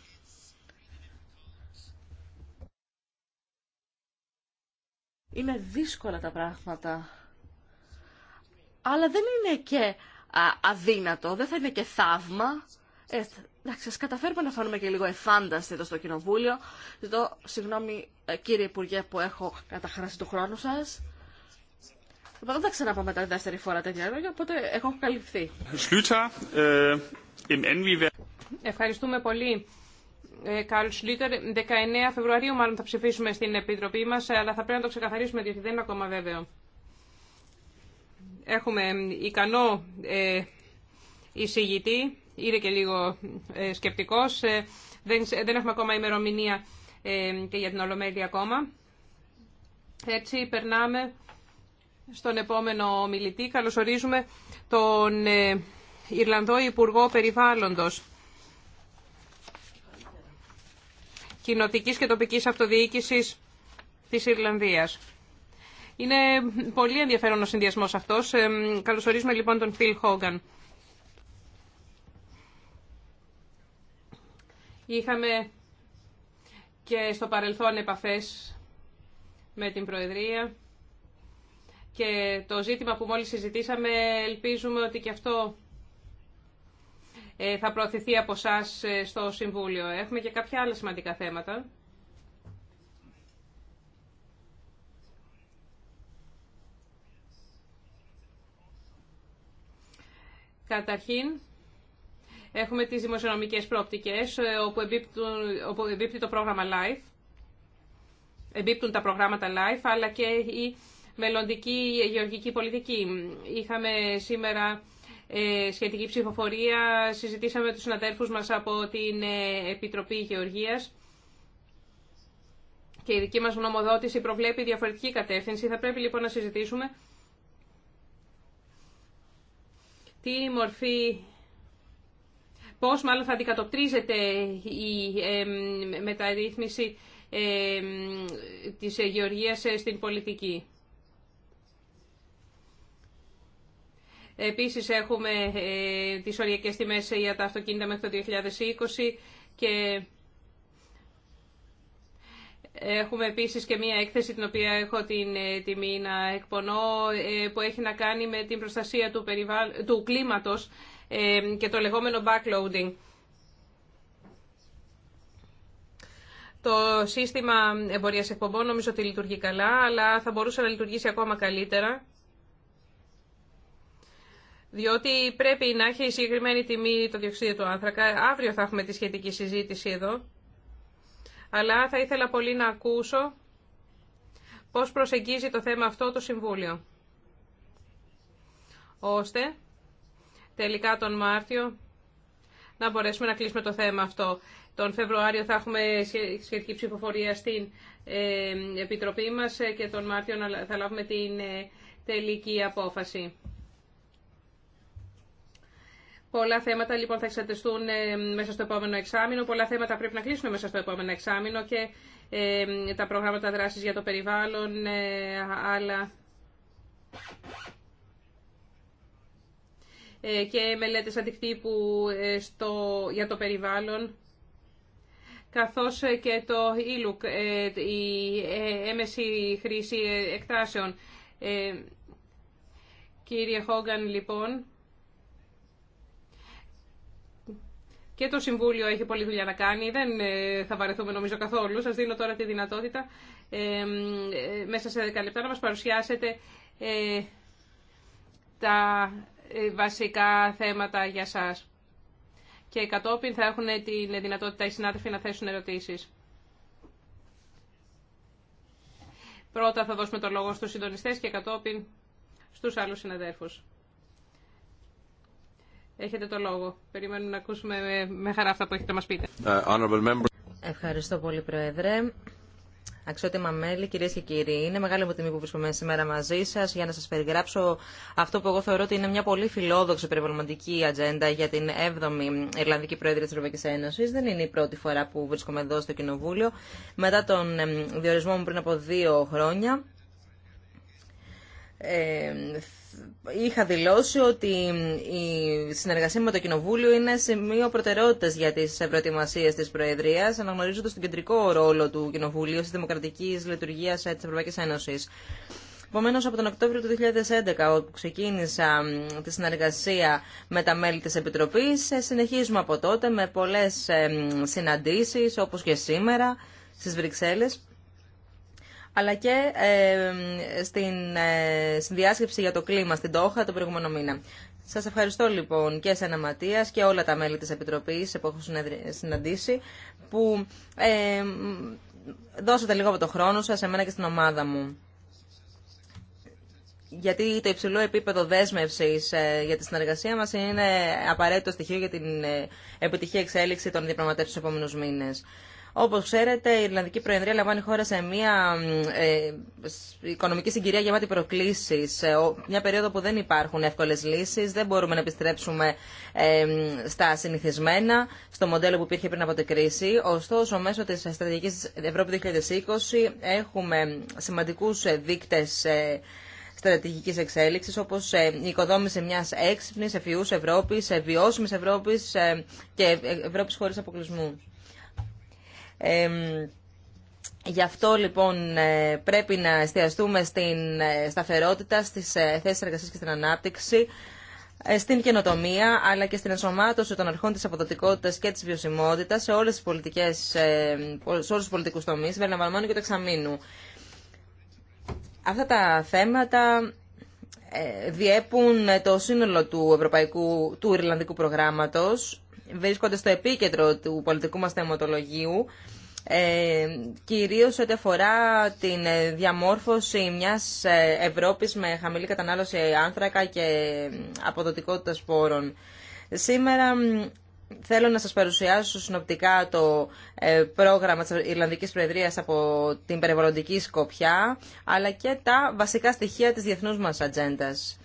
Speaker 4: Είναι δύσκολα τα πράγματα. Αλλά δεν είναι και αδύνατο, δεν θα είναι και θαύμα. Ε, Εντάξει, σα καταφέρουμε να φανούμε και λίγο εφάνταστοι εδώ στο Κοινοβούλιο. Ζητώ συγγνώμη ε, κύριε Υπουργέ που έχω καταχράσει το χρόνο σα.
Speaker 2: δεν θα ξαναπώ μετά τη δεύτερη φορά τέτοια λόγια, οπότε έχω καλυφθεί. Ε, Ευχαριστούμε πολύ. Καρλ Σλίτερ, 19 Φεβρουαρίου μάλλον θα ψηφίσουμε στην Επιτροπή μας, ε, αλλά θα πρέπει να το ξεκαθαρίσουμε διότι δεν είναι ακόμα βέβαιο. Έχουμε ικανό ε, εισηγητή είναι και λίγο ε, σκεπτικός. Ε, δεν, δεν έχουμε ακόμα ημερομηνία ε, και για την Ολομέλεια ακόμα. Έτσι περνάμε στον επόμενο μιλητή. Καλωσορίζουμε τον Ιρλανδό Υπουργό Περιβάλλοντος. Κοινοτικής και τοπικής αυτοδιοίκησης της Ιρλανδίας. Είναι πολύ ενδιαφέρον ο συνδυασμός αυτός. Καλωσορίζουμε λοιπόν τον Φιλ Χόγκαν. Είχαμε και στο παρελθόν επαφές με την Προεδρία και το ζήτημα που μόλις συζητήσαμε ελπίζουμε ότι και αυτό ε, θα προωθηθεί από εσά στο Συμβούλιο. Έχουμε και κάποια άλλα σημαντικά θέματα. Καταρχήν, Έχουμε τις δημοσιονομικές προοπτικές, ε, όπου, όπου εμπίπτει το πρόγραμμα LIFE, εμπίπτουν τα προγράμματα LIFE, αλλά και η μελλοντική γεωργική πολιτική. Είχαμε σήμερα ε, σχετική ψηφοφορία, συζητήσαμε με τους συναδέλφους μας από την ε, Επιτροπή Γεωργίας και η δική μας γνωμοδότηση προβλέπει διαφορετική κατεύθυνση. Θα πρέπει λοιπόν να συζητήσουμε τι μορφή πώς μάλλον θα αντικατοπτρίζεται η μεταρρύθμιση της γεωργίας στην πολιτική. Επίσης έχουμε ε, τις οριακές τιμές για τα αυτοκίνητα μέχρι το 2020 και Έχουμε επίσης και μία έκθεση την οποία έχω την ε, τιμή να εκπονώ ε, που έχει να κάνει με την προστασία του, περιβάλλ... του κλίματος και το λεγόμενο backloading. Το σύστημα εμπορίας εκπομπών νομίζω ότι λειτουργεί καλά, αλλά θα μπορούσε να λειτουργήσει ακόμα καλύτερα. Διότι πρέπει να έχει συγκεκριμένη τιμή το διοξείδιο του άνθρακα. Αύριο θα έχουμε τη σχετική συζήτηση εδώ. Αλλά θα ήθελα πολύ να ακούσω πώς προσεγγίζει το θέμα αυτό το Συμβούλιο. Ώστε τελικά τον Μάρτιο να μπορέσουμε να κλείσουμε το θέμα αυτό. Τον Φεβρουάριο θα έχουμε σχετική ψηφοφορία στην ε, Επιτροπή μας ε, και τον Μάρτιο θα λάβουμε την ε, τελική απόφαση. Πολλά θέματα λοιπόν θα εξατεστούν μέσα στο επόμενο εξάμεινο, πολλά θέματα πρέπει να κλείσουμε μέσα στο επόμενο εξάμεινο και τα προγράμματα δράσης για το περιβάλλον, αλλά ε, και μελέτες αντικτύπου ε, στο, για το περιβάλλον, καθώς ε, και το e-look, η έμεση χρήση εκτάσεων. Κύριε Χόγκαν, λοιπόν, και το Συμβούλιο έχει πολλή δουλειά να κάνει, δεν θα βαρεθούμε νομίζω καθόλου. Σας δίνω τώρα τη δυνατότητα μέσα σε 10 λεπτά να μας παρουσιάσετε τα ε, βασικά θέματα για σας. Και κατόπιν θα έχουν τη δυνατότητα οι συνάδελφοι να θέσουν ερωτήσεις. Πρώτα θα δώσουμε το λόγο στους συντονιστές και κατόπιν στους άλλους συναδέρφους. Έχετε το λόγο. Περιμένουμε να
Speaker 3: ακούσουμε με χαρά αυτά που έχετε να
Speaker 2: μας πείτε. Ε,
Speaker 3: Ευχαριστώ πολύ, Πρόεδρε. Αξιότιμα μέλη, κυρίε και κύριοι, είναι μεγάλη μου τιμή που βρίσκομαι σήμερα μαζί σα για να σα περιγράψω αυτό που εγώ θεωρώ ότι είναι μια πολύ φιλόδοξη περιβαλλοντική ατζέντα για την 7η Ιρλανδική Προέδρια τη Ευρωπαϊκή Ένωση. Δεν είναι η πρώτη φορά που βρίσκομαι εδώ στο Κοινοβούλιο. Μετά τον ε, διορισμό μου πριν από δύο χρόνια, ε, είχα δηλώσει ότι η συνεργασία με το Κοινοβούλιο είναι σημείο προτεραιότητας για τι προετοιμασίε της Προεδρίας, αναγνωρίζοντα τον κεντρικό ρόλο του Κοινοβουλίου στη δημοκρατική λειτουργία της Ευρωπαϊκή Ένωση. Επομένω, από τον Οκτώβριο του 2011, όπου ξεκίνησα τη συνεργασία με τα μέλη της επιτροπή ε, συνεχίζουμε από τότε με πολλέ ε, συναντήσει, όπω και σήμερα, στι Βρυξέλλες αλλά και στην ε, συνδιάσκεψη για το κλίμα στην Τόχα τον προηγούμενο μήνα. Σας ευχαριστώ λοιπόν και εσένα Ματίας και όλα τα μέλη της Επιτροπής που έχω συναντήσει που ε, δώσατε λίγο από τον χρόνο σας, εμένα και στην ομάδα μου. Γιατί το υψηλό επίπεδο δέσμευση ε, για τη συνεργασία μα είναι απαραίτητο στοιχείο για την ε, επιτυχή εξέλιξη των διαπραγματεύσεων στου επόμενου μήνε. Όπω ξέρετε, η Ιρλανδική Προεδρία λαμβάνει χώρα σε μια ε, οικονομική συγκυρία γεμάτη προκλήσεις. Ε, μια περίοδο που δεν υπάρχουν εύκολες λύσεις. Δεν μπορούμε να επιστρέψουμε ε, στα συνηθισμένα, στο μοντέλο που υπήρχε πριν από την κρίση. Ωστόσο, μέσω της στρατηγικής Ευρώπη 2020 έχουμε σημαντικούς δείκτε. ε, στρατηγικής εξέλιξης όπως η οικοδόμηση μιας έξυπνης, ευφυούς Ευρώπης, βιώσιμης Ευρώπης και Ευρώπης χωρίς αποκλεισμού. Γι' αυτό λοιπόν ε, πρέπει να εστιαστούμε στην ε, σταθερότητα, στις ε, θέσεις εργασίας και στην ανάπτυξη, στην καινοτομία, αλλά και στην ενσωμάτωση των αρχών της αποδοτικότητας και της βιωσιμότητας σε όλες τις πολιτικές, σε όλους τους πολιτικούς τομείς, και το εξαμήνου. Αυτά τα θέματα διέπουν το σύνολο του, ευρωπαϊκού, του Ιρλανδικού προγράμματος βρίσκονται στο επίκεντρο του πολιτικού μας θεματολογίου, ε, κυρίως ό,τι αφορά την διαμόρφωση μιας ε, Ευρώπης με χαμηλή κατανάλωση άνθρακα και αποδοτικότητα σπόρων. Σήμερα θέλω να σας παρουσιάσω συνοπτικά το ε, πρόγραμμα της Ιρλανδικής Προεδρίας από την περιβαλλοντική σκοπιά, αλλά και τα βασικά στοιχεία της διεθνούς μας ατζέντας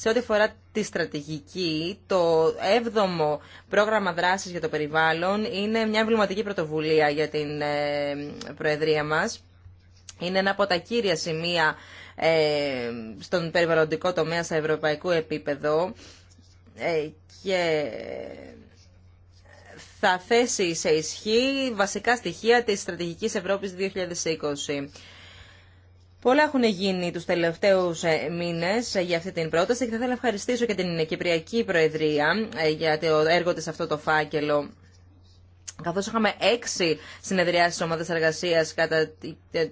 Speaker 3: σε ό,τι αφορά τη στρατηγική, το 7ο πρόγραμμα δράση για το περιβάλλον είναι μια εμβληματική πρωτοβουλία για την ε, Προεδρία μα, Είναι ένα από τα κύρια σημεία ε, στον περιβαλλοντικό τομέα σε ευρωπαϊκό επίπεδο ε, και θα θέσει σε ισχύ βασικά στοιχεία της στρατηγικής Ευρώπης 2020. Πολλά έχουν γίνει τους τελευταίους ε, μήνες ε, για αυτή την πρόταση και θα ήθελα να ευχαριστήσω και την Κυπριακή Προεδρία ε, για το έργο της αυτό το φάκελο. Καθώς είχαμε έξι συνεδριάσεις ομάδας εργασίας κατά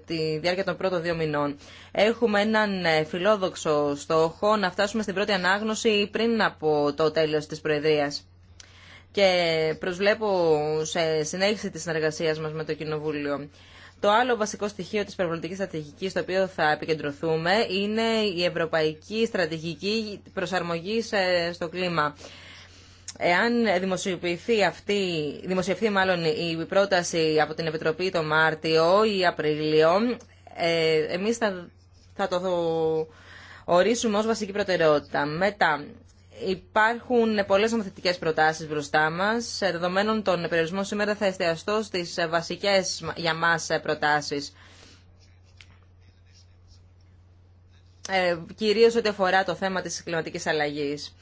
Speaker 3: τη διάρκεια των πρώτων δύο μηνών, έχουμε έναν φιλόδοξο στόχο να φτάσουμε στην πρώτη ανάγνωση πριν από το τέλος της Προεδρίας. Και προσβλέπω σε συνέχιση της συνεργασίας μας με το Κοινοβούλιο. Το άλλο βασικό στοιχείο της περιβαλλοντικής στρατηγικής στο οποίο θα επικεντρωθούμε είναι η ευρωπαϊκή στρατηγική προσαρμογή ε, στο κλίμα. Εάν δημοσιοποιηθεί αυτή, δημοσιευθεί μάλλον η πρόταση από την Επιτροπή το Μάρτιο ή Απριλίο, ε, εμείς θα, θα το ορίσουμε ως βασική προτεραιότητα. Μετά, Υπάρχουν πολλέ νομοθετικέ προτάσεις μπροστά μας. Ε, δεδομένων των περιορισμών σήμερα θα εστιαστώ στι βασικές για μα ε, προτάσεις. Ε, κυρίως ό,τι αφορά το θέμα της κλιματικής αλλαγής.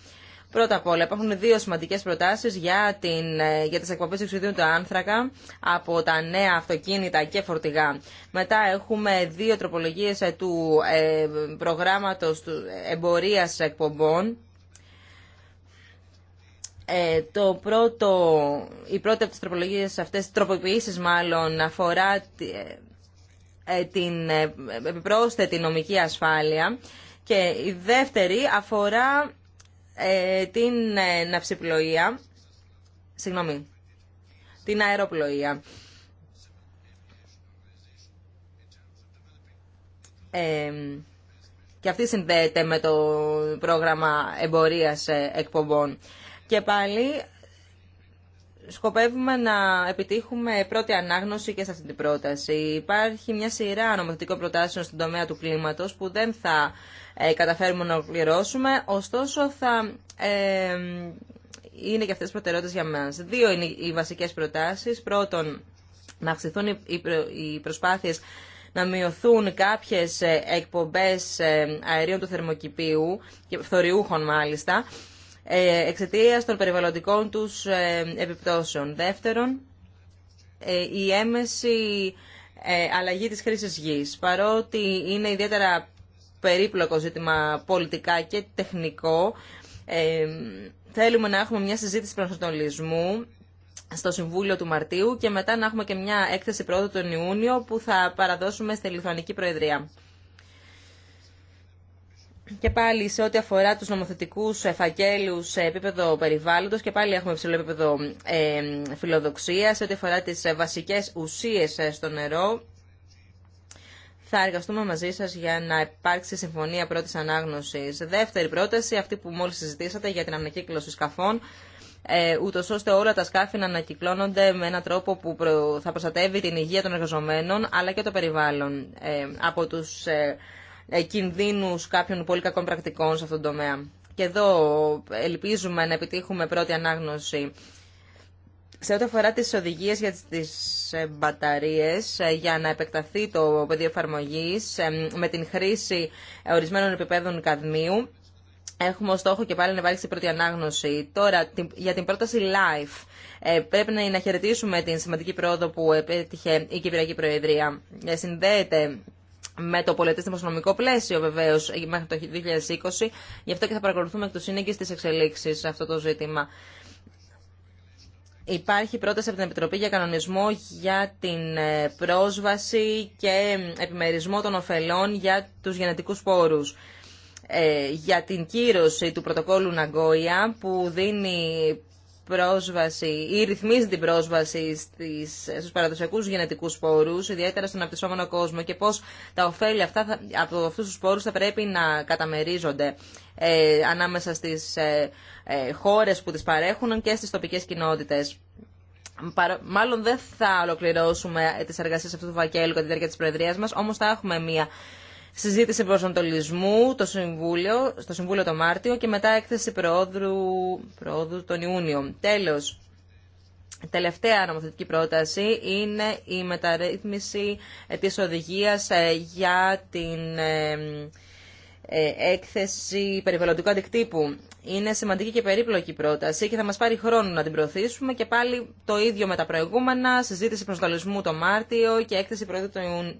Speaker 3: Πρώτα απ' όλα, υπάρχουν δύο σημαντικές προτάσεις για, την, ε, για τις εκπομπές εξουδίου του άνθρακα από τα νέα αυτοκίνητα και φορτηγά. Μετά έχουμε δύο τροπολογίες του ε, προγράμματος του εμπορίας εκπομπών ε, το πρώτο, η πρώτη από τις τροπολογίες αυτές, τις τροποποιήσεις μάλλον, αφορά ε, ε, την ε, επιπρόσθετη νομική ασφάλεια και η δεύτερη αφορά την ναυσιπλοεία, συγγνώμη, την αεροπλοεία. και αυτή συνδέεται με το πρόγραμμα εμπορίας εκπομπών. Και πάλι σκοπεύουμε να επιτύχουμε πρώτη ανάγνωση και σε αυτή την πρόταση. Υπάρχει μια σειρά νομοθετικών προτάσεων στον τομέα του κλίματος που δεν θα ε, καταφέρουμε να ολοκληρώσουμε, ωστόσο θα... Ε, είναι και αυτές οι προτεραιότητες για μας. Δύο είναι οι βασικές προτάσεις. Πρώτον, να αυξηθούν οι, προσπάθειες να μειωθούν κάποιες ε, εκπομπές αερίων του θερμοκηπίου και φθοριούχων μάλιστα, ε, Εξαιτία των περιβαλλοντικών τους ε, επιπτώσεων. Δεύτερον, ε, η έμεση αλλαγή της χρήσης γης. Παρότι είναι ιδιαίτερα περίπλοκο ζήτημα πολιτικά και τεχνικό, θέλουμε να έχουμε μια συζήτηση προσανατολισμού στο Συμβούλιο του Μαρτίου και μετά να έχουμε και μια έκθεση πρώτου τον Ιούνιο που θα παραδώσουμε στη Λιθουανική Προεδρία. Και πάλι σε ό,τι αφορά τους νομοθετικούς φακέλους σε επίπεδο περιβάλλοντος και πάλι έχουμε υψηλό επίπεδο ε, φιλοδοξία σε ό,τι αφορά τις βασικές ουσίες ε, στο νερό. Θα εργαστούμε μαζί σας για να υπάρξει συμφωνία πρώτης ανάγνωσης. Δεύτερη πρόταση, αυτή που μόλις συζητήσατε για την ανακύκλωση σκαφών, ε, ούτω ώστε όλα τα σκάφη να ανακυκλώνονται με έναν τρόπο που θα προστατεύει την υγεία των εργαζομένων αλλά και το περιβάλλον ε, από τους ε, κινδύνους κάποιων πολύ κακών πρακτικών σε αυτόν τον τομέα. Και εδώ ελπίζουμε να επιτύχουμε πρώτη ανάγνωση. Σε ό,τι αφορά τις οδηγίες για τις ε, μπαταρίες, ε, για να επεκταθεί το πεδίο εφαρμογή με την χρήση ορισμένων επιπέδων καδμίου, έχουμε ως στόχο και πάλι να υπάρξει πρώτη ανάγνωση. Τώρα, για την πρόταση LIFE, πρέπει να χαιρετήσουμε την σημαντική πρόοδο που επέτυχε η Κυπριακή Προεδρία. Συνδέεται με το στο νομικό πλαίσιο βεβαίω μέχρι το 2020. Γι' αυτό και θα παρακολουθούμε εκ του σύνεγγυ τι εξελίξει σε αυτό το ζήτημα. Υπάρχει πρόταση από την Επιτροπή για κανονισμό για την ε, πρόσβαση και επιμερισμό των ωφελών για τους γενετικούς πόρους. Ε, για την κύρωση του πρωτοκόλου Ναγκόια που δίνει πρόσβαση ή ρυθμίζει την πρόσβαση στις, στους παραδοσιακούς γενετικούς σπορούς, ιδιαίτερα στον απτυσσόμενο κόσμο και πώς τα ωφέλη αυτά από αυτούς τους σπορούς θα πρέπει να καταμερίζονται ε, ανάμεσα στις ε, ε, χώρες που τις παρέχουν και στις τοπικές κοινότητες. Μάλλον δεν θα ολοκληρώσουμε τις εργασίες αυτού του Βακέλου κατά τη διάρκεια της Προεδρίας μας, όμως θα έχουμε μία συζήτηση προσανατολισμού το Συμβούλιο, στο Συμβούλιο το Μάρτιο και μετά έκθεση προόδου, προόδου τον Ιούνιο. Τέλος, τελευταία νομοθετική πρόταση είναι η μεταρρύθμιση της οδηγίας ε, για την ε, ε, έκθεση περιβαλλοντικού αντικτύπου. Είναι σημαντική και περίπλοκη πρόταση και θα μας πάρει χρόνο να την προωθήσουμε και πάλι το ίδιο με τα προηγούμενα, συζήτηση προσδολισμού το Μάρτιο και έκθεση προόδου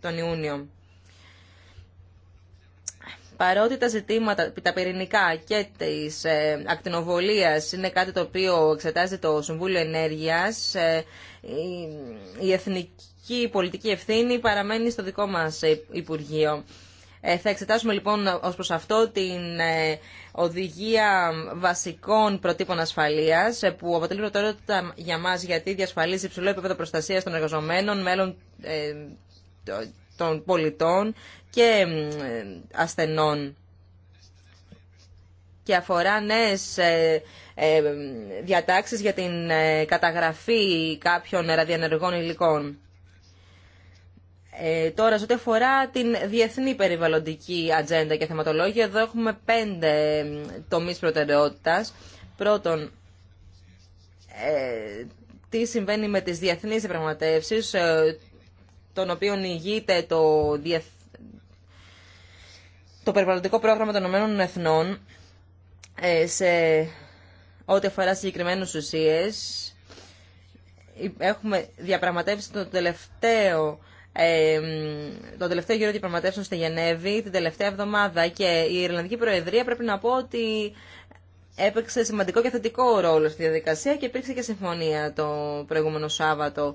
Speaker 3: τον Ιούνιο. Παρότι τα ζητήματα, τα πυρηνικά και της ε, ακτινοβολίας είναι κάτι το οποίο εξετάζει το Συμβούλιο Ενέργειας, ε, η, εθνική πολιτική ευθύνη παραμένει στο δικό μας ε, Υπουργείο. Ε, θα εξετάσουμε λοιπόν ως προς αυτό την ε, οδηγία βασικών προτύπων ασφαλείας που αποτελεί προτεραιότητα για μας γιατί διασφαλίζει υψηλό επίπεδο προστασίας των εργαζομένων, μέλων των πολιτών και ασθενών και αφορά νέες ε, ε, διατάξεις για την ε, καταγραφή κάποιων ραδιενεργών υλικών. Ε, τώρα, σε ό,τι αφορά την διεθνή περιβαλλοντική ατζέντα και θεματολόγια, εδώ έχουμε πέντε τομείς προτεραιότητας. Πρώτον, ε, τι συμβαίνει με τις διεθνείς διαπραγματεύσεις, ε, των οποίων ηγείται το, το περιβαλλοντικό πρόγραμμα των Ηνωμένων Εθνών ε, σε ό,τι αφορά συγκεκριμένους ουσίες. Έχουμε διαπραγματεύσει το τελευταίο ε, το τελευταίο γύρο διαπραγματεύσεων στη Γενέβη την τελευταία εβδομάδα και η Ιρλανδική Προεδρία πρέπει να πω ότι έπαιξε σημαντικό και θετικό ρόλο στη διαδικασία και υπήρξε και συμφωνία το προηγούμενο Σάββατο.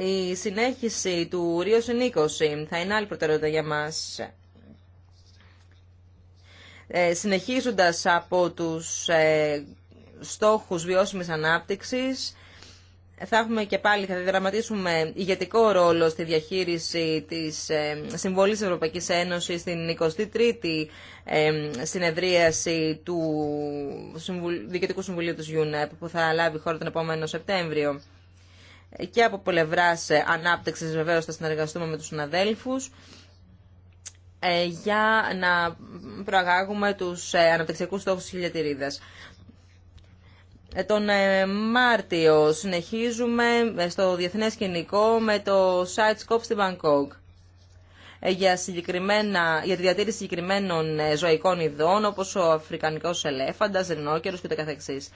Speaker 3: Η συνέχιση του Ρίο θα είναι άλλη προτεραιότητα για μας ε, συνεχίζοντας από τους ε, στόχους βιώσιμης ανάπτυξης, θα έχουμε και πάλι, θα διδραματίσουμε ηγετικό ρόλο στη διαχείριση της ε, Συμβολής της Ευρωπαϊκής Ένωσης στην 23η συνεδρίαση του Διοικητικού Συμβουλίου της UNEP που θα λάβει χώρα τον επόμενο Σεπτέμβριο. Και από πλευρά ανάπτυξη βεβαίω θα συνεργαστούμε με τους συναδέλφους ε, για να προαγάγουμε τους ε, αναπτυξιακούς στόχους της χιλιατηρίδας. Ε, τον Μάρτιο συνεχίζουμε στο διεθνές κοινικό με το site Scope στη Bangkok για, συγκεκριμένα, για τη διατήρηση συγκεκριμένων ζωικών ειδών όπως ο αφρικανικός ελέφαντας, ρινόκερος και το καθεξής.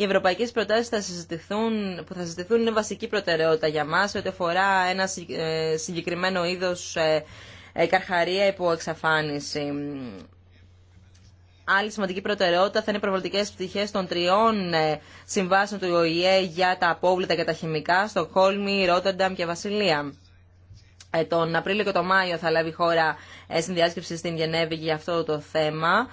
Speaker 3: Οι ευρωπαϊκέ προτάσει που θα συζητηθούν είναι βασική προτεραιότητα για μα, ό,τι αφορά ένα ε, συγκεκριμένο είδο ε, ε, καρχαρία υπό εξαφάνιση. Άλλη σημαντική προτεραιότητα θα είναι οι προβολτικέ πτυχέ των τριών συμβάσεων του ΟΗΕ για τα απόβλητα και τα χημικά στο Χόλμη, Ρότερνταμ και Βασιλεία. Τον Απρίλιο και τον Μάιο θα λάβει η χώρα συνδιάσκεψη στην Γενέβη για αυτό το θέμα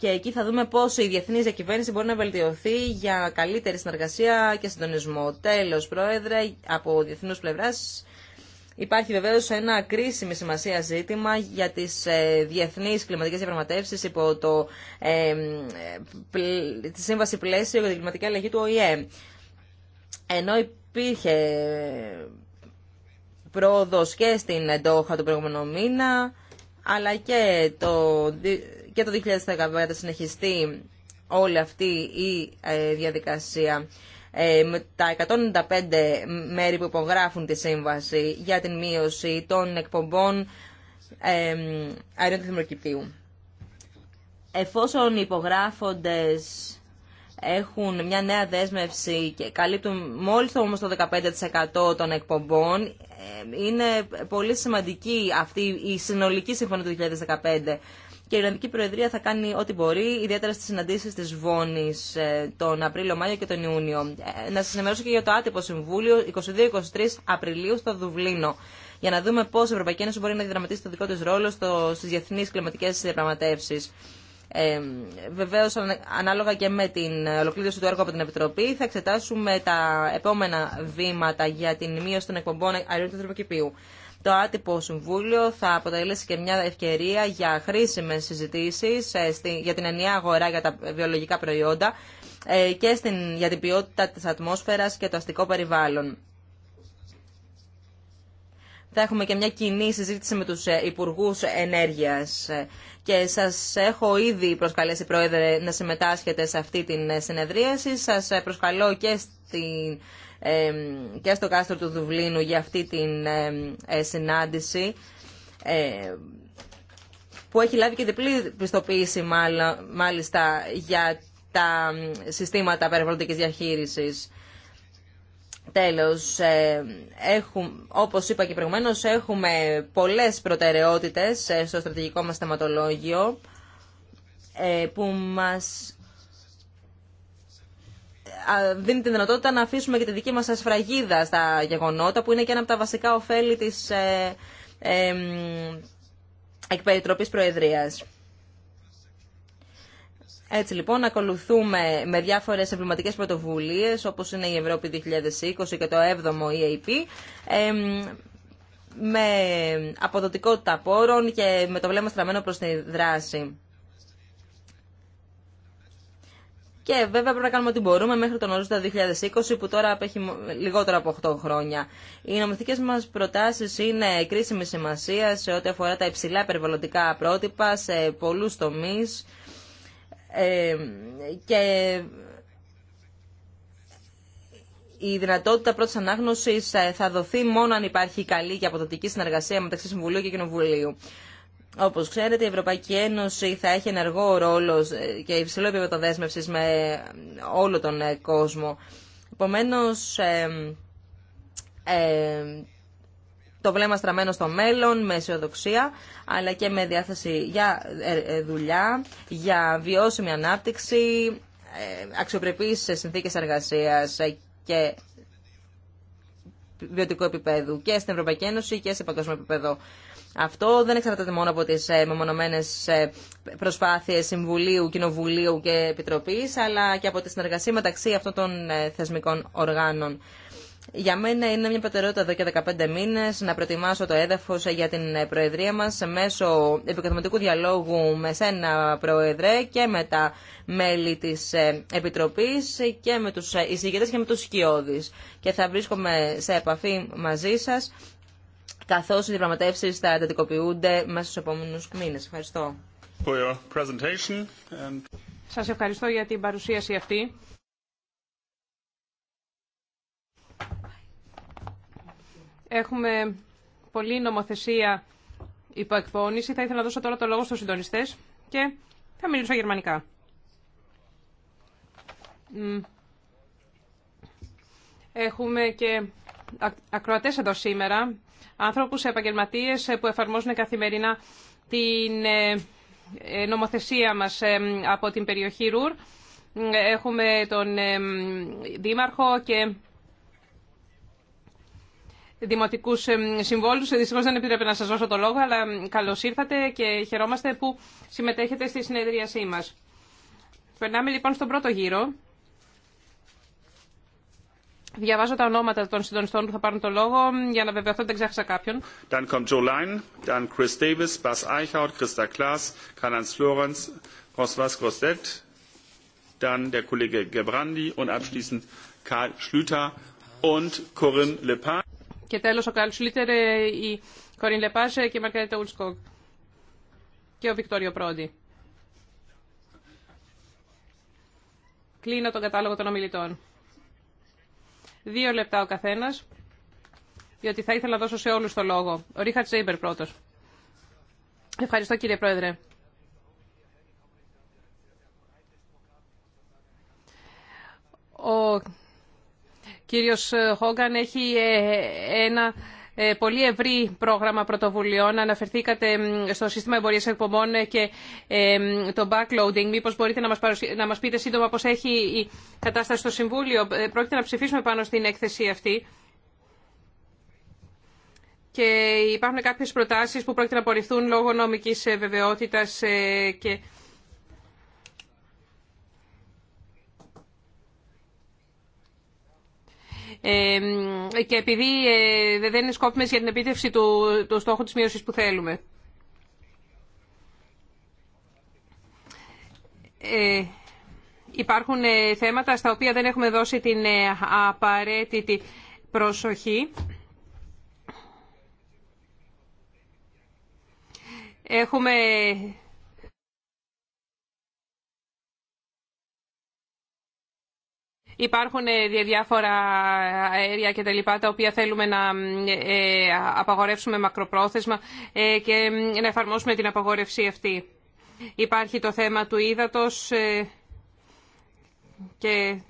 Speaker 3: και εκεί θα δούμε πώς η διεθνή διακυβέρνηση μπορεί να βελτιωθεί για καλύτερη συνεργασία και συντονισμό. Τέλος, Πρόεδρε, από διεθνούς πλευράς υπάρχει βεβαίω ένα κρίσιμη σημασία ζήτημα για τις ε, διεθνείς κλιματικές διαπραγματεύσεις υπό το, ε, τη Σύμβαση Πλαίσιο για την Κλιματική Αλλαγή του ΟΗΕ. Ενώ υπήρχε πρόοδο και στην ΕΝΤΟΧΑ τον προηγούμενο μήνα, αλλά και το για το 2015 θα συνεχιστεί όλη αυτή η ε, διαδικασία ε, με τα 195 μέρη που υπογράφουν τη σύμβαση για την μείωση των εκπομπών ε, αερίων του θημοκηπίου. Εφόσον οι υπογράφοντες έχουν μια νέα δέσμευση και καλύπτουν μόλις το, όμως το 15% των εκπομπών, είναι πολύ σημαντική αυτή η συνολική συμφωνή του 2015 και η Ιρλανδική Προεδρία θα κάνει ό,τι μπορεί, ιδιαίτερα στι συναντήσει τη Βόνη ε, τον Απρίλιο, Μάιο και τον Ιούνιο. Ε, να σα ενημερώσω και για το άτυπο Συμβούλιο 22-23 Απριλίου στο Δουβλίνο για να δούμε πω η Ευρωπαϊκή Ένωση μπορεί να διδραματίσει το δικό τη ρόλο στι διεθνεί κλιματικέ διαπραγματεύσει. Ε, Βεβαίω, ανάλογα και με την ολοκλήρωση του έργου από την Επιτροπή, θα εξετάσουμε τα επόμενα βήματα για την μείωση των εκπομπών αερίων του θερμοκηπίου. Το άτυπο συμβούλιο θα αποτελέσει και μια ευκαιρία για χρήσιμες συζητήσεις ε, για την ενιαία αγορά για τα βιολογικά προϊόντα ε, και για την ποιότητα της ατμόσφαιρας και το αστικό περιβάλλον. Θα έχουμε και μια κοινή συζήτηση με τους ε, Υπουργούς Ενέργειας και σας έχω ήδη προσκαλέσει, Πρόεδρε, να συμμετάσχετε σε αυτή την συνεδρίαση. Σας προσκαλώ και στην και στο κάστρο του Δουβλίνου για αυτή την ε, συνάντηση που έχει λάβει και διπλή πιστοποίηση μάλιστα για τα συστήματα περιβαλλοντικής διαχείρισης. Τέλος, έχουμε, όπως είπα και προηγουμένως, έχουμε πολλές προτεραιότητες ε, στο στρατηγικό μας θεματολόγιο ε, που μας δίνει τη δυνατότητα να αφήσουμε και τη δική μας ασφραγίδα στα γεγονότα, που είναι και ένα από τα βασικά ωφέλη της ε, ε, εκπεριτροπής προεδρίας. Έτσι λοιπόν ακολουθούμε με διάφορες εμβληματικές πρωτοβουλίες όπως είναι η Ευρώπη 2020 και το 7ο EAP ε, με αποδοτικότητα πόρων και με το βλέμμα στραμμένο προς τη δράση. Και βέβαια πρέπει να κάνουμε ό,τι μπορούμε μέχρι τον ορίζοντα 2020 που τώρα απέχει λιγότερο από 8 χρόνια. Οι νομοθετικέ μας προτάσεις είναι κρίσιμη σημασία σε ό,τι αφορά τα υψηλά περιβαλλοντικά πρότυπα σε πολλούς τομείς ε, και η δυνατότητα πρώτη ανάγνωση ε, θα δοθεί μόνο αν υπάρχει καλή και αποδοτική συνεργασία μεταξύ Συμβουλίου και Κοινοβουλίου. Όπως ξέρετε, η Ευρωπαϊκή Ένωση θα έχει ενεργό ρόλο ε, και υψηλό επίπεδο δέσμευσης με ε, όλο τον ε, κόσμο. Επομένω ε, ε, το βλέμμα στραμμένο στο μέλλον, με αισιοδοξία, αλλά και με διάθεση για δουλειά, για βιώσιμη ανάπτυξη, αξιοπρεπείς συνθήκες εργασίας και βιωτικού επίπεδου και στην Ευρωπαϊκή Ένωση και σε παγκόσμιο επίπεδο. Αυτό δεν εξαρτάται μόνο από τι ε, μεμονωμένες ε, προσπάθειε Συμβουλίου, Κοινοβουλίου και επιτροπή, αλλά και από τη συνεργασία μεταξύ αυτών των ε, θεσμικών οργάνων. Για μένα είναι μια προτεραιότητα εδώ και 15 μήνε να προετοιμάσω το έδαφο για την Προεδρία μα μέσω επικοδομητικού διαλόγου με σένα, Προεδρέ, και με τα μέλη τη Επιτροπή και με του εισηγητέ και με του σκιώδει. Και θα βρίσκομαι σε επαφή μαζί σα Καθώ οι τα θα εντατικοποιούνται μέσα στου επόμενου μήνες. Ευχαριστώ.
Speaker 1: Σα
Speaker 3: Σας ευχαριστώ για την παρουσίαση αυτή.
Speaker 2: Έχουμε πολλή νομοθεσία υπό Θα ήθελα να δώσω τώρα το λόγο στους συντονιστές και θα μιλήσω γερμανικά. Έχουμε και ακροατές εδώ σήμερα άνθρωπους, επαγγελματίες που εφαρμόζουν καθημερινά την ε, ε, νομοθεσία μας ε, από την περιοχή Ρουρ. Έχουμε τον Δήμαρχο και δημοτικού συμβόλου. Δυστυχώ δεν επιτρέπει να σα δώσω το λόγο, αλλά καλώ ήρθατε και χαιρόμαστε που συμμετέχετε στη συνεδρίασή μα. Περνάμε λοιπόν στον πρώτο γύρο. Διαβάζω τα ονόματα των συντονιστών που θα πάρουν το λόγο για να βεβαιωθώ ότι δεν ξέχασα κάποιον.
Speaker 1: Dann kommt Joe Lein, dann Chris Davis, Bas Eichhaut, Christa Klaas, Karl-Heinz Florenz, François Grosset, dann der Kollege Gebrandi und abschließend Karl Schlüter und Corinne Lepage.
Speaker 2: Και τέλος ο Καλ Σλίτερ, η Κορίν Λεπάζε και η Μαρκαρέτα Ουλσκog. Και ο Βικτόριο Πρόντι. Κλείνω τον κατάλογο των ομιλητών. Δύο λεπτά ο καθένας, διότι θα ήθελα να δώσω σε όλους το λόγο. Ο Ρίχαρτ Σέιμπερ πρώτος. Ευχαριστώ κύριε Πρόεδρε. Ο κύριος Χόγκαν έχει ε, ένα ε, πολύ ευρύ πρόγραμμα πρωτοβουλειών. Αναφερθήκατε στο σύστημα εμπορία εκπομπών και ε, το backloading. Μήπω μπορείτε να μας, πείτε σύντομα πώς έχει η κατάσταση στο Συμβούλιο. Ε, πρόκειται να ψηφίσουμε πάνω στην έκθεση αυτή. Και υπάρχουν κάποιες προτάσεις που πρόκειται να απορριφθούν λόγω νομικής βεβαιότητας και και επειδή ε, δεν είναι σκόπιμες για την επίτευξη του, του στόχου της μείωσης που θέλουμε. Ε, υπάρχουν ε, θέματα στα οποία δεν έχουμε δώσει την απαραίτητη προσοχή. Έχουμε Υπάρχουν ε, διάφορα αέρια και τα λοιπά τα οποία θέλουμε να ε, απαγορεύσουμε μακροπρόθεσμα ε, και να εφαρμόσουμε την απαγορεύση αυτή. Υπάρχει το θέμα του ύδατος και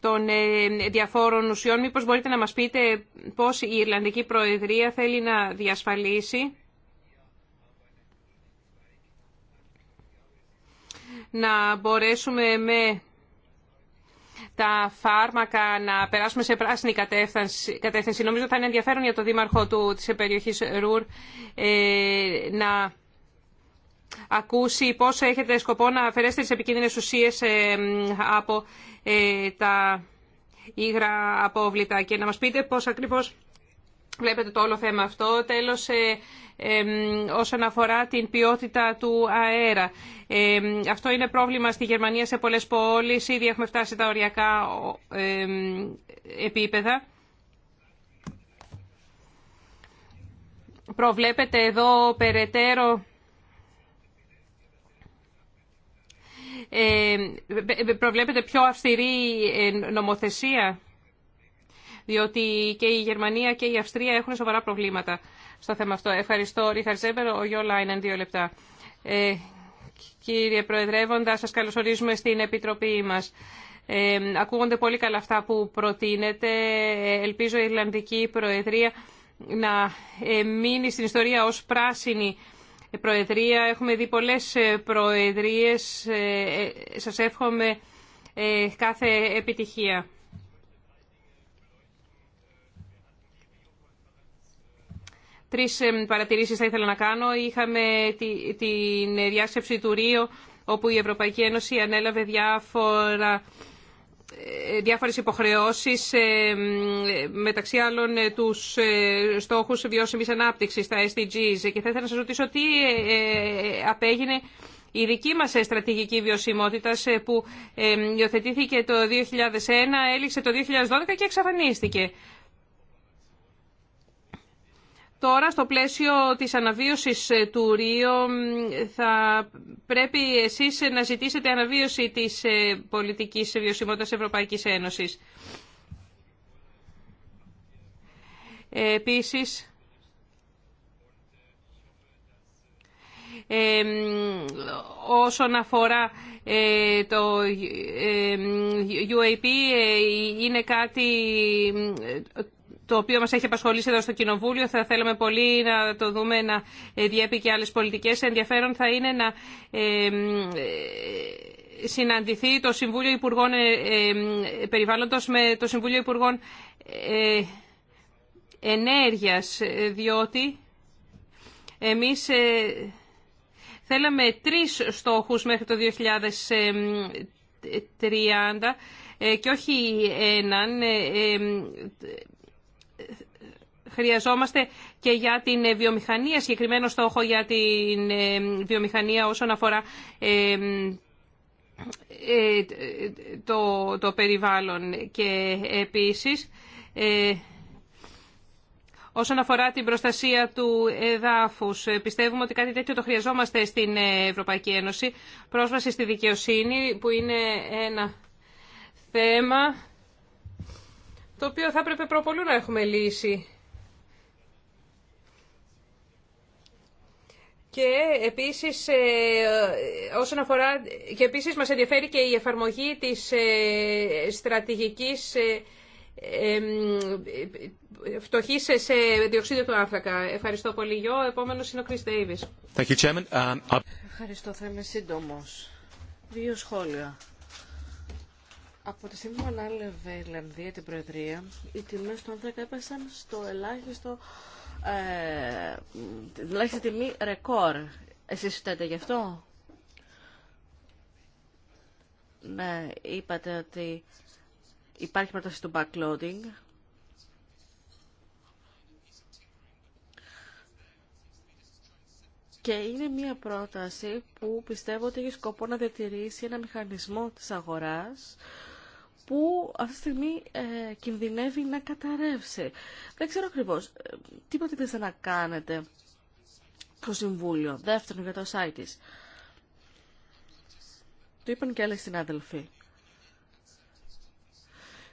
Speaker 2: των διαφόρων ουσιών. Μήπως μπορείτε να μας πείτε πώς η Ιρλανδική Προεδρία θέλει να διασφαλίσει να μπορέσουμε με τα φάρμακα να περάσουμε σε πράσινη κατεύθυνση. κατεύθυνση. Νομίζω θα είναι ενδιαφέρον για το δήμαρχο του, της περιοχής Ρουρ ε, να ακούσει πώς έχετε σκοπό να αφαιρέσετε τις επικίνδυνες ουσίες ε, από ε, τα υγρά απόβλητα και να μας πείτε πώς ακριβώς βλέπετε το όλο θέμα αυτό. Τέλος, ε, όσον αφορά την ποιότητα του αέρα. Αυτό είναι πρόβλημα στη Γερμανία σε πολλές πόλεις. Ήδη έχουμε φτάσει τα οριακά επίπεδα. Προβλέπετε εδώ περαιτέρω... προβλέπετε πιο αυστηρή ε, νομοθεσία, διότι και η Γερμανία και η Αυστρία έχουν σοβαρά προβλήματα στο θέμα αυτό. Ευχαριστώ, Ρίχαρ Ζέμπερ. Ο Γιώλα είναι δύο λεπτά. Ε, κύριε Προεδρεύοντα, σας καλωσορίζουμε στην Επιτροπή μας. Ε, ακούγονται πολύ καλά αυτά που προτείνετε. Ε, ελπίζω η Ιρλανδική Προεδρία να ε, μείνει στην ιστορία ως πράσινη Προεδρία. Έχουμε δει πολλές προεδρίες. Σας εύχομαι κάθε επιτυχία. Τρεις παρατηρήσεις θα ήθελα να κάνω. Είχαμε τη, την διάσκεψη του Ρίο, όπου η Ευρωπαϊκή Ένωση ανέλαβε διάφορα ε, διάφορες υποχρεώσεις ε, μεταξύ άλλων ε, τους στόχους βιώσιμης ανάπτυξης, τα SDGs. Και θα ήθελα να σας ρωτήσω τι απέγινε η δική μας στρατηγική βιωσιμότητα, που υιοθετήθηκε το 2001, έληξε το 2012 και εξαφανίστηκε. Τώρα, στο πλαίσιο της αναβίωσης ε, του Ρίο, θα πρέπει εσείς να ζητήσετε αναβίωση της ε, πολιτικής βιωσιμότητας Ευρωπαϊκής Ένωσης. Ε, επίσης, όσον αφορά το ε, UAP είναι κάτι το οποίο μας έχει απασχολήσει εδώ στο Κοινοβούλιο. Θα θέλαμε πολύ να το δούμε να ε, διέπει και άλλες πολιτικές. Ενδιαφέρον θα είναι να ε, ε, συναντηθεί το Συμβούλιο Υπουργών Περιβάλλοντος με το Συμβούλιο Υπουργών Ενέργειας, διότι εμείς θέλαμε τρεις στόχους μέχρι το 2030 και όχι έναν χρειαζόμαστε και για την ε, βιομηχανία, συγκεκριμένο στόχο για την ε, βιομηχανία όσον αφορά ε, το, το περιβάλλον και επίσης Όσον αφορά την προστασία του εδάφους, πιστεύουμε ότι κάτι τέτοιο το χρειαζόμαστε στην Ευρωπαϊκή Ένωση. Πρόσβαση στη δικαιοσύνη, που είναι ένα θέμα το οποίο θα έπρεπε προπολού να έχουμε λύσει. Και επίσης, ε, όσον αφορά, και επίσης μας ενδιαφέρει και η εφαρμογή της ε, στρατηγικής ε, φτωχή σε διοξίδιο του άνθρακα. Ευχαριστώ πολύ, Γιώ. Επόμενο είναι ο Κρι Ντέιβι.
Speaker 1: Um,
Speaker 2: Ευχαριστώ, θα είμαι σύντομο. Δύο σχόλια. Από τη στιγμή που ανάλευε η
Speaker 4: Ιρλανδία την Προεδρία, οι τιμέ του άνθρακα έπεσαν στο ελάχιστο. Ε, ελάχιστη τιμή ρεκόρ. Εσείς φταίτε γι' αυτό. Ναι, είπατε ότι υπάρχει πρόταση του backloading. Και είναι μια πρόταση που πιστεύω ότι έχει σκοπό να διατηρήσει ένα μηχανισμό της αγοράς που αυτή τη στιγμή ε, κινδυνεύει να καταρρεύσει. Δεν ξέρω ακριβώς ε, τι προτείνετε να κάνετε το Συμβούλιο. Δεύτερον, για το site Το είπαν και άλλοι συνάδελφοι.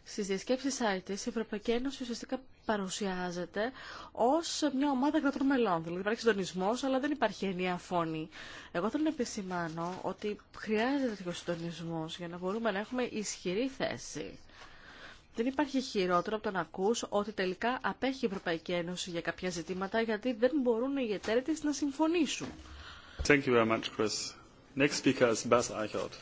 Speaker 4: Στις διασκέψεις ΆΙΤΙΣ η Ευρωπαϊκή Ένωση ουσιαστικά παρουσιάζεται ως μια ομάδα κρατών μελών. Δηλαδή υπάρχει συντονισμός, αλλά δεν υπάρχει ενιαία Εγώ θέλω να επισημάνω ότι χρειάζεται τέτοιο συντονισμό για να μπορούμε να έχουμε ισχυρή θέση. Δεν υπάρχει χειρότερο από το να ακούς ότι τελικά απέχει η Ευρωπαϊκή Ένωση για κάποια ζητήματα γιατί δεν μπορούν οι εταίρετες να συμφωνήσουν.
Speaker 1: Thank you very much, Chris. Next speaker is Bas Eichert.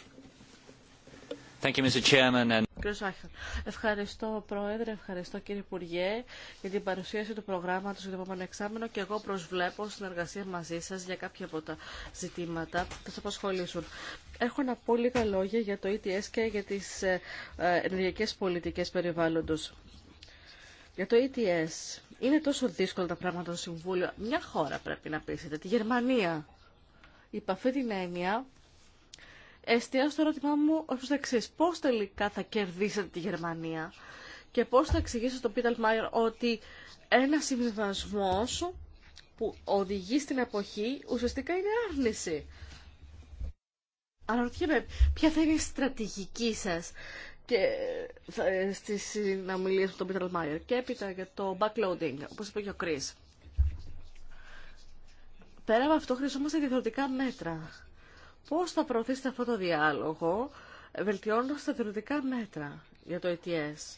Speaker 4: Ευχαριστώ, Πρόεδρε, ευχαριστώ, κύριε Υπουργέ, για την παρουσίαση του προγράμματο για το επόμενο εξάμενο και εγώ προσβλέπω συνεργασία μαζί σα για κάποια από τα ζητήματα που θα σα απασχολήσουν. Έχω να πω λίγα λόγια για το ETS και για τι ε, ε, ενεργειακέ πολιτικέ περιβάλλοντο. Για το ETS, είναι τόσο δύσκολα τα πράγματα στο Συμβούλιο. Μια χώρα πρέπει να πείσετε, τη Γερμανία. Υπ' αυτή την έννοια, εστιάζω το ερώτημά μου ω το εξή πώ τελικά θα κερδίσετε τη Γερμανία και πώ θα εξηγήσω στον Πίτερ Μάιερ ότι ένα συμβιβασμό που οδηγεί στην εποχή ουσιαστικά είναι άρνηση. Αναρωτιέμαι ποια θα είναι η στρατηγική σα και ε, στις συναμιλίες με τον Πίτερ Μάιερ και έπειτα για το backloading, όπως είπε και ο Κρις. Πέρα από αυτό χρειαζόμαστε διαφορετικά μέτρα πώς θα προωθήσετε αυτό το διάλογο βελτιώνοντας τα θεωρητικά μέτρα για το ETS.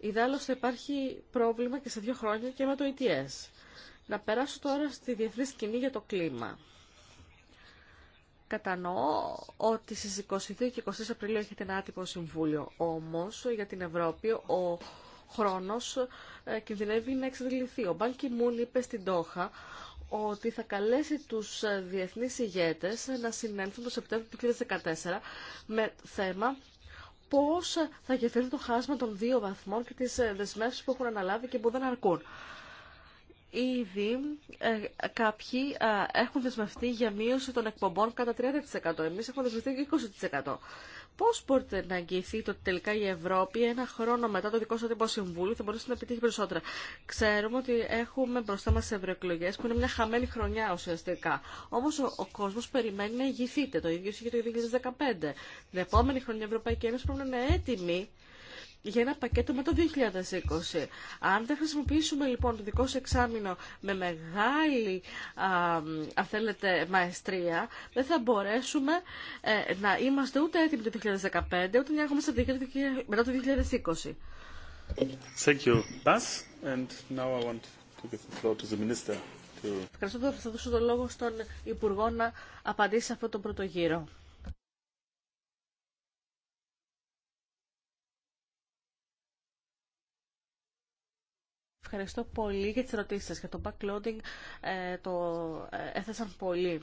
Speaker 4: Ε Ιδάλλως θα υπάρχει πρόβλημα και σε δύο χρόνια και με το ETS. Ε να περάσω τώρα στη διεθνή σκηνή για το κλίμα. Κατανοώ ότι στις 22 και 23 Απριλίου έχετε ένα άτυπο συμβούλιο. Όμως για την Ευρώπη ο χρόνος ε, κινδυνεύει να εξαντληθεί. Ο Μπάλκι Μούν είπε στην Τόχα ότι θα καλέσει τους διεθνείς ηγέτες να συνέλθουν το Σεπτέμβριο του 2014 με θέμα πώς θα γεφυρθεί το χάσμα των δύο βαθμών και τις δεσμεύσεις που έχουν αναλάβει και που δεν αρκούν ήδη ε, κάποιοι ε, έχουν δεσμευτεί για μείωση των εκπομπών κατά 30%. Εμείς έχουμε δεσμευτεί για 20%. Πώς μπορείτε να αγγιηθείτε ότι τελικά η Ευρώπη ένα χρόνο μετά το δικό σας τύπο συμβούλου θα μπορούσε να επιτύχει περισσότερα. Ξέρουμε ότι έχουμε μπροστά μας ευρωεκλογέ που είναι μια χαμένη χρονιά ουσιαστικά. Όμως ο, ο κόσμος περιμένει να ηγηθείτε. Το ίδιο είχε το 2015. Την επόμενη χρονιά η Ευρωπαϊκή Ένωση πρέπει να είναι έτοιμη για ένα πακέτο με το 2020. Αν δεν χρησιμοποιήσουμε λοιπόν το δικό σου εξάμεινο με μεγάλη, αν θέλετε, μαεστρία, δεν θα μπορέσουμε ε, να είμαστε ούτε έτοιμοι το 2015, ούτε να έχουμε στρατηγική μετά το 2020.
Speaker 1: Thank you, And now I want to to the Minister.
Speaker 4: Ευχαριστώ. Θα δώσω το λόγο στον Υπουργό να απαντήσει σε αυτό το πρώτο γύρο. Ευχαριστώ πολύ για τις ερωτήσεις σας. Για το backloading ε, το ε, έθεσαν πολύ.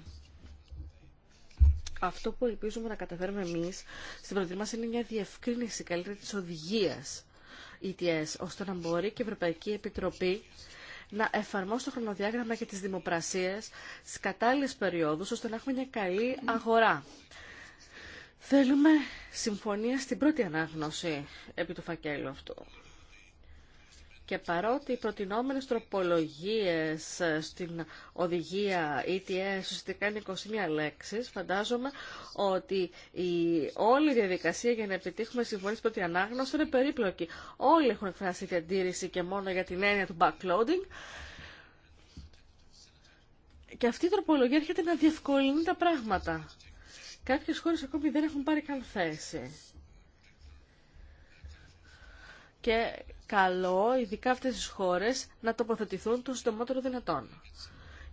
Speaker 4: Αυτό που ελπίζουμε να καταφέρουμε εμείς στην πρώτη μας είναι μια διευκρίνηση καλύτερη της οδηγίας ETS, ώστε να μπορεί και η Ευρωπαϊκή Επιτροπή να εφαρμόσει το χρονοδιάγραμμα και τις δημοπρασίες στις κατάλληλες περιόδους, ώστε να έχουμε μια καλή αγορά. Θέλουμε συμφωνία στην πρώτη ανάγνωση επί του φακέλου αυτού και παρότι οι προτινόμενες τροπολογίες στην οδηγία ETS ουσιαστικά είναι 21 λέξεις, φαντάζομαι ότι η όλη η διαδικασία για να επιτύχουμε συμφωνίες πρώτη ανάγνωση είναι περίπλοκη. Όλοι έχουν εκφράσει την αντίρρηση και μόνο για την έννοια του backloading. Και αυτή η τροπολογία έρχεται να διευκολύνει τα πράγματα. Κάποιες χώρες ακόμη δεν έχουν πάρει καν θέση και καλό ειδικά αυτές τις χώρες να τοποθετηθούν το συντομότερο δυνατόν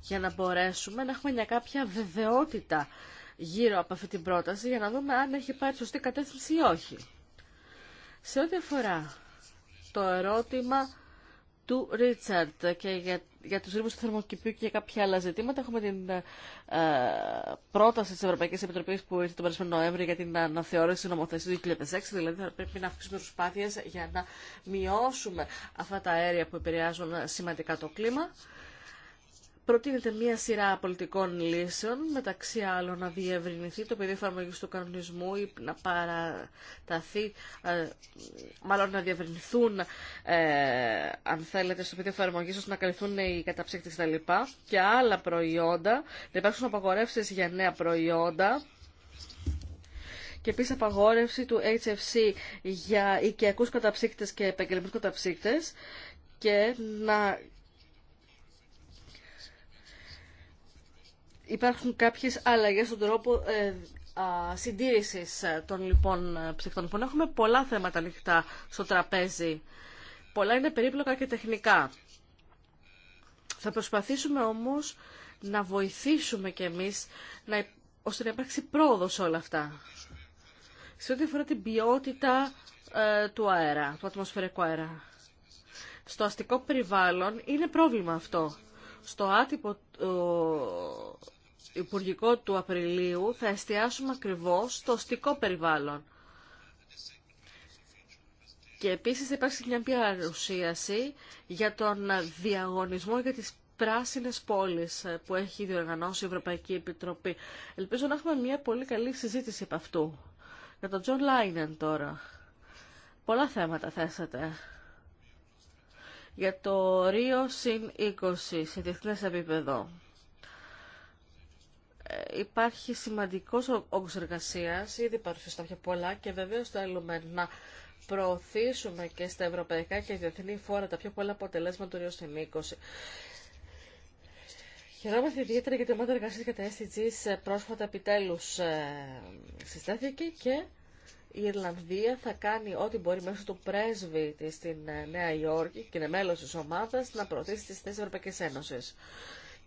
Speaker 4: για να μπορέσουμε να έχουμε μια κάποια βεβαιότητα γύρω από αυτή την πρόταση για να δούμε αν έχει πάρει σωστή κατεύθυνση ή όχι. Σε ό,τι αφορά το ερώτημα του Ρίτσαρτ και για, για τους ρήμους του θερμοκηπίου και για κάποια άλλα ζητήματα. Έχουμε την ε, πρόταση της Ευρωπαϊκής Επιτροπής που ήρθε τον περασμένο Νοέμβρη για την αναθεώρηση νομοθεσίας του 2006, δηλαδή θα πρέπει να αυξήσουμε προσπάθειες για να μειώσουμε αυτά τα αέρια που επηρεάζουν σημαντικά το κλίμα προτείνεται μία σειρά πολιτικών λύσεων, μεταξύ άλλων να διευρυνθεί το πεδίο εφαρμογή του κανονισμού ή να παραταθεί, ε, μάλλον να διευρυνθούν, ε, αν θέλετε, στο πεδίο εφαρμογή ώστε να καλυφθούν οι καταψύκτες κτλ. και άλλα προϊόντα, να υπάρξουν απαγορεύσει για νέα προϊόντα και επίση απαγόρευση του HFC για οικιακούς καταψύκτες και επαγγελματικού καταψύκτες και να υπάρχουν κάποιες αλλαγές στον τρόπο ε, συντήρησης ε, των λοιπόν ε, ψυχτών. Λοιπόν, έχουμε πολλά θέματα ανοιχτά στο τραπέζι. Πολλά είναι περίπλοκα και τεχνικά. Θα προσπαθήσουμε όμως να βοηθήσουμε κι εμείς να, ώστε να υπάρξει πρόοδο σε όλα αυτά. Σε ό,τι αφορά την ποιότητα του αέρα, του ατμοσφαιρικού αέρα. Στο αστικό περιβάλλον είναι πρόβλημα αυτό. Στο άτυπο, Υπουργικό του Απριλίου θα εστιάσουμε ακριβώς στο στικό περιβάλλον. Και επίσης θα υπάρξει μια παρουσίαση για τον διαγωνισμό για τις πράσινες πόλεις που έχει διοργανώσει η Ευρωπαϊκή Επιτροπή. Ελπίζω να έχουμε μια πολύ καλή συζήτηση από αυτού. Για τον Τζον Λάινεν τώρα. Πολλά θέματα θέσατε. Για το Ρίο συν 20 σε διεθνές επίπεδο υπάρχει σημαντικός όγκος εργασίας, ήδη παρουσιάζει πιο πολλά και βεβαίως θέλουμε να προωθήσουμε και στα ευρωπαϊκά και διεθνή φόρα τα πιο πολλά αποτελέσματα του στην 20. Χαιρόμαστε ιδιαίτερα γιατί η ομάδα εργασίας για τα SDGs πρόσφατα επιτέλους ε, συστάθηκε και η Ιρλανδία θα κάνει ό,τι μπορεί μέσω του πρέσβη της στην ε, Νέα Υόρκη και είναι μέλος της ομάδας να προωθήσει τις θέσεις Ευρωπαϊκή Ένωση.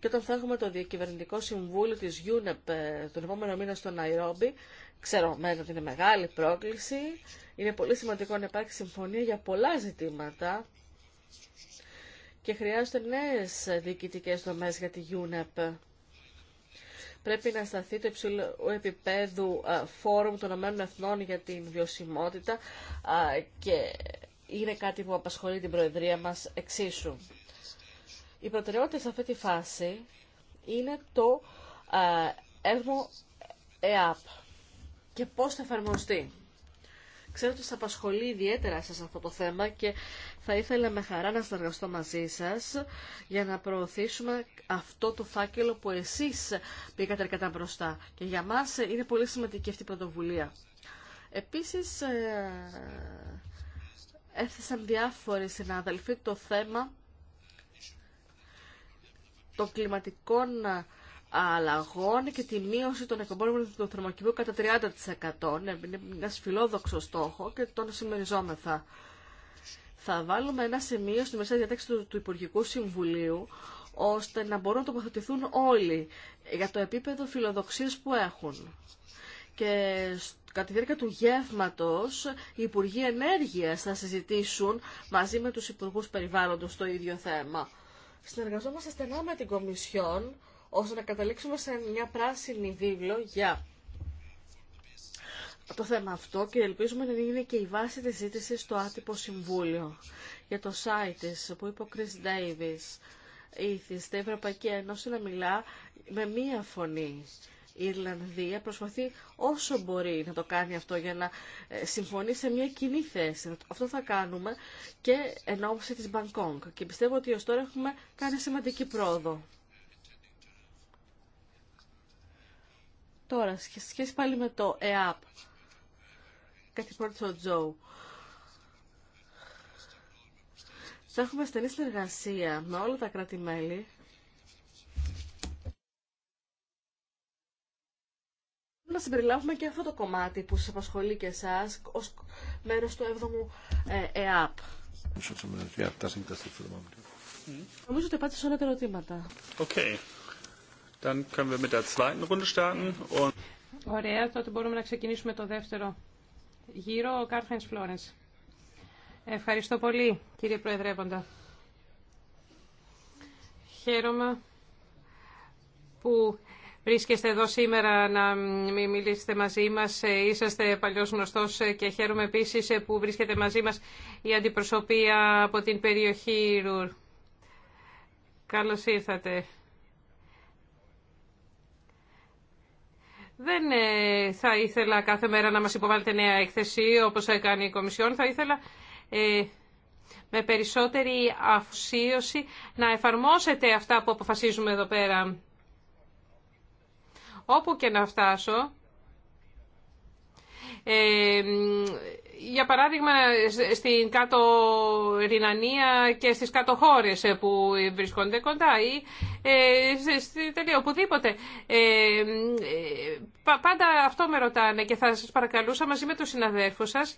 Speaker 4: Και όταν θα έχουμε το Διακυβερνητικό Συμβούλιο της UNEP ε, τον επόμενο μήνα στο Ναϊρόμπι, ξέρω μένα ότι είναι μεγάλη πρόκληση, είναι πολύ σημαντικό να υπάρχει συμφωνία για πολλά ζητήματα και χρειάζονται νέες διοικητικές δομές για τη UNEP. Πρέπει να σταθεί το υψηλό επίπεδου ε, φόρουμ των ΗΠΑ για την βιωσιμότητα ε, και είναι κάτι που απασχολεί την Προεδρία μας εξίσου. Η προτεραιότητα σε αυτή τη φάση είναι το ε, έρμο ΕΑΠ και πώς θα εφαρμοστεί. Ξέρω ότι σας απασχολεί ιδιαίτερα σε αυτό το θέμα και θα ήθελα με χαρά να συνεργαστώ μαζί σας για να προωθήσουμε αυτό το φάκελο που εσείς πήγατε αρκετά μπροστά. Και για μας είναι πολύ σημαντική αυτή η πρωτοβουλία. Επίσης, ε, έθεσαν διάφοροι συνάδελφοι το θέμα των κλιματικών ε, αλλαγών και τη μείωση των εκπομπών του θερμοκηπίου κατά 30%. Ναι, είναι ένα φιλόδοξο στόχο και τον συμμεριζόμεθα. Θα βάλουμε ένα σημείο στη μεσαία διατάξη του, του Υπουργικού Συμβουλίου ώστε να μπορούν να τοποθετηθούν όλοι για το επίπεδο φιλοδοξίας που έχουν. Και κατά τη διάρκεια του γεύματος οι Υπουργοί Ενέργειας θα συζητήσουν μαζί με τους Υπουργούς Περιβάλλοντος το ίδιο θέμα συνεργαζόμαστε στενά με την Κομισιόν ώστε να καταλήξουμε σε μια πράσινη βίβλο για το θέμα αυτό και ελπίζουμε να είναι και η βάση της ζήτησης στο άτυπο συμβούλιο για το site της που είπε ο Chris Davis ήθιστε η Ευρωπαϊκή Ένωση να μιλά με μία φωνή η Ιρλανδία προσπαθεί όσο μπορεί να το κάνει αυτό για να ε, συμφωνεί σε μια κοινή θέση. Αυτό θα κάνουμε και εν ώψη της Μπανκόγκ. Και πιστεύω ότι ως τώρα έχουμε κάνει σημαντική πρόοδο. Τώρα, σε σχέση πάλι με το ΕΑΠ, κάτι πρώτο ο Τζόου. Θα έχουμε στενή συνεργασία με όλα τα κράτη-μέλη να συμπεριλάβουμε και αυτό το κομμάτι που σας απασχολεί και εσάς ως μέρος του 7ου ε, ΕΑΠ.
Speaker 2: Νομίζω ότι σε όλα τα ερωτήματα. Ωραία, τότε μπορούμε να ξεκινήσουμε το δεύτερο γύρο, ο Κάρθεν Φλόρενς. Ευχαριστώ πολύ, κύριε Προεδρεύοντα. Χαίρομαι που βρίσκεστε εδώ σήμερα να μιλήσετε μαζί μας. Ε, είσαστε παλιός γνωστός ε, και χαίρομαι επίσης ε, που βρίσκεται μαζί μας η αντιπροσωπεία από την περιοχή Ρουρ. Καλώς ήρθατε. Δεν θα ήθελα κάθε μέρα να μας υποβάλλετε νέα έκθεση όπως έκανε η Κομισιόν. Θα ήθελα με περισσότερη αφοσίωση να εφαρμόσετε αυτά που αποφασίζουμε εδώ πέρα όπου και να φτάσω, ε, για παράδειγμα στην κάτω Ρινανία και στις κάτω χώρες που βρίσκονται κοντά ή ε, οπουδήποτε. Ε, πάντα αυτό με ρωτάνε και θα σας παρακαλούσα μαζί με τους συναδέλφους σας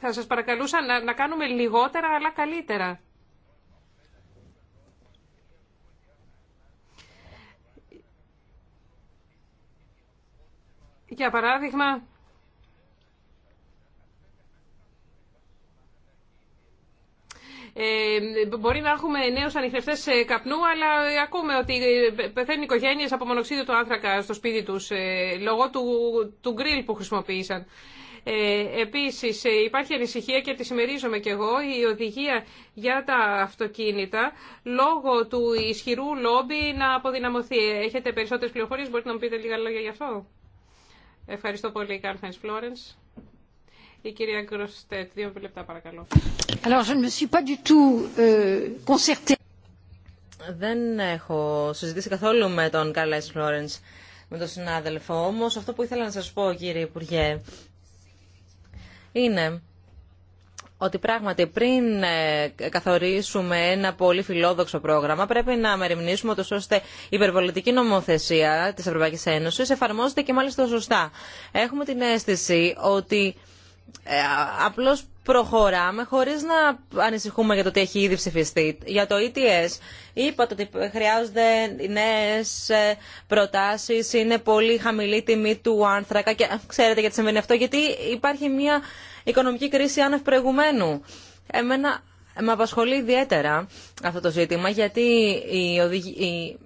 Speaker 2: θα σας παρακαλούσα να, να κάνουμε λιγότερα αλλά καλύτερα. Για παράδειγμα, Ε, μπορεί να έχουμε νέου ανιχνευτέ καπνού, αλλά ακούμε ότι πεθαίνουν οικογένειε από μονοξίδιο του άνθρακα στο σπίτι τους ε, λόγω του, του γκριλ που χρησιμοποίησαν. Ε, επίσης ε, υπάρχει ανησυχία και τη συμμερίζομαι κι εγώ η οδηγία για τα αυτοκίνητα λόγω του ισχυρού λόμπι να αποδυναμωθεί. Έχετε περισσότερε πληροφορίε. μπορείτε να μου πείτε λίγα λόγια γι' αυτό. Ευχαριστώ πολύ, Κάρθενς Φλόρενς. Η κυρία Γκροστέτ, δύο λεπτά παρακαλώ.
Speaker 4: Alors, je ne suis pas du tout, euh,
Speaker 3: Δεν έχω συζητήσει καθόλου με τον Κάρλα Φλόρενς, με τον συνάδελφο. Όμως αυτό που ήθελα να σας πω, κύριε Υπουργέ, είναι ότι πράγματι πριν ε, καθορίσουμε ένα πολύ φιλόδοξο πρόγραμμα πρέπει να μεριμνήσουμε ώστε η υπερβολητική νομοθεσία της Ευρωπαϊκής Ένωσης εφαρμόζεται και μάλιστα σωστά. Έχουμε την αίσθηση ότι ε, απλώς προχωράμε χωρίς να ανησυχούμε για το τι έχει ήδη ψηφιστεί. Για το ETS είπατε ότι χρειάζονται νέε ε, προτάσεις, είναι πολύ χαμηλή τιμή του άνθρακα και ξέρετε γιατί συμβαίνει αυτό, γιατί υπάρχει μια οικονομική κρίση άνευ προηγουμένου. Εμένα με απασχολεί ιδιαίτερα αυτό το ζήτημα γιατί η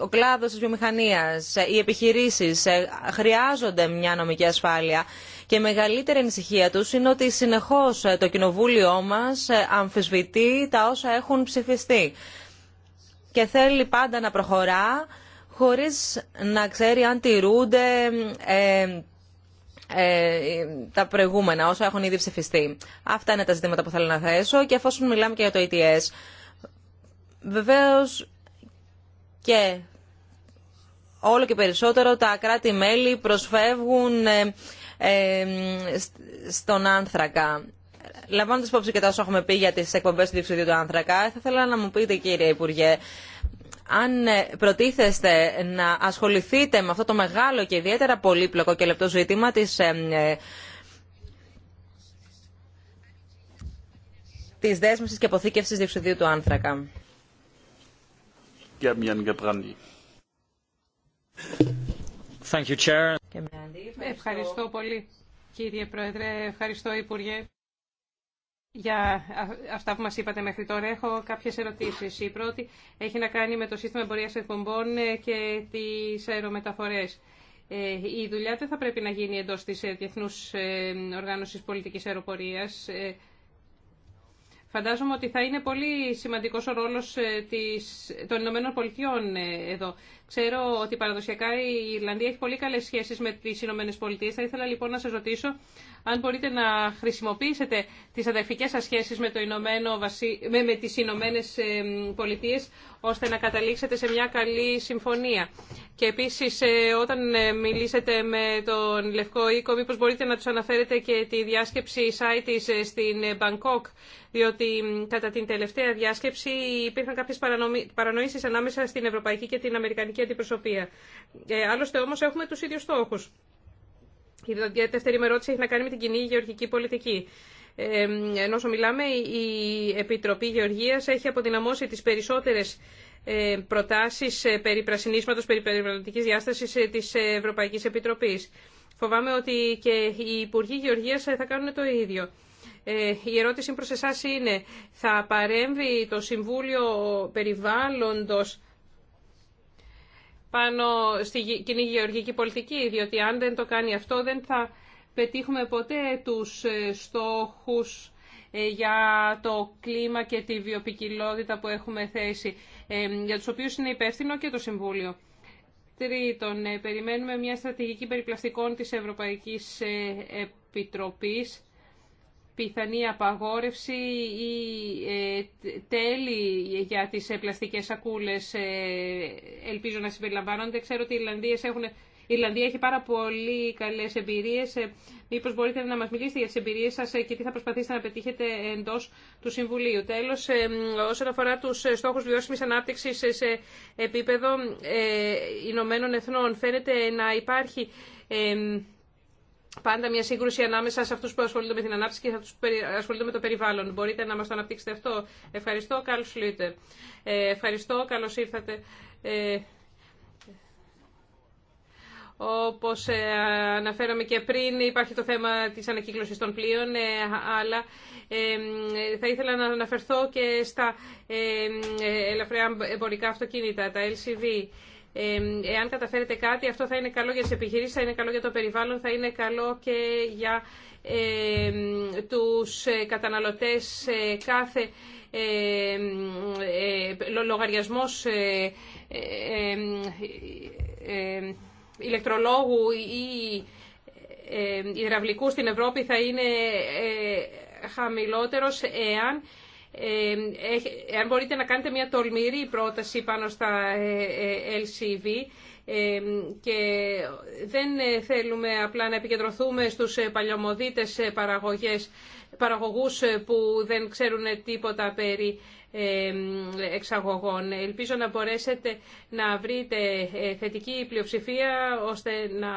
Speaker 3: ο κλάδος της βιομηχανίας, οι επιχειρήσεις ε, χρειάζονται μια νομική ασφάλεια και η μεγαλύτερη ανησυχία του είναι ότι συνεχώ ε, το κοινοβούλιο μα ε, αμφισβητεί τα όσα έχουν ψηφιστεί. Και θέλει πάντα να προχωρά χωρίς να ξέρει αν τηρούνται ε, τα προηγούμενα, όσα έχουν ήδη ψηφιστεί. Αυτά είναι τα ζητήματα που θέλω να θέσω και εφόσον μιλάμε και για το ETS, βεβαίως και όλο και περισσότερο τα κράτη-μέλη προσφεύγουν στον άνθρακα. Λαμβάνοντα υπόψη και τα όσα έχουμε πει για τι εκπομπέ του διευθυντή του άνθρακα, θα ήθελα να μου πείτε, κύριε Υπουργέ, αν ε, προτίθεστε να ασχοληθείτε με αυτό το μεγάλο και ιδιαίτερα πολύπλοκο και λεπτό ζήτημα τη ε, της δέσμευσης και αποθήκευσης διοξιδίου του άνθρακα.
Speaker 2: Ευχαριστώ πολύ, κύριε Πρόεδρε. Ευχαριστώ, Υπουργέ, για αυτά που μας είπατε μέχρι τώρα. Έχω κάποιες ερωτήσεις. Η πρώτη έχει να κάνει με το σύστημα εμπορίας εκπομπών ε, και τις αερομεταφορές. Ε, η δουλειά δεν θα πρέπει να γίνει εντός της ε, Διεθνούς Οργάνωσης Πολιτικής Αεροπορίας. Φαντάζομαι ότι θα είναι πολύ σημαντικός ο ρόλος των Ηνωμένων Πολιτειών εδώ. Ξέρω ότι παραδοσιακά η Ιρλανδία έχει πολύ καλές σχέσεις με τις Ηνωμένε Πολιτείε. Θα ήθελα λοιπόν να σας ρωτήσω αν μπορείτε να χρησιμοποιήσετε τις αδερφικές σας σχέσεις με, το Ηνωμένο με, με τις Ηνωμένε Πολιτείε, ώστε να καταλήξετε σε μια καλή συμφωνία. Και επίσης ε, όταν ε, μιλήσετε με τον Λευκό Οίκο μήπω μπορείτε να του αναφέρετε και τη διάσκεψη site ε, στην Bangkok διότι κατά την τελευταία διάσκεψη υπήρχαν κάποιε παρανοήσει ανάμεσα στην Ευρωπαϊκή και την Αμερικανική Ευρωπαϊκή Αντιπροσωπεία. Ε, άλλωστε όμως έχουμε τους ίδιους στόχους. Η δεύτερη με έχει να κάνει με την κοινή γεωργική πολιτική. Ε, ενώ όσο μιλάμε, η Επιτροπή Γεωργίας έχει αποδυναμώσει τις περισσότερες ε, προτάσεις ε, περί πρασινίσματος, περί περιβαλλοντικής διάστασης ε, της Ευρωπαϊκής Επιτροπής. Φοβάμαι ότι και οι Υπουργοί Γεωργίας θα κάνουν το ίδιο. η ερώτηση προς εσάς είναι, θα παρέμβει το Συμβούλιο Περιβάλλοντος πάνω στη κοινή γεωργική πολιτική, διότι αν δεν το κάνει αυτό δεν θα πετύχουμε ποτέ τους ε, στόχους ε, για το κλίμα και τη βιοπικιλότητα που έχουμε θέσει, ε, για τους οποίους είναι υπεύθυνο και το Συμβούλιο. Τρίτον, περιμένουμε μια στρατηγική περιπλαστικών της Ευρωπαϊκής Επιτροπής πιθανή απαγόρευση ή ε, τέλη για τις ε, πλαστικές σακούλες ε, ελπίζω να συμπεριλαμβάνονται. Ξέρω ότι οι έχουν... Η Ιρλανδία έχει πάρα πολύ καλές εμπειρίε. Μήπω μπορείτε να μας μιλήσετε για τις εμπειρίε σας και τι θα προσπαθήσετε να πετύχετε εντός του Συμβουλίου. Τέλος, όσον αφορά τους στόχους βιώσιμη ανάπτυξη σε επίπεδο Ηνωμένων Εθνών, φαίνεται να υπάρχει πάντα μια σύγκρουση ανάμεσα σε αυτού που ασχολούνται με την ανάπτυξη και σε αυτού που ασχολούνται με το περιβάλλον. Μπορείτε να μα το αναπτύξετε αυτό. Ευχαριστώ, Καλ Σλίτερ. Ε, ευχαριστώ, καλώ ήρθατε. Ε, όπως ε, αναφέραμε και πριν, υπάρχει το θέμα της ανακύκλωση των πλοίων, ε, αλλά θα ήθελα να αναφερθώ και στα ελαφριά εμπορικά αυτοκίνητα, τα LCV εάν καταφέρετε κάτι, αυτό θα είναι καλό για τις επιχειρήσεις, θα είναι καλό για το περιβάλλον, θα είναι καλό και για ε, τους καταναλωτές ε, κάθε ε, λογαριασμός ε, ε, ηλεκτρολόγου ή υδραυλικού στην Ευρώπη θα είναι χαμηλότερος εάν αν μπορείτε να κάνετε μια τολμηρή πρόταση πάνω στα ε, ε, LCV και δεν ε, θέλουμε απλά να επικεντρωθούμε στους παλιωμοδίτες παραγωγές παραγωγούς ε, που δεν ξέρουν τίποτα περί ε, εξαγωγών. Ελπίζω να μπορέσετε να βρείτε ε, θετική πλειοψηφία ώστε να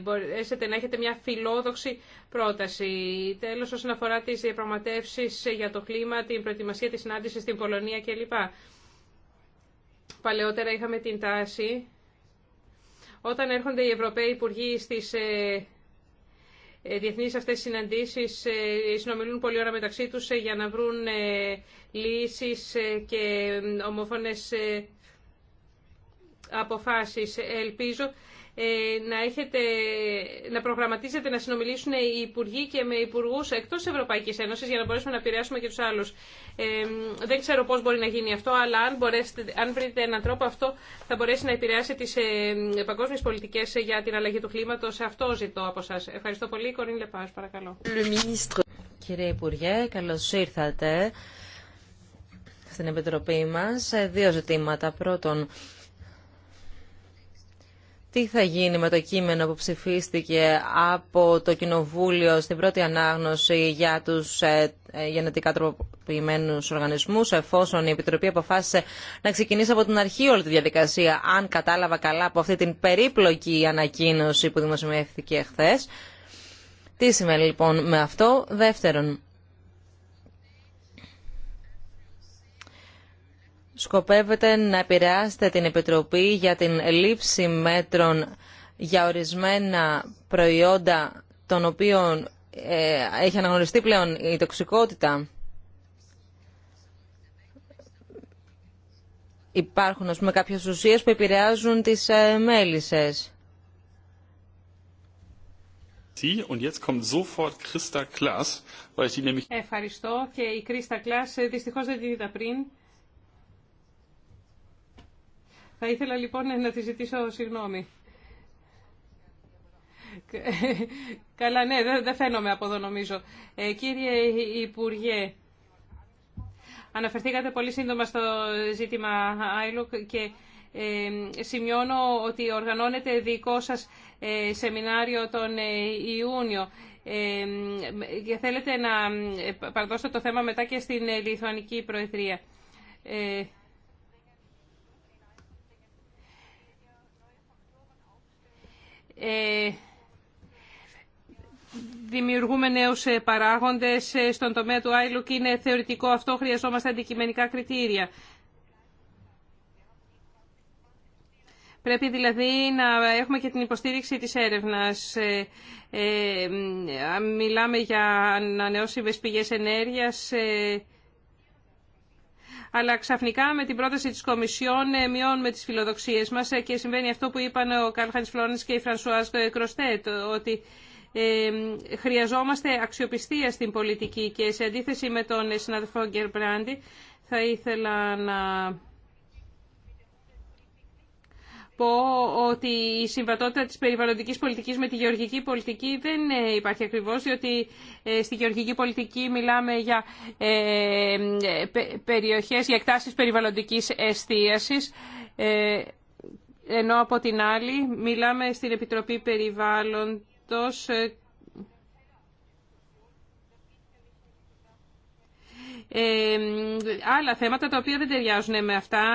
Speaker 2: μπορέσετε να έχετε μια φιλόδοξη πρόταση. Τέλος, όσον αφορά τις διαπραγματεύσεις για το κλίμα, την προετοιμασία της συνάντησης στην Πολωνία κλπ. Παλαιότερα είχαμε την τάση όταν έρχονται οι Ευρωπαίοι Υπουργοί στις ε, διεθνείς αυτές συναντήσεις ε, συνομιλούν πολλή ώρα μεταξύ τους ε, για να βρουν λύσεις και ομοφόνες αποφάσεις. Ελπίζω ε, να, έχετε, να προγραμματίσετε να συνομιλήσουν οι υπουργοί και με υπουργού εκτό Ευρωπαϊκή Ένωση για να μπορέσουμε να επηρεάσουμε και του άλλου. Ε, δεν ξέρω πώ μπορεί να γίνει αυτό, αλλά αν, μπορέσετε, αν βρείτε έναν τρόπο αυτό θα μπορέσει να επηρεάσει τι ε, παγκόσμιε πολιτικέ για την αλλαγή του κλίματο. Αυτό ζητώ από εσά. Ευχαριστώ πολύ. Κορίν Λεπά, παρακαλώ.
Speaker 3: Κύριε Υπουργέ, καλώ ήρθατε στην Επιτροπή μα. Ε, δύο ζητήματα. Πρώτον, τι θα γίνει με το κείμενο που ψηφίστηκε από το Κοινοβούλιο στην πρώτη ανάγνωση για τους ε, ε, γενετικά τροποποιημένους οργανισμούς, εφόσον η Επιτροπή αποφάσισε να ξεκινήσει από την αρχή όλη τη διαδικασία, αν κατάλαβα καλά από αυτή την περίπλοκη ανακοίνωση που δημοσιεύθηκε χθε. Τι σημαίνει λοιπόν με αυτό. Δεύτερον, σκοπεύετε να επηρεάσετε την Επιτροπή για την λήψη μέτρων για ορισμένα προϊόντα των οποίων ε, έχει αναγνωριστεί πλέον η τοξικότητα. Υπάρχουν, ας πούμε, κάποιες ουσίες που επηρεάζουν τις ε,
Speaker 2: Ευχαριστώ και η Κρίστα Κλάς ε, δυστυχώς δεν την είδα πριν. Θα ήθελα λοιπόν να τη ζητήσω συγγνώμη. Καλά, ναι, δεν δε φαίνομαι από εδώ νομίζω. Ε, κύριε Υπουργέ, αναφερθήκατε πολύ σύντομα στο ζήτημα ILOC και ε, σημειώνω ότι οργανώνεται δικό σας ε, σεμινάριο τον ε, Ιούνιο ε, και θέλετε να παραδώσετε το θέμα μετά και στην Λιθουανική Προεδρία. Ε, δημιουργούμε νέους ε, παράγοντες ε, στον τομέα του και Είναι θεωρητικό αυτό, χρειαζόμαστε αντικειμενικά κριτήρια. Πρέπει δηλαδή να έχουμε και την υποστήριξη της έρευνας. Ε, ε, μιλάμε για ανανεώσιμες πηγές ενέργειας, αλλά ξαφνικά με την πρόταση της Κομισιόν ε, μειώνουμε τις φιλοδοξίες μας ε, και συμβαίνει αυτό που είπαν ο Καλχάνης Φλόρενς και η Φρανσουάς Κροστέτ, ότι χρειαζόμαστε αξιοπιστία στην πολιτική και σε αντίθεση με τον ε, συναδελφό Μπράντι θα ήθελα να πω ότι η συμβατότητα της περιβαλλοντικής πολιτικής με τη γεωργική πολιτική δεν ε, υπάρχει ακριβώς, διότι ε, στη γεωργική πολιτική μιλάμε για ε, περιοχές, για εκτάσεις περιβαλλοντικής εστίασης, ενώ από την άλλη μιλάμε στην Επιτροπή Περιβάλλοντος άλλα θέματα τα οποία δεν ταιριάζουν με αυτά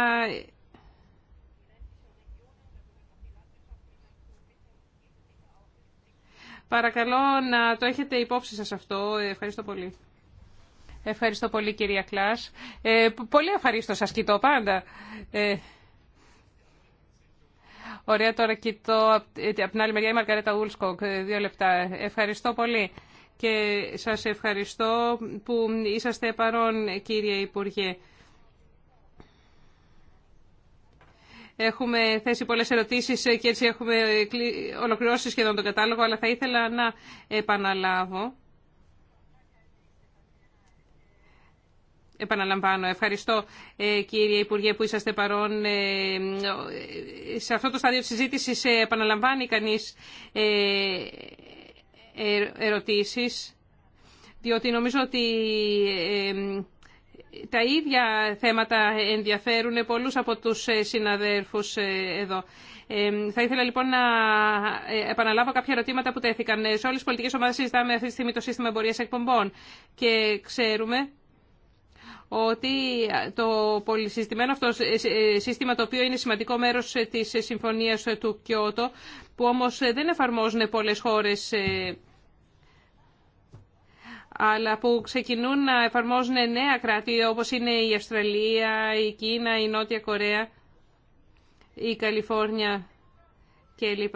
Speaker 2: Παρακαλώ να το έχετε υπόψη σας αυτό. Ευχαριστώ πολύ. Ευχαριστώ πολύ κυρία Κλάς. Ε, πολύ ευχαρίστω σας κοιτώ πάντα. Ε, ωραία τώρα κοιτώ από ε, την άλλη μεριά η Μαργαρέτα Ούλσκοκ. Ε, δύο λεπτά. Ευχαριστώ πολύ. Και σας ευχαριστώ που είσαστε παρόν κύριε Υπουργέ. Έχουμε θέσει πολλές ερωτήσεις ε, και έτσι έχουμε ολοκληρώσει σχεδόν τον κατάλογο, αλλά θα ήθελα να επαναλάβω. Επαναλαμβάνω, ευχαριστώ ε, κύριε Υπουργέ που είσαστε παρόν. Ε, σε αυτό το στάδιο της συζήτησης επαναλαμβάνει κανείς ερωτήσεις, διότι νομίζω ότι τα ίδια θέματα ενδιαφέρουν πολλούς από τους ε, συναδέρφους ε, εδώ. Ε, θα ήθελα λοιπόν να επαναλάβω κάποια ερωτήματα που τέθηκαν. Σε όλες τις πολιτικές ομάδες συζητάμε αυτή τη στιγμή το σύστημα εμπορίας εκπομπών και ξέρουμε ότι το πολυσυστημένο αυτό σύστημα το οποίο είναι σημαντικό μέρος της συμφωνίας του Κιώτο που όμως δεν εφαρμόζουν πολλές χώρες αλλά που ξεκινούν να εφαρμόζουν νέα κράτη όπως είναι η Αυστραλία, η Κίνα, η Νότια Κορέα, η Καλιφόρνια κλπ.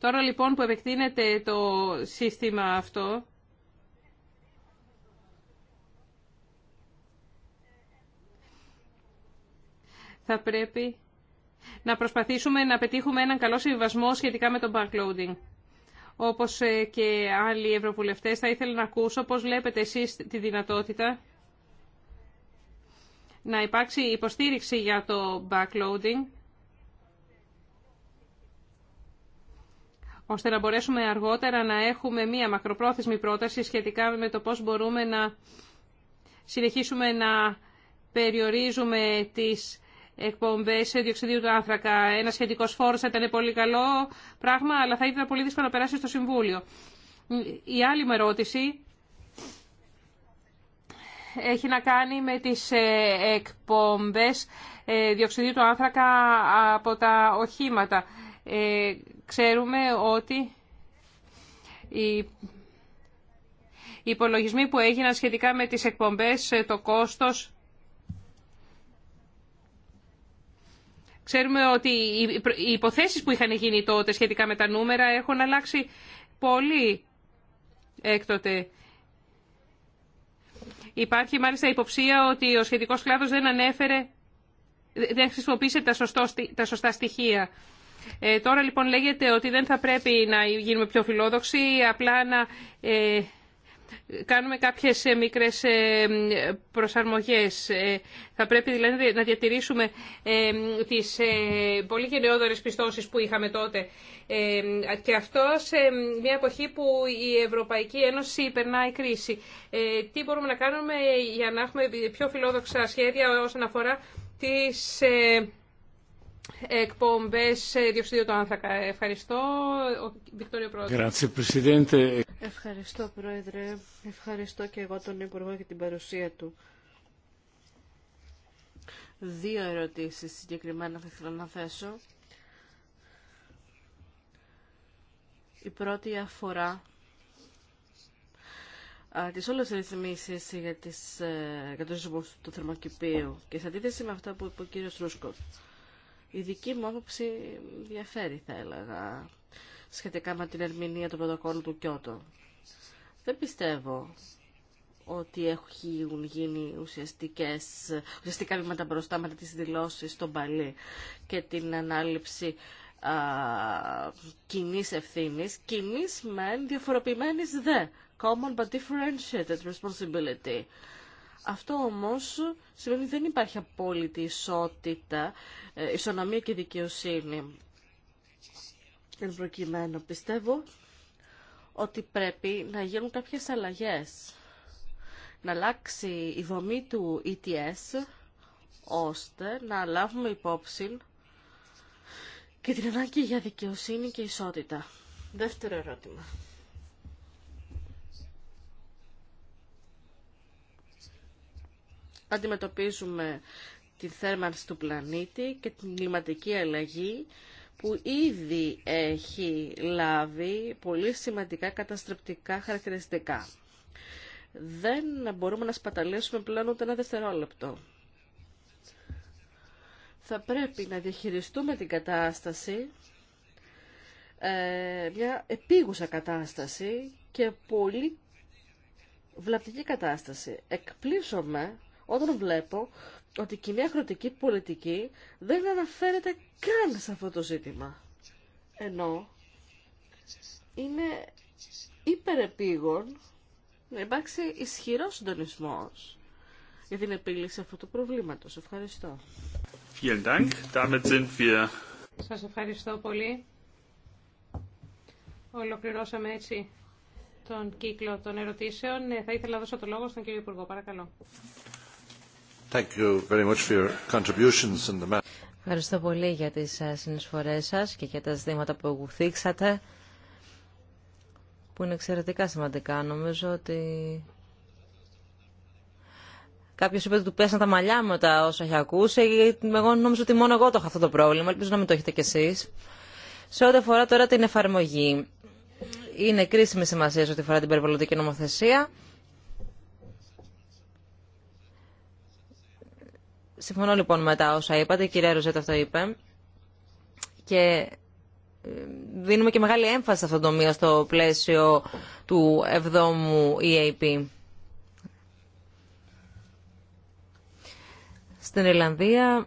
Speaker 2: Τώρα λοιπόν που επεκτείνεται το σύστημα αυτό, θα πρέπει να προσπαθήσουμε να πετύχουμε έναν καλό συμβασμό σχετικά με το backloading όπως ε, και άλλοι ευρωβουλευτές, θα ήθελα να ακούσω πώς βλέπετε εσείς τη δυνατότητα να υπάρξει υποστήριξη για το backloading, ώστε να μπορέσουμε αργότερα να έχουμε μία μακροπρόθεσμη πρόταση σχετικά με το πώς μπορούμε να συνεχίσουμε να περιορίζουμε τις εκπομπέ διοξιδίου του άνθρακα. Ένα σχετικό φόρο θα ήταν πολύ καλό πράγμα, αλλά θα ήταν πολύ δύσκολο να περάσει στο Συμβούλιο. Η άλλη μου ερώτηση έχει να κάνει με τις ε, εκπομπές ε, διοξιδίου του άνθρακα από τα οχήματα. Ε, ξέρουμε ότι οι υπολογισμοί που έγιναν σχετικά με τις εκπομπές, το κόστος Ξέρουμε ότι οι υποθέσεις που είχαν γίνει τότε σχετικά με τα νούμερα έχουν αλλάξει πολύ έκτοτε. Υπάρχει μάλιστα υποψία ότι ο σχετικός κλάδος δεν ανέφερε, δεν χρησιμοποίησε τα, τα σωστά στοιχεία. Ε, τώρα λοιπόν λέγεται ότι δεν θα πρέπει να γίνουμε πιο φιλόδοξοι, απλά να ε, κάνουμε κάποιες ε, μικρές ε, προσαρμογές. Ε, θα πρέπει δηλαδή να διατηρήσουμε τις πολύ γενναιόδορες πιστώσεις που είχαμε τότε. Και αυτό σε μια εποχή που η Ευρωπαϊκή Ένωση περνάει κρίση. Τι μπορούμε να κάνουμε για να έχουμε πιο φιλόδοξα σχέδια όσον αφορά τις εκπομπές διοξιδίου του άνθρακα. Ευχαριστώ.
Speaker 1: Πρόεδρε.
Speaker 2: Ευχαριστώ Πρόεδρε. Ευχαριστώ και εγώ τον Υπουργό για την παρουσία του.
Speaker 4: Δύο ερωτήσεις συγκεκριμένα θα ήθελα να θέσω. Η πρώτη αφορά τις όλες τις ρυθμίσεις για, τις, ε, για του θερμοκηπίου και σε αντίθεση με αυτά που είπε ο κύριος Ρούσκοφ. Η δική μου άποψη διαφέρει, θα έλεγα, σχετικά με την ερμηνεία του πρωτοκόλλου του Κιώτο. Δεν πιστεύω ότι έχουν γίνει ουσιαστικές, ουσιαστικά βήματα μπροστά με τις δηλώσεις στον Παλί και την ανάληψη α, κοινής ευθύνης, κοινής μεν διαφοροποιημένης δε. Common but differentiated responsibility. Αυτό όμως σημαίνει δεν υπάρχει απόλυτη ισότητα, ε, ισονομία και δικαιοσύνη. Εν προκειμένου πιστεύω ότι πρέπει να γίνουν κάποιες αλλαγές. Να αλλάξει η δομή του ETS ώστε να λάβουμε υπόψη και την ανάγκη για δικαιοσύνη και ισότητα. Δεύτερο ερώτημα. αντιμετωπίζουμε τη θέρμανση του πλανήτη και την κλιματική αλλαγή που ήδη έχει λάβει πολύ σημαντικά καταστρεπτικά χαρακτηριστικά. Δεν μπορούμε να σπαταλήσουμε πλέον ούτε ένα δευτερόλεπτο. Θα πρέπει να διαχειριστούμε την κατάσταση, ε, μια επίγουσα κατάσταση και πολύ βλαπτική κατάσταση. Εκπλήσωμε όταν βλέπω ότι η κοινή αγροτική πολιτική δεν αναφέρεται καν σε αυτό το ζήτημα. Ενώ είναι υπερεπίγον να υπάρξει ισχυρό συντονισμό για την επίλυση αυτού του
Speaker 2: προβλήματο. Ευχαριστώ. Σα ευχαριστώ πολύ. Ολοκληρώσαμε έτσι τον κύκλο των ερωτήσεων. Ε, θα ήθελα να δώσω το λόγο στον κύριο Υπουργό. Παρακαλώ.
Speaker 3: Ευχαριστώ πολύ για τις ε, συνεισφορές σας και για τα ζητήματα που εγκουθήξατε, που είναι εξαιρετικά σημαντικά. Νομίζω ότι Κάποιο είπε ότι του πέσαν τα μαλλιά με τα όσα έχει ακούσει. Εγώ νομίζω ότι μόνο εγώ το έχω αυτό το πρόβλημα. Ελπίζω να μην το έχετε κι εσεί. Σε ό,τι αφορά τώρα την εφαρμογή, είναι κρίσιμη σημασία σε ό,τι αφορά την περιβαλλοντική νομοθεσία. Συμφωνώ λοιπόν με τα όσα είπατε, η κυρία Ροζέτα αυτό είπε. Και ε, δίνουμε και μεγάλη έμφαση σε αυτό το τομέα στο πλαίσιο του 7ου EAP. Στην Ιρλανδία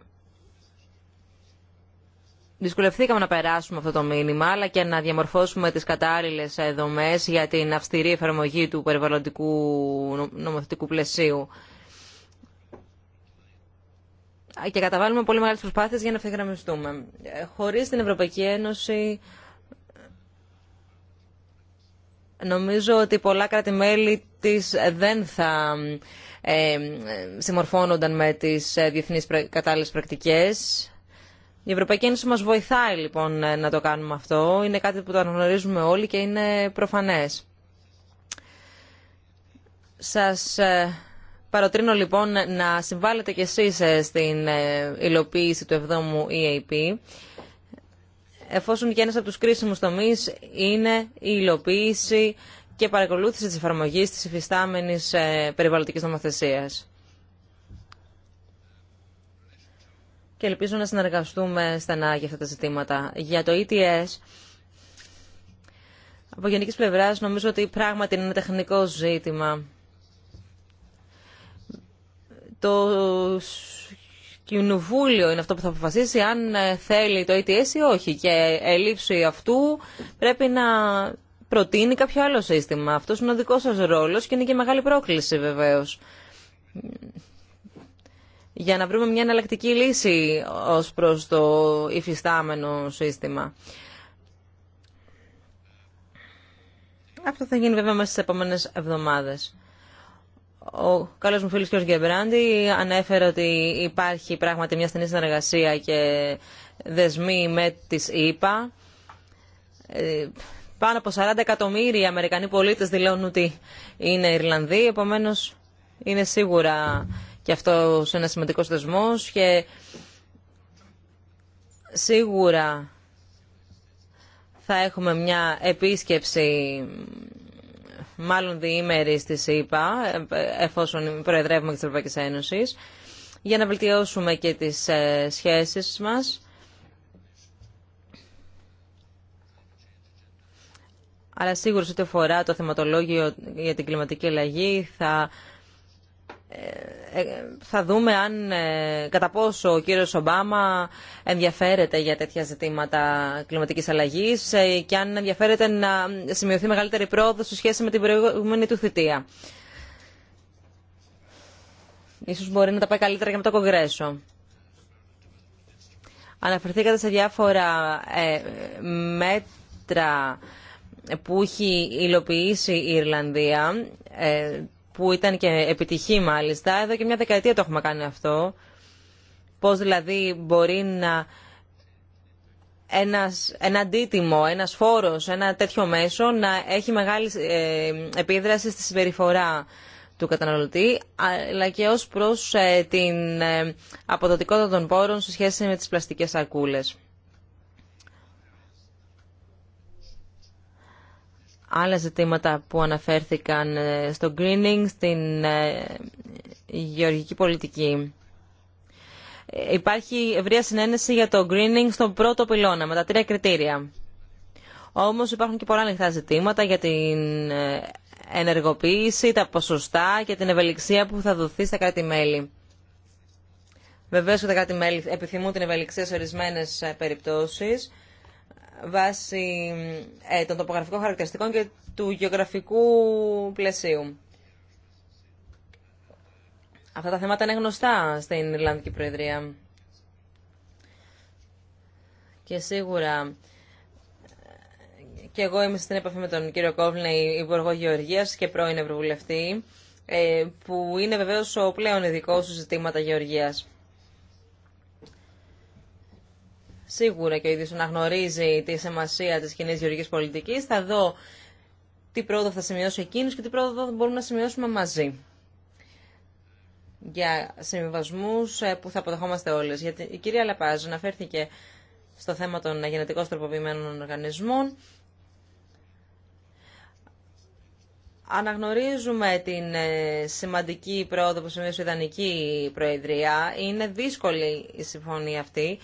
Speaker 3: δυσκολευθήκαμε να περάσουμε αυτό το μήνυμα, αλλά και να διαμορφώσουμε τις κατάλληλες δομές για την αυστηρή εφαρμογή του περιβαλλοντικού νομοθετικού πλαισίου και καταβάλουμε πολύ μεγάλες προσπάθειες για να ευθυγραμμιστούμε. Ε, χωρίς την Ευρωπαϊκή Ένωση νομίζω ότι πολλά κράτη-μέλη της δεν θα ε, συμμορφώνονταν με τις ε, διεθνείς κατάλληλες πρακτικές. Η Ευρωπαϊκή Ένωση μας βοηθάει λοιπόν ε, να το κάνουμε αυτό. Είναι κάτι που το αναγνωρίζουμε όλοι και είναι προφανές. Σας Παροτρύνω λοιπόν να συμβάλλετε κι εσείς ε, στην ε, υλοποίηση του 7ου EAP εφόσον και ένας από τους κρίσιμους τομείς είναι η υλοποίηση και παρακολούθηση της εφαρμογής της υφιστάμενης ε, περιβαλλοντικής νομοθεσίας. Και ελπίζω να συνεργαστούμε στενά για αυτά τα ζητήματα. Για το ETS, από γενικής πλευράς νομίζω ότι πράγματι είναι ένα τεχνικό ζήτημα το κοινοβούλιο είναι αυτό που θα αποφασίσει αν ε, θέλει το ETS ε ή όχι. Και ελήψη αυτού πρέπει να προτείνει κάποιο άλλο σύστημα. Αυτό είναι ο δικό σα ρόλο και είναι και μεγάλη πρόκληση βεβαίω. Για να βρούμε μια εναλλακτική λύση ως προς το υφιστάμενο σύστημα. Αυτό θα γίνει βέβαια μέσα στις επόμενες εβδομάδες. Ο καλός μου φίλος κ. Γεμπράντη, ανέφερε ότι υπάρχει πράγματι μια στενή συνεργασία και δεσμοί με τις ΗΠΑ. Ε, πάνω από 40 εκατομμύρια Αμερικανοί πολίτες δηλώνουν ότι είναι Ιρλανδοί, επομένως είναι σίγουρα και αυτό σε ένα σημαντικό θεσμό και σίγουρα θα έχουμε μια επίσκεψη μάλλον διήμερη στη ΣΥΠΑ, εφόσον προεδρεύουμε και της Ευρωπαϊκής Ένωσης, για να βελτιώσουμε και τις ε, σχέσεις μας. Αλλά σίγουρα σε ό,τι αφορά το θεματολόγιο για την κλιματική αλλαγή θα ε, ε, θα δούμε αν ε, κατά πόσο ο κύριος Ομπάμα ενδιαφέρεται για τέτοια ζητήματα κλιματικής αλλαγής και αν ενδιαφέρεται να σημειωθεί μεγαλύτερη πρόοδο σε σχέση με την προηγούμενη του θητεία. Ίσως μπορεί να τα πάει καλύτερα και με το Κογκρέσο. Αναφερθήκατε σε διάφορα μέτρα που έχει υλοποιήσει η Ιρλανδία που ήταν και επιτυχή μάλιστα. Εδώ και μια δεκαετία το έχουμε κάνει αυτό. Πώς δηλαδή μπορεί να ένας, ένα αντίτιμο, ένας φόρος, ένα τέτοιο μέσο να έχει μεγάλη ε, επίδραση στη συμπεριφορά του καταναλωτή, αλλά και ως προς ε, την ε, αποδοτικότητα των πόρων σε σχέση με τις πλαστικές σακούλες. άλλα ζητήματα που αναφέρθηκαν ε, στο greening, στην ε, γεωργική πολιτική. Ε, υπάρχει ευρεία συνένεση για το greening στον πρώτο πυλώνα με τα τρία κριτήρια. Όμως υπάρχουν και πολλά ανοιχτά ζητήματα για την ενεργοποίηση, τα ποσοστά και την ευελιξία που θα δοθεί στα κράτη-μέλη. Βεβαίως και τα κράτη-μέλη επιθυμούν την ευελιξία σε ορισμένες περιπτώσεις βάσει των τοπογραφικών χαρακτηριστικών και του γεωγραφικού πλαισίου. Αυτά τα θέματα είναι γνωστά στην Ιρλανδική Προεδρία. Και σίγουρα και εγώ είμαι στην επαφή με τον κύριο Κόβλνε, Υπουργό Γεωργία και πρώην Ευρωβουλευτή, ε, που είναι βεβαίω ο πλέον ειδικό στου ζητήματα γεωργία. σίγουρα και ο ίδιος αναγνωρίζει τη σημασία της κοινή γεωργικής πολιτικής. Θα δω τι πρόοδο θα σημειώσει εκείνος και τι πρόοδο θα μπορούμε να σημειώσουμε μαζί για συμβιβασμού ε, που θα αποδεχόμαστε όλες. Γιατί η κυρία Λαπάζ αναφέρθηκε στο θέμα των γενετικώ τροποποιημένων οργανισμών. Αναγνωρίζουμε την ε, σημαντική πρόοδο που σημαίνει η Ιδανική Προεδρία. Είναι δύσκολη η συμφωνία αυτή.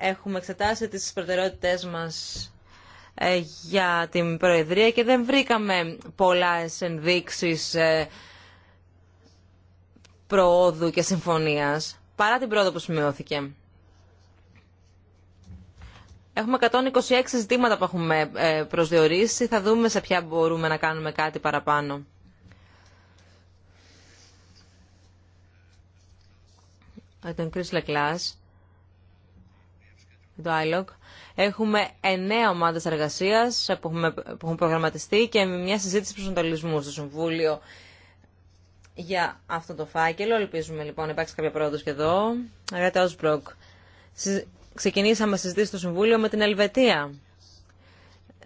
Speaker 3: Έχουμε εξετάσει τις προτεραιότητές μας ε, για την Προεδρία και δεν βρήκαμε πολλά ενδείξεις ε, προόδου και συμφωνίας, παρά την πρόοδο που σημειώθηκε. Έχουμε 126 ζητήματα που έχουμε ε, προσδιορίσει. Θα δούμε σε ποια μπορούμε να κάνουμε κάτι παραπάνω. ο Κρις Λεκλάς το Έχουμε εννέα ομάδες εργασίας που, έχουμε, που έχουν προγραμματιστεί και μια συζήτηση προσανατολισμού στο Συμβούλιο για αυτό το φάκελο. Ελπίζουμε λοιπόν να υπάρξει κάποια πρόοδο και εδώ. Αγαπητέ Οσμπροκ, ξεκινήσαμε συζήτηση στο Συμβούλιο με την Ελβετία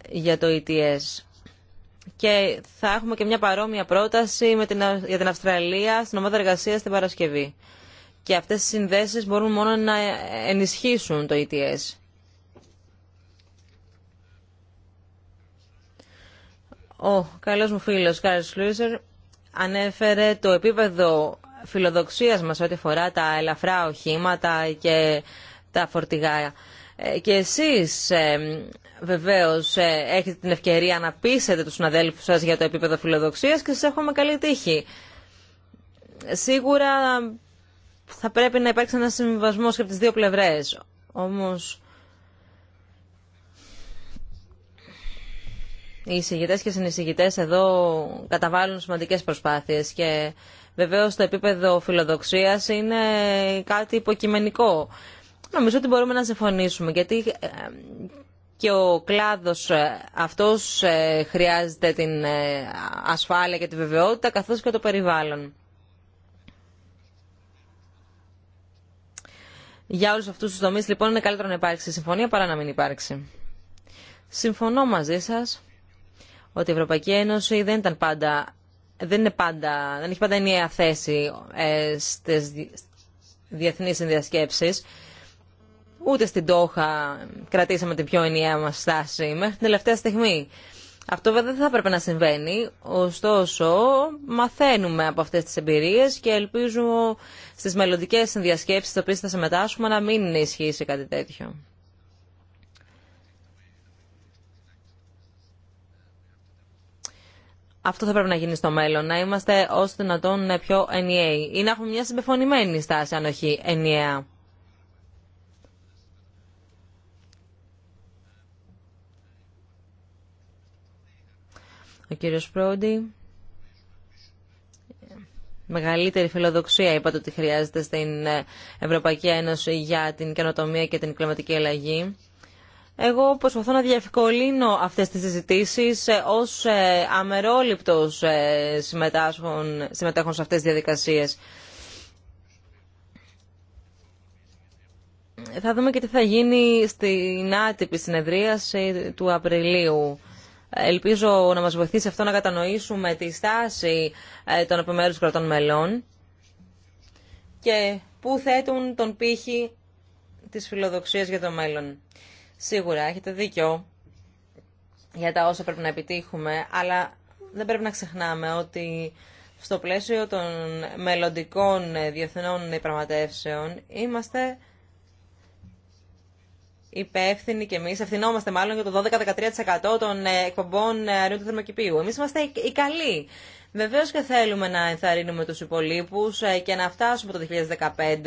Speaker 3: για το ETS. Και θα έχουμε και μια παρόμοια πρόταση με την, για την Αυστραλία στην ομάδα εργασία την Παρασκευή και αυτές οι συνδέσεις μπορούν μόνο να ενισχύσουν το ETS. Ο καλός μου φίλος Κάρις Λούιζερ ανέφερε το επίπεδο φιλοδοξίας μας ό,τι αφορά τα ελαφρά οχήματα και τα φορτηγά. Ε, και εσείς ε, βεβαίως ε, έχετε την ευκαιρία να πείσετε τους συναδέλφους σας για το επίπεδο φιλοδοξίας και σας εύχομαι καλή τύχη. Σίγουρα θα πρέπει να υπάρξει ένα συμβιβασμό και από τις δύο πλευρές. Όμω. οι εισηγητέ και συνεισηγητέ εδώ καταβάλουν σημαντικές προσπάθειες και βεβαίω το επίπεδο φιλοδοξίας είναι κάτι υποκειμενικό. Νομίζω ότι μπορούμε να συμφωνήσουμε γιατί ε, και ο κλάδος ε, αυτός ε, χρειάζεται την ασφάλεια και τη βεβαιότητα καθώς και το περιβάλλον. Για όλους αυτούς του τομείς λοιπόν είναι καλύτερο να υπάρξει συμφωνία παρά να μην υπάρξει. Συμφωνώ μαζί σας ότι η Ευρωπαϊκή Ένωση δεν ήταν πάντα, δεν είναι πάντα, δεν έχει πάντα ενιαία θέση ε, στις διεθνείς συνδιασκέψεις. Ούτε στην Τόχα κρατήσαμε την πιο ενιαία μας στάση μέχρι την τελευταία στιγμή. Αυτό βέβαια δεν θα έπρεπε να συμβαίνει, ωστόσο μαθαίνουμε από αυτές τις εμπειρίες και ελπίζουμε στις μελλοντικές συνδιασκέψεις στις οποίες θα συμμετάσχουμε να μην ισχύσει κάτι τέτοιο. Αυτό θα πρέπει να γίνει στο μέλλον, να είμαστε όσο δυνατόν πιο ενιαίοι ή να έχουμε μια συμπεφωνημένη στάση, αν όχι ενιαία. Ο κύριος Πρόντι. Μεγαλύτερη φιλοδοξία είπατε ότι χρειάζεται στην Ευρωπαϊκή Ένωση για την καινοτομία και την κλιματική αλλαγή. Εγώ προσπαθώ να διευκολύνω αυτές τις συζητήσεις ε, ως ε, αμερόληπτος ε, συμμετέχων σε αυτές τις διαδικασίες. Θα δούμε και τι θα γίνει στην άτυπη συνεδρίαση του Απριλίου Ελπίζω να μας βοηθήσει αυτό να κατανοήσουμε τη στάση ε, των επιμέρους κρατών μελών και που θέτουν τον πύχη της φιλοδοξίας για το μέλλον. Σίγουρα έχετε δίκιο για τα όσα πρέπει να επιτύχουμε, αλλά δεν πρέπει να ξεχνάμε ότι στο πλαίσιο των μελλοντικών διεθνών πραγματεύσεων είμαστε υπεύθυνοι και εμεί, ευθυνόμαστε μάλλον για το 12-13% των ε, εκπομπών ε, αερίου του θερμοκηπίου. Εμεί είμαστε οι καλοί. Βεβαίω και θέλουμε να ενθαρρύνουμε του υπολείπου ε, και να φτάσουμε το 2015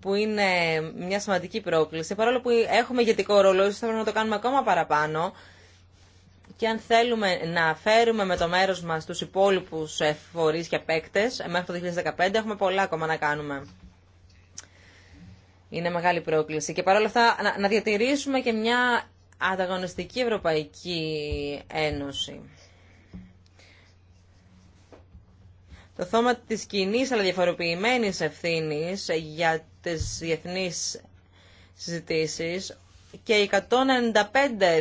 Speaker 3: που είναι μια σημαντική πρόκληση, παρόλο που έχουμε ηγετικό ρόλο, ίσως θα πρέπει να το κάνουμε ακόμα παραπάνω. Και αν θέλουμε να φέρουμε με το μέρος μας τους υπόλοιπους φορείς και παίκτες μέχρι το 2015, έχουμε πολλά ακόμα να κάνουμε. Είναι μεγάλη πρόκληση. Και παρόλα αυτά να, να διατηρήσουμε και μια ανταγωνιστική Ευρωπαϊκή Ένωση. Το θέμα της κοινή αλλά διαφοροποιημένης ευθύνη για τις διεθνείς συζητήσεις και οι 195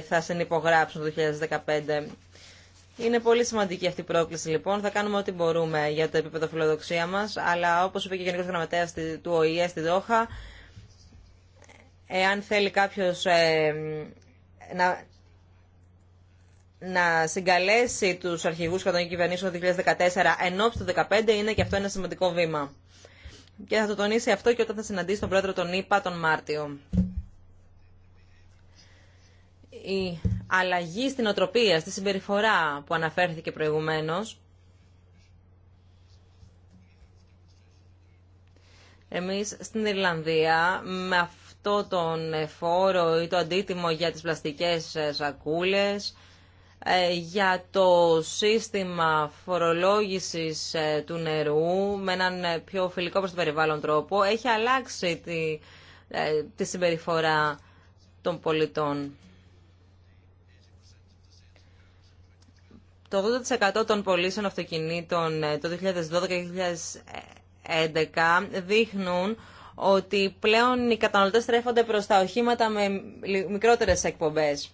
Speaker 3: θα συνυπογράψουν το 2015. Είναι πολύ σημαντική αυτή η πρόκληση λοιπόν. Θα κάνουμε ό,τι μπορούμε για το επίπεδο φιλοδοξία μας, αλλά όπως είπε και ο Γενικός Γραμματέας του ΟΗΕ στη Δόχα, Εάν θέλει κάποιος ε, να, να συγκαλέσει τους αρχηγούς κρατών κυβερνήσεων το 2014 ενώ του 2015 είναι και αυτό ένα σημαντικό βήμα. Και θα το τονίσει αυτό και όταν θα συναντήσει τον πρόεδρο των ΗΠΑ τον Μάρτιο. Η αλλαγή στην οτροπία, στη συμπεριφορά που αναφέρθηκε προηγουμένως, εμείς στην Ιρλανδία με αυτό τον ε, φόρο ή το αντίτιμο για τις πλαστικές ε, σακούλες, ε, για το σύστημα φορολόγησης του νερού με έναν πιο φιλικό προς το περιβάλλον τρόπο, έχει αλλάξει τη, τη συμπεριφορά των πολιτών. Το 80% των πωλήσεων αυτοκινήτων το 2012 και 2011 δείχνουν ότι πλέον οι καταναλωτές στρέφονται προς τα οχήματα με μικρότερες εκπομπές.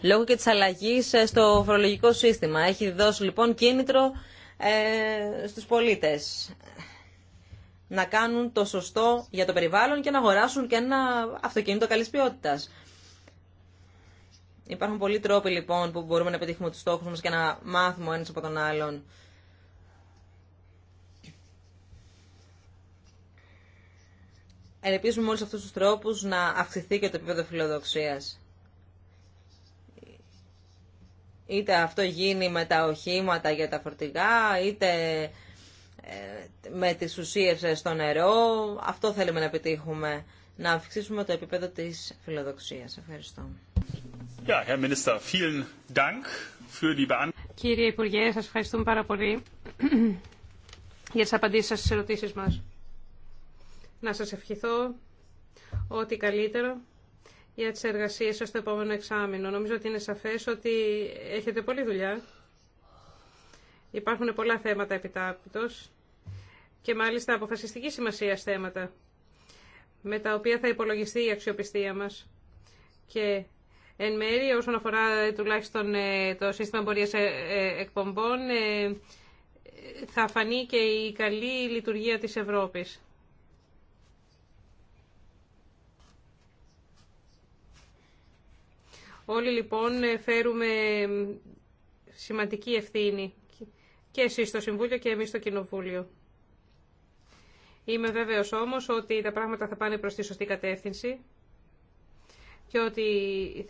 Speaker 3: Λόγω και της αλλαγής ε, στο φορολογικό σύστημα. Έχει δώσει λοιπόν κίνητρο ε, στους πολίτες να κάνουν το σωστό για το περιβάλλον και να αγοράσουν και ένα αυτοκίνητο καλής ποιότητας. Υπάρχουν πολλοί τρόποι λοιπόν που μπορούμε να πετύχουμε τους στόχους μας και να μάθουμε ο ένας από τον άλλον. ελπίζουμε με όλους αυτούς τους τρόπους να αυξηθεί και το επίπεδο φιλοδοξίας. Είτε αυτό γίνει με τα οχήματα για τα φορτηγά, είτε ε, με τις ουσίες στο νερό. Αυτό θέλουμε να επιτύχουμε, να αυξήσουμε το επίπεδο της φιλοδοξίας. Ευχαριστώ.
Speaker 1: Herr Minister, vielen Dank für die...
Speaker 3: Κύριε
Speaker 2: Υπουργέ, σας ευχαριστούμε πάρα πολύ <clears throat> για τις απαντήσεις σας στις ερωτήσεις μας να σας ευχηθώ ό,τι καλύτερο για τις εργασίες σας στο επόμενο εξάμεινο. Νομίζω ότι είναι σαφές ότι έχετε πολλή δουλειά. Υπάρχουν πολλά θέματα επιτάπητος και μάλιστα αποφασιστική σημασία θέματα με τα οποία θα υπολογιστεί η αξιοπιστία μας και εν μέρει όσον αφορά ε, τουλάχιστον ε, το σύστημα εμπορίας ε, εκπομπών θα φανεί και η καλή λειτουργία της Ευρώπης. Όλοι λοιπόν φέρουμε σημαντική ευθύνη και εσείς στο Συμβούλιο και εμείς στο Κοινοβούλιο. Είμαι βέβαιος όμως ότι τα πράγματα θα πάνε προς τη σωστή κατεύθυνση και ότι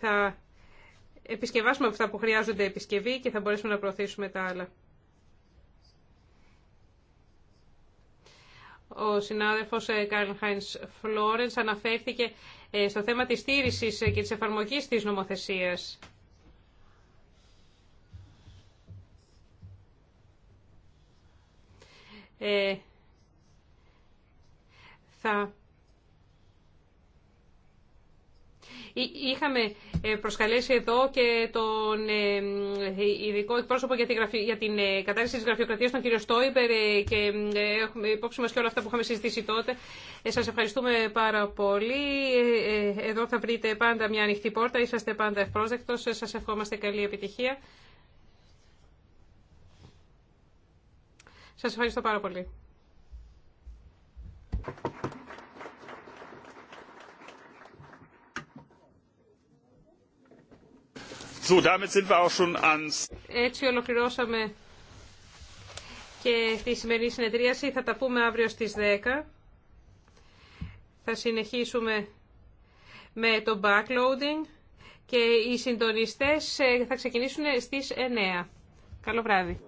Speaker 2: θα επισκευάσουμε αυτά που χρειάζονται επισκευή και θα μπορέσουμε να προωθήσουμε τα άλλα. Ο συνάδελφος Καρλ Χάινς Φλόρενς αναφέρθηκε ε, στο θέμα της στήρησης ε, και της εφαρμογής της νομοθεσίας. Ε, θα... Είχαμε ε, προσκαλέσει εδώ και τον ε, ε, ειδικό πρόσωπο για την κατάρριξη τη γραφειοκρατίας, τον κύριο Στόιμπερ και έχουμε υπόψη μα και όλα αυτά που είχαμε συζητήσει τότε. Σας ευχαριστούμε πάρα πολύ. Εδώ θα βρείτε πάντα μια ανοιχτή πόρτα. Είσαστε πάντα ευπρόσδεκτος. Σας ευχόμαστε καλή επιτυχία. Σας ευχαριστώ πάρα πολύ. Έτσι ολοκληρώσαμε και τη σημερινή συνεδρίαση. Θα τα πούμε αύριο στις 10. Θα συνεχίσουμε με το backloading και οι συντονιστές ε, θα ξεκινήσουν στις 9. Καλό βράδυ.